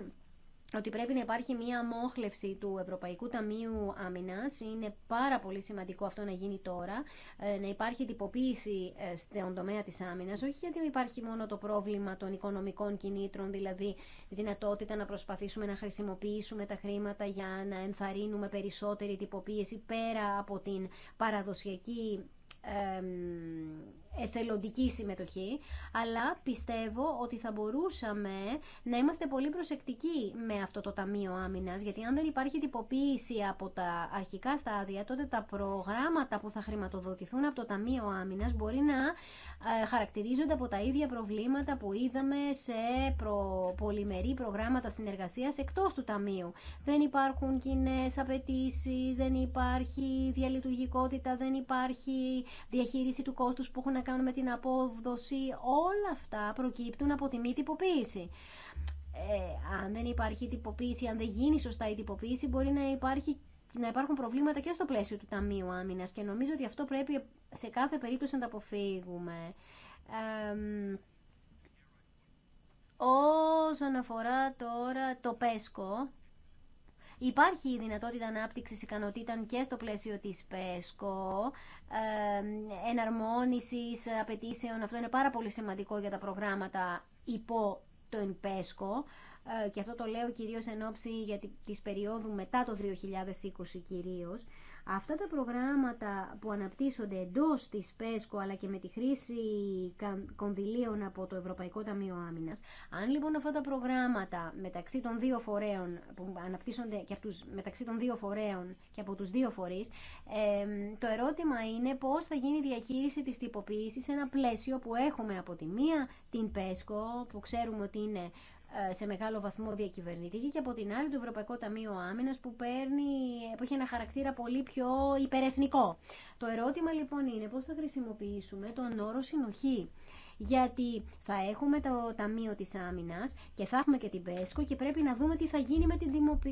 S3: ότι πρέπει να υπάρχει μία μόχλευση του Ευρωπαϊκού Ταμείου Άμυνα. Είναι πάρα πολύ σημαντικό αυτό να γίνει τώρα, ε, να υπάρχει τυποποίηση ε, στον τομέα της άμυνας, όχι γιατί υπάρχει μόνο το πρόβλημα των οικονομικών κινήτρων, δηλαδή δυνατότητα να προσπαθήσουμε να χρησιμοποιήσουμε τα χρήματα για να ενθαρρύνουμε περισσότερη τυποποίηση πέρα από την παραδοσιακή εθελοντική συμμετοχή, αλλά πιστεύω ότι θα μπορούσαμε να είμαστε πολύ προσεκτικοί με αυτό το Ταμείο Άμυνα, γιατί αν δεν υπάρχει τυποποίηση από τα αρχικά στάδια, τότε τα προγράμματα που θα χρηματοδοτηθούν από το Ταμείο Άμυνα μπορεί να ε, χαρακτηρίζονται από τα ίδια προβλήματα που είδαμε σε προ... πολυμερή προγράμματα συνεργασία εκτό του Ταμείου. Δεν υπάρχουν κοινέ απαιτήσει, δεν υπάρχει διαλειτουργικότητα, δεν υπάρχει διαχείριση του κόστου που έχουν κάνουν με την απόδοση, όλα αυτά προκύπτουν από τη μη τυποποίηση. Ε, αν δεν υπάρχει τυποποίηση, αν δεν γίνει σωστά η τυποποίηση, μπορεί να, υπάρχει, να υπάρχουν προβλήματα και στο πλαίσιο του Ταμείου Άμυνα. Και νομίζω ότι αυτό πρέπει σε κάθε περίπτωση να τα αποφύγουμε. όσον αφορά τώρα το ΠΕΣΚΟ, Υπάρχει η δυνατότητα ανάπτυξη ικανοτήτων και στο πλαίσιο της ΠΕΣΚΟ, εναρμόνιση απαιτήσεων. Αυτό είναι πάρα πολύ σημαντικό για τα προγράμματα υπό τον ΠΕΣΚΟ ε, και αυτό το λέω κυρίως εν ώψη για της περίοδου μετά το 2020 κυρίως. Αυτά τα προγράμματα που αναπτύσσονται εντός της ΠΕΣΚΟ αλλά και με τη χρήση κονδυλίων από το Ευρωπαϊκό Ταμείο Άμυνας, αν λοιπόν αυτά τα προγράμματα μεταξύ των δύο φορέων που αναπτύσσονται και από τους, μεταξύ των δύο φορέων και από τους δύο φορείς, το ερώτημα είναι πώς θα γίνει η διαχείριση της τυποποίησης σε ένα πλαίσιο που έχουμε από τη μία την ΠΕΣΚΟ που ξέρουμε ότι είναι ε, σε μεγάλο βαθμό διακυβερνητική και από την άλλη το Ευρωπαϊκό Ταμείο Άμυνας που, παίρνει, έχει ένα χαρακτήρα πολύ πιο υπερεθνικό. Το ερώτημα λοιπόν είναι πώς θα χρησιμοποιήσουμε τον όρο συνοχή γιατί θα έχουμε το Ταμείο της Άμυνας και θα έχουμε και την ΠΕΣΚΟ και πρέπει να δούμε τι θα γίνει με την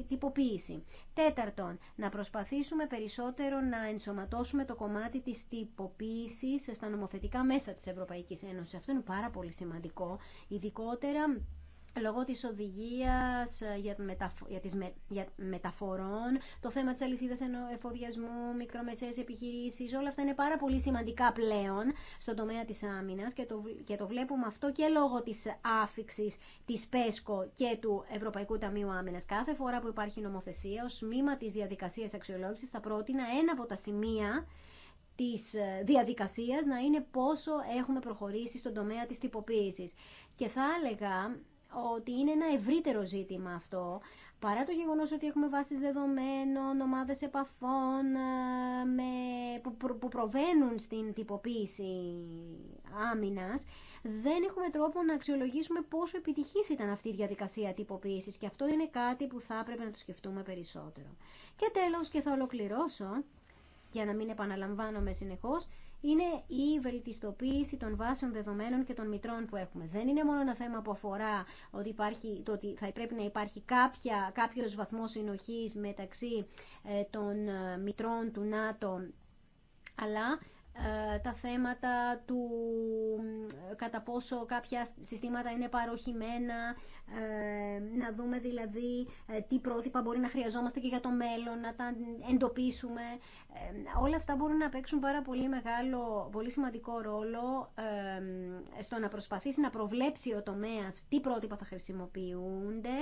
S3: τυποποίηση. Τέταρτον, να προσπαθήσουμε περισσότερο να ενσωματώσουμε το κομμάτι της τυποποίησης στα νομοθετικά μέσα της Ευρωπαϊκής Ένωσης. Αυτό είναι πάρα πολύ σημαντικό, ειδικότερα λόγω της οδηγίας ε, για, μεταφο για τις με για μεταφορών, το θέμα της αλυσίδας εφοδιασμού, μικρομεσαίες επιχειρήσεις, όλα αυτά είναι πάρα πολύ σημαντικά πλέον στον τομέα της άμυνας και το, και το βλέπουμε αυτό και λόγω της άφηξης της ΠΕΣΚΟ και του Ευρωπαϊκού Ταμείου Άμυνας. Κάθε φορά που υπάρχει νομοθεσία, ως μήμα της διαδικασίας αξιολόγησης θα πρότεινα ένα από τα σημεία της ε, διαδικασίας να είναι πόσο έχουμε προχωρήσει στον τομέα της τυποποίηση. Και θα έλεγα ότι είναι ένα ευρύτερο ζήτημα αυτό, παρά το γεγονός ότι έχουμε βάσεις δεδομένων, ομάδες επαφών με, που, προ, που προβαίνουν στην τυποποίηση άμυνας, δεν έχουμε τρόπο να αξιολογήσουμε πόσο επιτυχής ήταν αυτή η διαδικασία τυποποίησης και αυτό είναι κάτι που θα έπρεπε να το σκεφτούμε περισσότερο. Και τέλος και θα ολοκληρώσω, για να μην επαναλαμβάνομαι συνεχώς, είναι η βελτιστοποίηση των βάσεων δεδομένων και των μητρών που έχουμε. Δεν είναι μόνο ένα θέμα που αφορά ότι υπάρχει, το ότι θα πρέπει να υπάρχει κάποια, κάποιος βαθμός συνοχής μεταξύ ε, των ε, μητρών του ΝΑΤΟ αλλά ε, τα θέματα του κατά πόσο κάποια συστήματα είναι παροχημένα, ε, να δούμε δηλαδή ε, τι πρότυπα μπορεί να χρειαζόμαστε και για το μέλλον, να τα εντοπίσουμε. Όλα αυτά μπορούν να παίξουν πάρα πολύ μεγάλο, πολύ σημαντικό ρόλο στο να προσπαθήσει να προβλέψει ο τομέας τι πρότυπα θα χρησιμοποιούνται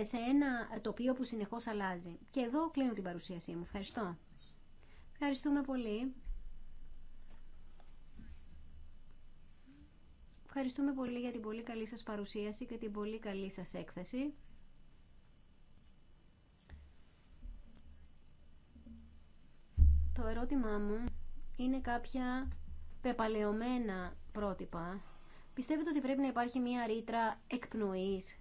S3: σε ένα τοπίο που συνεχώς αλλάζει. Και εδώ κλείνω την παρουσίασή μου. Ευχαριστώ. Ευχαριστούμε πολύ. Ευχαριστούμε πολύ για την πολύ καλή σας παρουσίαση και την πολύ καλή σας έκθεση. Το ερώτημά μου είναι κάποια πεπαλαιωμένα πρότυπα. Πιστεύετε ότι πρέπει να υπάρχει μια ρήτρα εκπνοής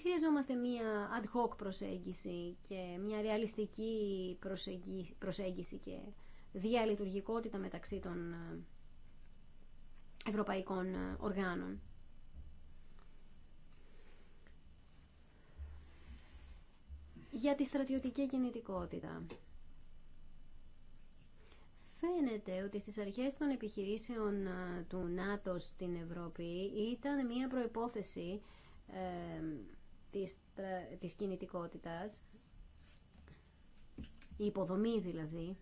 S3: χρειαζόμαστε μία ad hoc προσέγγιση και μία ρεαλιστική προσέγγιση και διαλειτουργικότητα μεταξύ των ε, ευρωπαϊκών ε, οργάνων. Για τη στρατιωτική κινητικότητα. Φαίνεται ότι στις αρχές των επιχειρήσεων ε, του ΝΑΤΟ στην Ευρώπη ήταν μία προϋπόθεση της, της κινητικότητας, η υποδομή δηλαδή,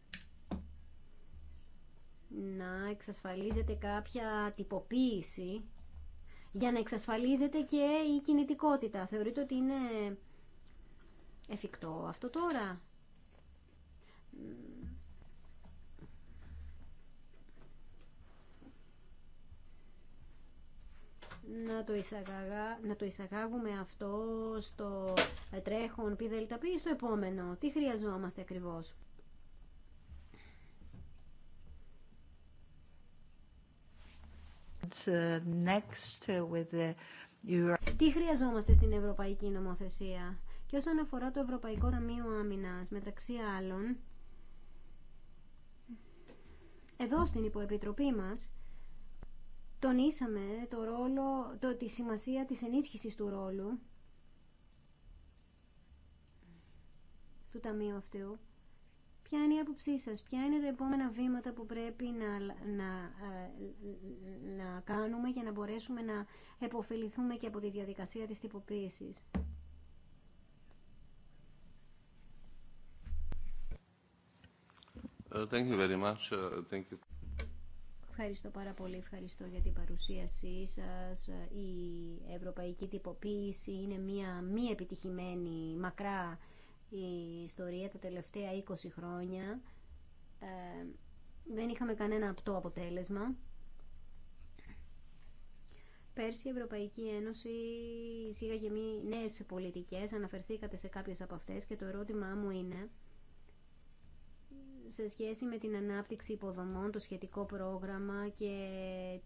S3: να εξασφαλίζεται κάποια τυποποίηση για να εξασφαλίζεται και η κινητικότητα. Θεωρείτε ότι είναι εφικτό αυτό τώρα. να το, να το εισαγάγουμε αυτό στο τρέχον πι ή στο επόμενο. Τι χρειαζόμαστε ακριβώς.
S1: Uh, next uh, with the...
S3: Τι χρειαζόμαστε στην Ευρωπαϊκή Νομοθεσία και όσον αφορά το Ευρωπαϊκό Ταμείο Άμυνας μεταξύ άλλων εδώ στην υποεπιτροπή μας τονίσαμε το ρόλο, το, τη σημασία της ενίσχυσης του ρόλου του Ταμείου αυτού. Ποια είναι η άποψή σας, ποια είναι τα επόμενα βήματα που πρέπει να, να, ε, να κάνουμε για να μπορέσουμε να επωφεληθούμε και από τη διαδικασία της τυποποίησης.
S2: Uh, thank you very much. Uh,
S3: Ευχαριστώ πάρα πολύ, ευχαριστώ για την παρουσίασή σας. Η ευρωπαϊκή τυποποίηση είναι μια μη επιτυχημένη, μακρά η ιστορία τα τελευταία 20 χρόνια. Ε, δεν είχαμε κανένα απτό αποτέλεσμα. Πέρσι η Ευρωπαϊκή Ένωση εισήγαγε νέες πολιτικές, αναφερθήκατε σε κάποιες από αυτές και το ερώτημά μου είναι σε σχέση με την ανάπτυξη υποδομών, το σχετικό πρόγραμμα και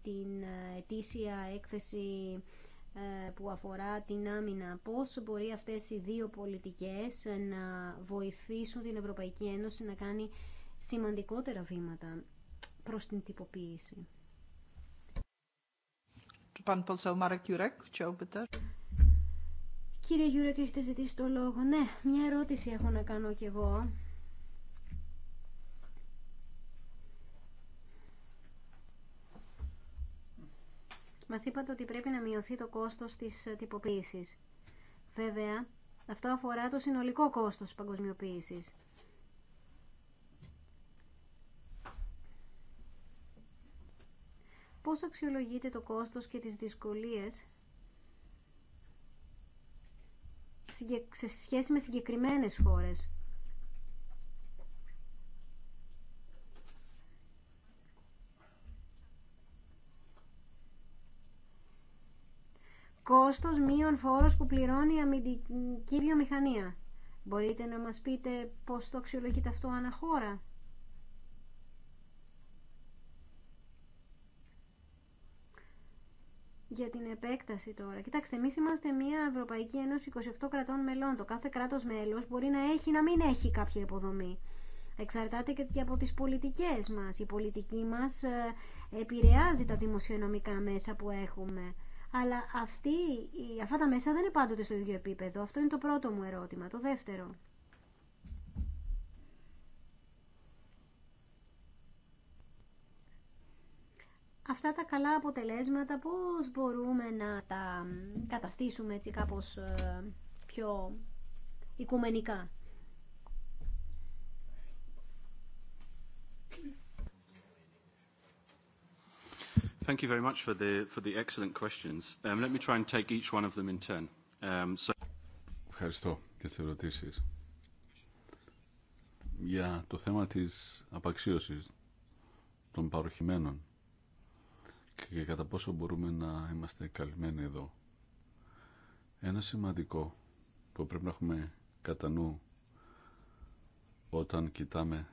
S3: την ε, ετήσια έκθεση ε, που αφορά την άμυνα. Πώς μπορεί αυτές οι δύο πολιτικές να βοηθήσουν την Ευρωπαϊκή Ένωση να κάνει σημαντικότερα βήματα προς την τυποποίηση. Κύριε Γιούρεκ, έχετε ζητήσει το λόγο. Ναι, μια ερώτηση έχω να κάνω κι εγώ. Μα είπατε ότι πρέπει να μειωθεί το κόστο τη ε, τυποποίηση. Βέβαια, αυτό αφορά το συνολικό κόστο τη παγκοσμιοποίηση. Πώς αξιολογείται το κόστος και τις δυσκολίες σε σχέση με συγκεκριμένες χώρες. κόστος μείων φόρος που πληρώνει η αμυντική βιομηχανία. Μπορείτε να μας πείτε πώς το αξιολογείτε αυτό αναχώρα. για την επέκταση τώρα. Κοιτάξτε, εμεί είμαστε μια Ευρωπαϊκή Ένωση 28 κρατών μελών. Το κάθε κράτο μέλο μπορεί να έχει να μην έχει κάποια υποδομή. Εξαρτάται και από τις πολιτικές μας. Η πολιτική μας ε, επηρεάζει τα δημοσιονομικά μέσα που έχουμε. Αλλά αυτή, αυτά τα μέσα δεν είναι πάντοτε στο ίδιο επίπεδο. Αυτό είναι το πρώτο μου ερώτημα. Το δεύτερο. Αυτά τα καλά αποτελέσματα πώς μπορούμε να τα καταστήσουμε έτσι κάπως ε, πιο οικουμενικά.
S5: Thank each one of them um, Ευχαριστώ για τις ερωτήσεις.
S4: Για το θέμα της απαξίωσης των παροχημένων και κατά πόσο μπορούμε να είμαστε καλυμμένοι εδώ. Ένα σημαντικό που πρέπει να έχουμε κατά νου όταν κοιτάμε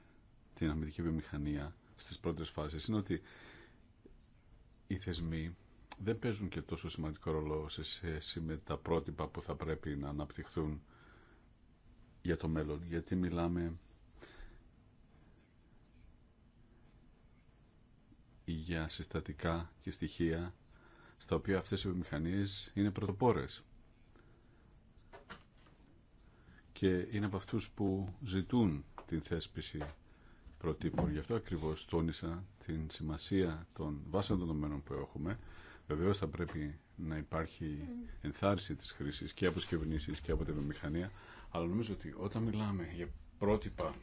S4: την αμυντική βιομηχανία στις πρώτες φάσεις είναι ότι οι θεσμοί δεν παίζουν και τόσο σημαντικό ρόλο σε σχέση με τα πρότυπα που θα πρέπει να αναπτυχθούν για το μέλλον. Γιατί μιλάμε για συστατικά και στοιχεία στα οποία αυτές οι μηχανίες είναι πρωτοπόρες. Και είναι από αυτούς που ζητούν την θέσπιση Γι' αυτό ακριβώς τόνισα την σημασία των βάσεων των δεδομένων που έχουμε. Βεβαίως θα πρέπει να υπάρχει ενθάρρυνση της χρήσης και από τι και από τη βιομηχανία, αλλά νομίζω ότι όταν μιλάμε για πρότυπα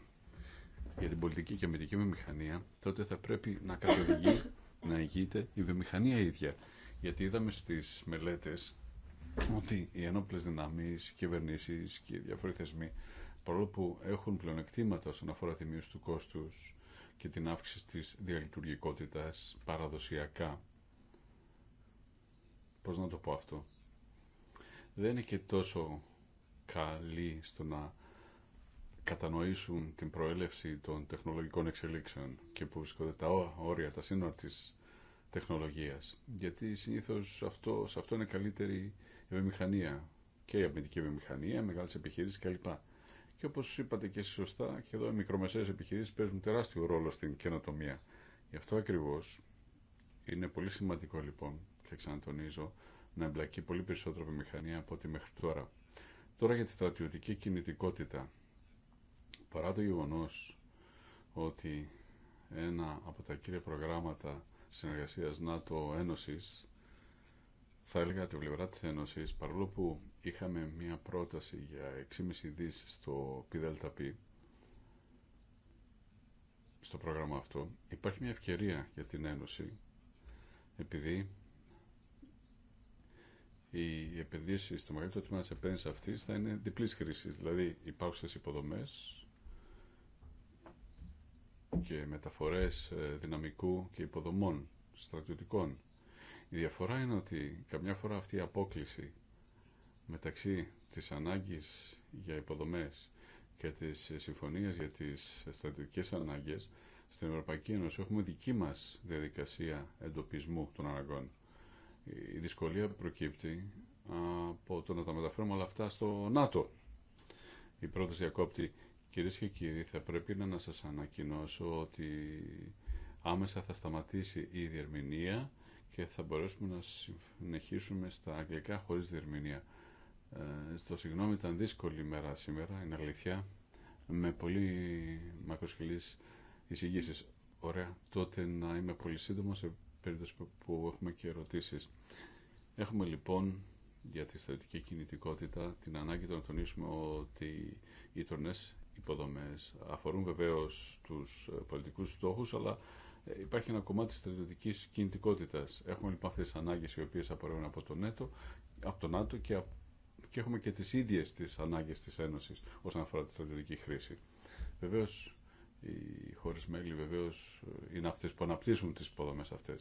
S4: για την πολιτική και αμυντική βιομηχανία, τότε θα πρέπει να καθοδηγεί, να ηγείται η βιομηχανία ίδια. Γιατί είδαμε στις μελέτες ότι οι ενόπλες δυνάμεις, οι κυβερνήσεις και οι διάφοροι θεσμοί παρόλο που έχουν πλεονεκτήματα όσον αφορά τη μείωση του κόστους και την αύξηση της διαλειτουργικότητας παραδοσιακά. Πώς να το πω αυτό. Δεν είναι και τόσο καλή στο να κατανοήσουν την προέλευση των τεχνολογικών εξελίξεων και που βρίσκονται τα όρια, τα σύνορα της τεχνολογίας. Γιατί συνήθως αυτό, σε αυτό είναι καλύτερη η βιομηχανία και η αμυντική βιομηχανία, μεγάλες επιχειρήσεις κλπ. Και όπως είπατε και εσεί σωστά, και εδώ οι μικρομεσαίες επιχειρήσεις παίζουν τεράστιο ρόλο στην καινοτομία. Γι' αυτό ακριβώς είναι πολύ σημαντικό λοιπόν, και ξανατονίζω, να εμπλακεί πολύ περισσότερο μηχανία από ό,τι μέχρι τώρα. Τώρα για τη στρατιωτική κινητικότητα. Παρά το γεγονό ότι ένα από τα κύρια συνεργασία συνεργασίας Ένωση θα έλεγα την πλευρά της Ένωσης, παρόλο που είχαμε μία πρόταση για 6,5 δις στο ΠΔΠ, στο πρόγραμμα αυτό, υπάρχει μια ευκαιρία για την Ένωση, επειδή οι επενδύσεις, το μεγαλύτερο τμήμα της επένδυσης αυτής θα είναι διπλής χρήσης, δηλαδή υπάρχουσες υποδομές και μεταφορές ε, δυναμικού και υποδομών στρατιωτικών η διαφορά είναι ότι καμιά φορά αυτή η απόκληση μεταξύ της ανάγκης για υποδομές και της συμφωνίας για τις στρατιωτικές ανάγκες στην Ευρωπαϊκή Ένωση έχουμε δική μας διαδικασία εντοπισμού των αναγκών. Η δυσκολία προκύπτει από το να τα μεταφέρουμε όλα αυτά στο ΝΑΤΟ. Η πρόταση διακόπτη, κυρίε και κύριοι, θα πρέπει να σας ανακοινώσω ότι άμεσα θα σταματήσει η διερμηνία και θα μπορέσουμε να συνεχίσουμε στα αγγλικά χωρίς διερμηνία. Ε, στο συγγνώμη ήταν δύσκολη ημέρα σήμερα, είναι αλήθεια, με πολύ μακροσκελείς εισηγήσει. Ωραία, τότε να είμαι πολύ σύντομο σε περίπτωση που έχουμε και ερωτήσεις. Έχουμε λοιπόν για τη στρατική κινητικότητα την ανάγκη να τονίσουμε ότι οι τρονές υποδομές αφορούν βεβαίως τους ε, πολιτικούς στόχους, αλλά ε, υπάρχει ένα κομμάτι στρατιωτική κινητικότητα. Έχουμε λοιπόν αυτέ τι ανάγκε οι οποίε απορρέουν από το ΝΑΤΟ, από ΝΑΤΟ και, έχουμε και τι ίδιε τι ανάγκε τη Ένωση όσον αφορά τη στρατιωτική χρήση. Βεβαίω, οι χώρε μέλη βεβαίω ε, είναι αυτέ που αναπτύσσουν τι υποδομέ αυτέ.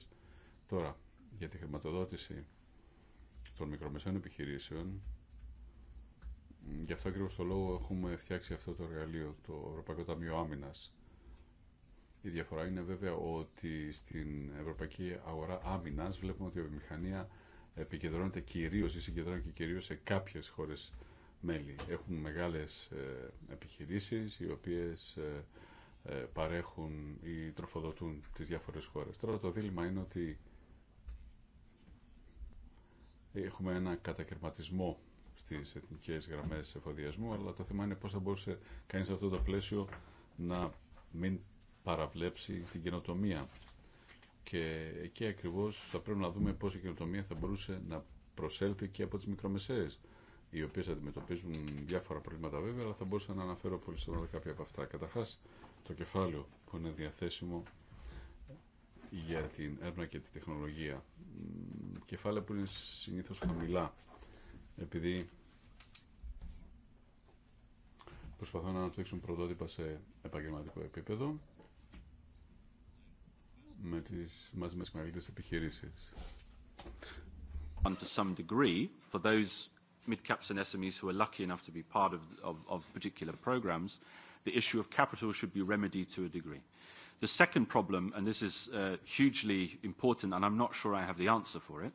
S4: Τώρα, για τη χρηματοδότηση των μικρομεσαίων επιχειρήσεων, γι' αυτό ακριβώ το λόγο έχουμε φτιάξει αυτό το εργαλείο, το Ευρωπαϊκό Ταμείο Άμυνα η διαφορά είναι βέβαια ότι στην ευρωπαϊκή αγορά άμυνα βλέπουμε ότι η βιομηχανία επικεντρώνεται κυρίω ή συγκεντρώνεται κυρίως κυρίω σε κάποιε χώρε μέλη. Έχουν μεγάλε επιχειρήσει οι οποίε ε, ε, παρέχουν ή τροφοδοτούν τις διάφορες χώρες. Τώρα το δίλημα είναι ότι έχουμε ένα κατακαιρματισμό στις εθνικές γραμμές εφοδιασμού, αλλά το θέμα είναι πώ θα μπορούσε κανεί σε αυτό το πλαίσιο να μην παραβλέψει την καινοτομία. Και εκεί ακριβώς θα πρέπει να δούμε πώς η καινοτομία θα μπορούσε να προσέλθει και από τις μικρομεσαίες, οι οποίες αντιμετωπίζουν διάφορα προβλήματα βέβαια, αλλά θα μπορούσα να αναφέρω πολύ σύντομα κάποια από αυτά. Καταρχάς, το κεφάλαιο που είναι διαθέσιμο για την έρευνα και τη τεχνολογία. κεφάλαιο που είναι συνήθως χαμηλά, επειδή προσπαθούν να αναπτύξουν πρωτότυπα σε επαγγελματικό επίπεδο
S5: τις μαζί μας μεγαλύτερες επιχειρήσεις. To some degree, for those mid-caps and SMEs who are lucky enough to be part of, of, of particular programs, the issue of capital should be remedied to a degree. The second problem, and this is uh, hugely important, and I'm not sure I have the answer for it,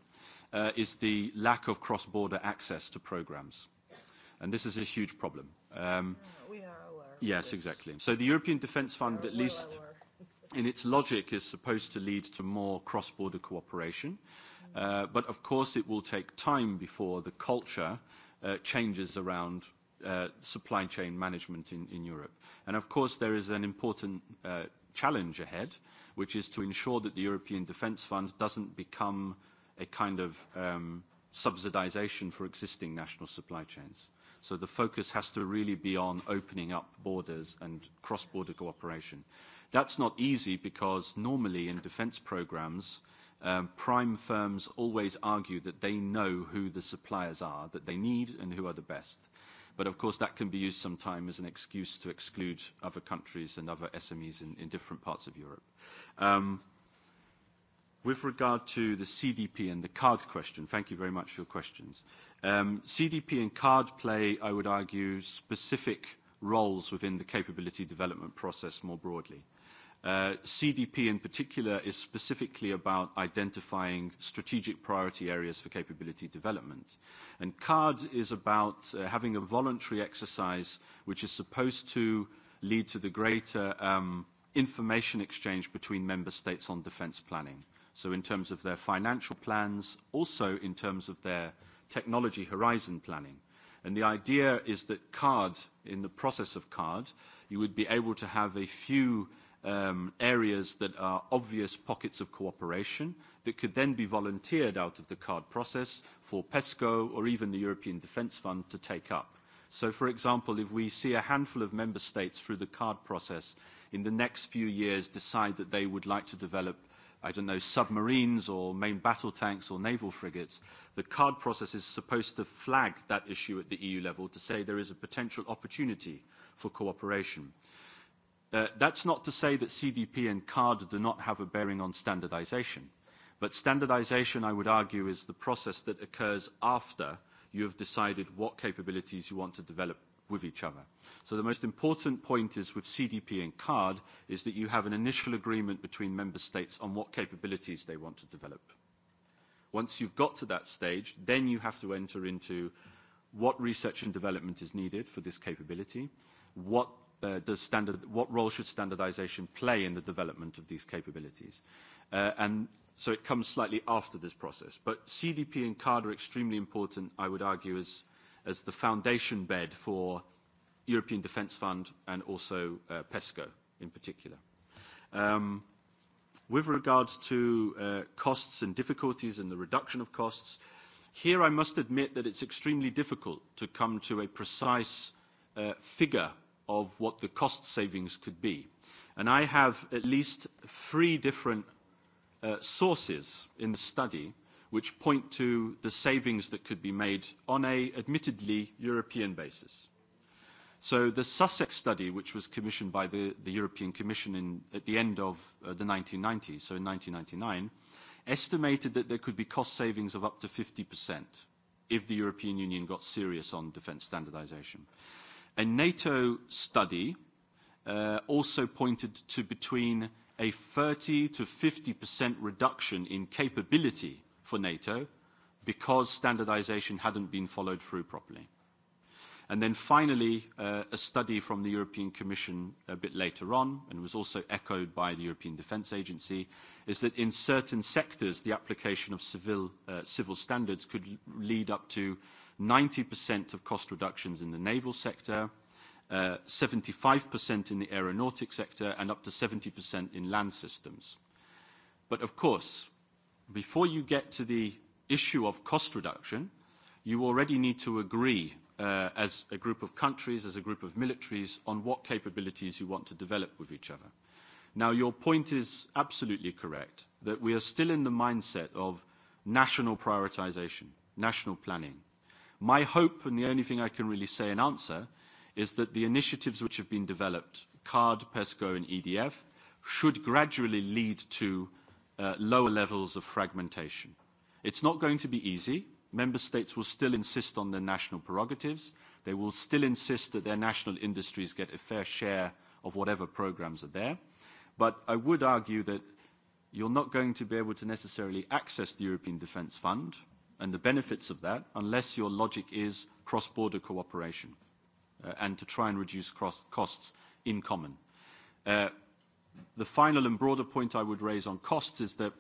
S5: uh, is the lack of cross-border access to programs. And this is a huge problem. Um, we are aware. Yes, exactly. So the European Defence Fund, at least in its logic is supposed to lead to more cross-border cooperation. But of course it will take time before the culture changes around supply chain management in Europe. And of course there is an important challenge ahead, which is to ensure that the European Defence Fund doesn't become a kind of subsidization for existing national supply chains. So the focus has to really be on opening up borders and cross-border cooperation. That's not easy because normally in defense programs, prime firms always argue that they know who the suppliers are that they need and who are the best. But of course, that can be used sometimes as an excuse to exclude other countries and other SMEs in different parts of Europe. With regard to the CDP and the card question, thank you very much for your questions. CDP and card play, I would argue, specific roles within the capability development process more broadly. CDP in particular is specifically about identifying strategic priority areas for capability development. And CARD is about having a voluntary exercise which is supposed to lead to the greater information exchange between member states on defence planning. So in terms of their financial plans, also in terms of their technology horizon planning. And the idea is that CARD, in the process of CARD, you would be able to have a few areas that are obvious pockets of cooperation that could then be volunteered out of the card process for PESCO or even the European Defence Fund to take up. So, for example, if we see a handful of member states through the card process in the next few years decide that they would like to develop, I don't know, submarines or main battle tanks or naval frigates, the card process is supposed to flag that issue at the EU level to say there is a potential opportunity for cooperation. That's not to say that CDP and CARD do not have a bearing on standardization. But standardization, I would argue, is the process that occurs after you have decided what capabilities you want to develop with each other. So the most important point is with CDP and CARD is that you have an initial agreement between member states on what capabilities they want to develop. Once you've got to that stage, then you have to enter into what research and development is needed for this capability, what does standard what role should standardization play in the development of these capabilities and so it comes slightly after this process but cdp and card are extremely important i would argue as as the foundation bed for european defence fund and also pesco in particular um with regards to costs and difficulties and the reduction of costs here i must admit that it's extremely difficult to come to a precise figure of what the cost savings could be. And I have at least three different sources in the study which point to the savings that could be made on a admittedly European basis. So the Sussex study, which was commissioned by the European Commission at the end of the 1990s, so in 1999, estimated that there could be cost savings of up to 50% if the European Union got serious on defence standardisation. A NATO study also pointed to between a 30 to 50% reduction in capability for NATO because standardization hadn't been followed through properly. And then finally, a study from the European Commission a bit later on, and was also echoed by the European Defence Agency, is that in certain sectors, the application of civil standards could lead up to 90% of cost reductions in the naval sector, 75% in the aeronautic sector, and up to 70% in land systems. But of course, before you get to the issue of cost reduction, you already need to agree as a group of countries, as a group of militaries, on what capabilities you want to develop with each other. Now, your point is absolutely correct, that we are still in the mindset of national prioritization, national planning. My hope, and the only thing I can really say in answer, is that the initiatives which have been developed, CARD, PESCO, and EDF, should gradually lead to lower levels of fragmentation. It's not going to be easy. Member states will still insist on their national prerogatives. They will still insist that their national industries get a fair share of whatever programs are there. But I would argue that you're not going to be able to necessarily access the European Defence Fund and the benefits of that unless your logic is cross-border cooperation and to try and reduce costs in common. The final and broader point I would raise on costs is that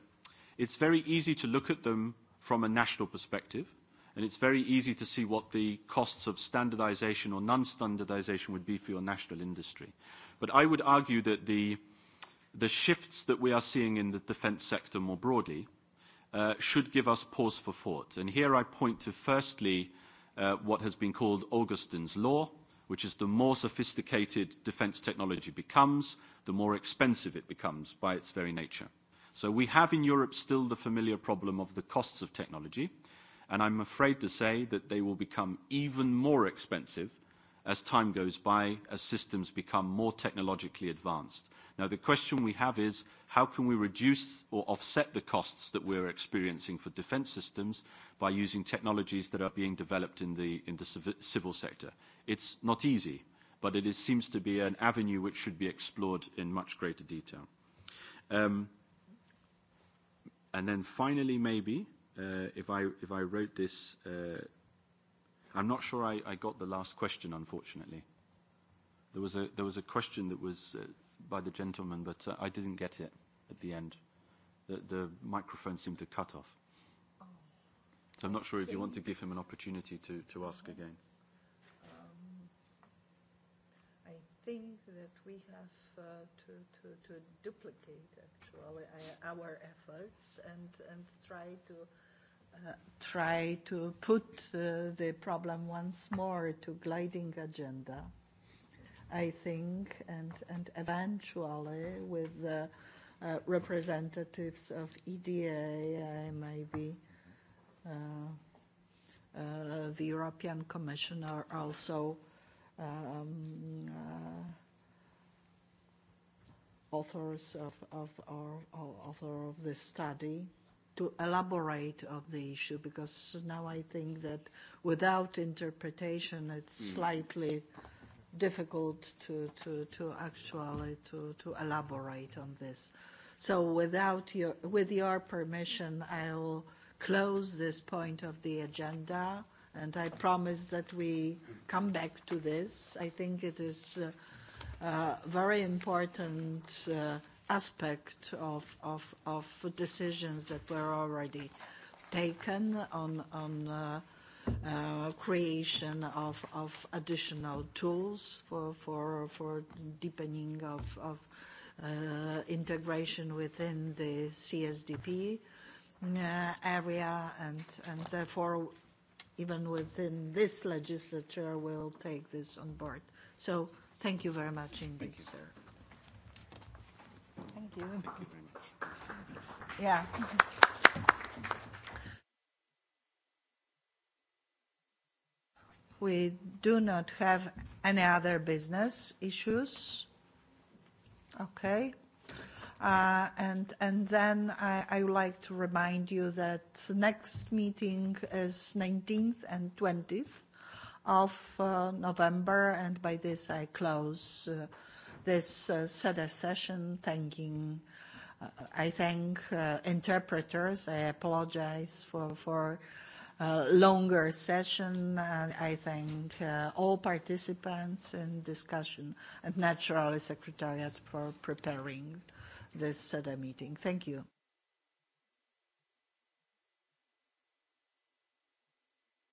S5: it's very easy to look at them from a national perspective, and it's very easy to see what the costs of standardization or non-standardization would be for your national industry. But I would argue that the shifts that we are seeing in the defence sector more broadly should give us pause for thought. And here I point to firstly what has been called Augustine's Law, which is the more sophisticated defence technology becomes, the more expensive it becomes by its very nature. So we have in Europe still the familiar problem of the costs of technology, and I'm afraid to say that they will become even more expensive as time goes by, as systems become more technologically advanced. Now, the question we have is, how can we reduce or offset the costs that we're experiencing for defense systems by using technologies that are being developed in the in the civil sector it's not easy but it seems to be an avenue which should be explored in much greater detail and then finally maybe if i if i wrote this i'm not sure i i got the last question unfortunately there was a there was a question that was by the gentleman but i didn't get it at the end. The, the microphone seemed to cut off. So I'm not sure if you want to give him an opportunity to, to ask again.
S1: I think that we have to, to, to duplicate actually our efforts and, and try to try to put the problem once more to gliding agenda. I think, and, and eventually with the representatives of EDA, maybe the European Commission are also authors of of author of this study to elaborate on the issue because now I think that without interpretation it's slightly difficult to to to actually to to elaborate on this. So without your, with your permission, I'll close this point of the agenda, and I promise that we come back to this. I think it is a very important aspect of, of, of decisions that were already taken on, on creation of, of additional tools for, for, for deepening of, of integration within the CSDP area and and therefore even within this legislature we'll take this on board. So thank you very much indeed, sir. Thank you. Thank you very much. Yeah. We do not have any other business issues. Okay. And and then I I would like to remind you that next meeting is 19th and 20th of November, and by this I close this SEDA session. Thanking, I thank interpreters. I apologize for for longer session. I thank all participants in discussion and naturally Secretariat for preparing this meeting. Thank you.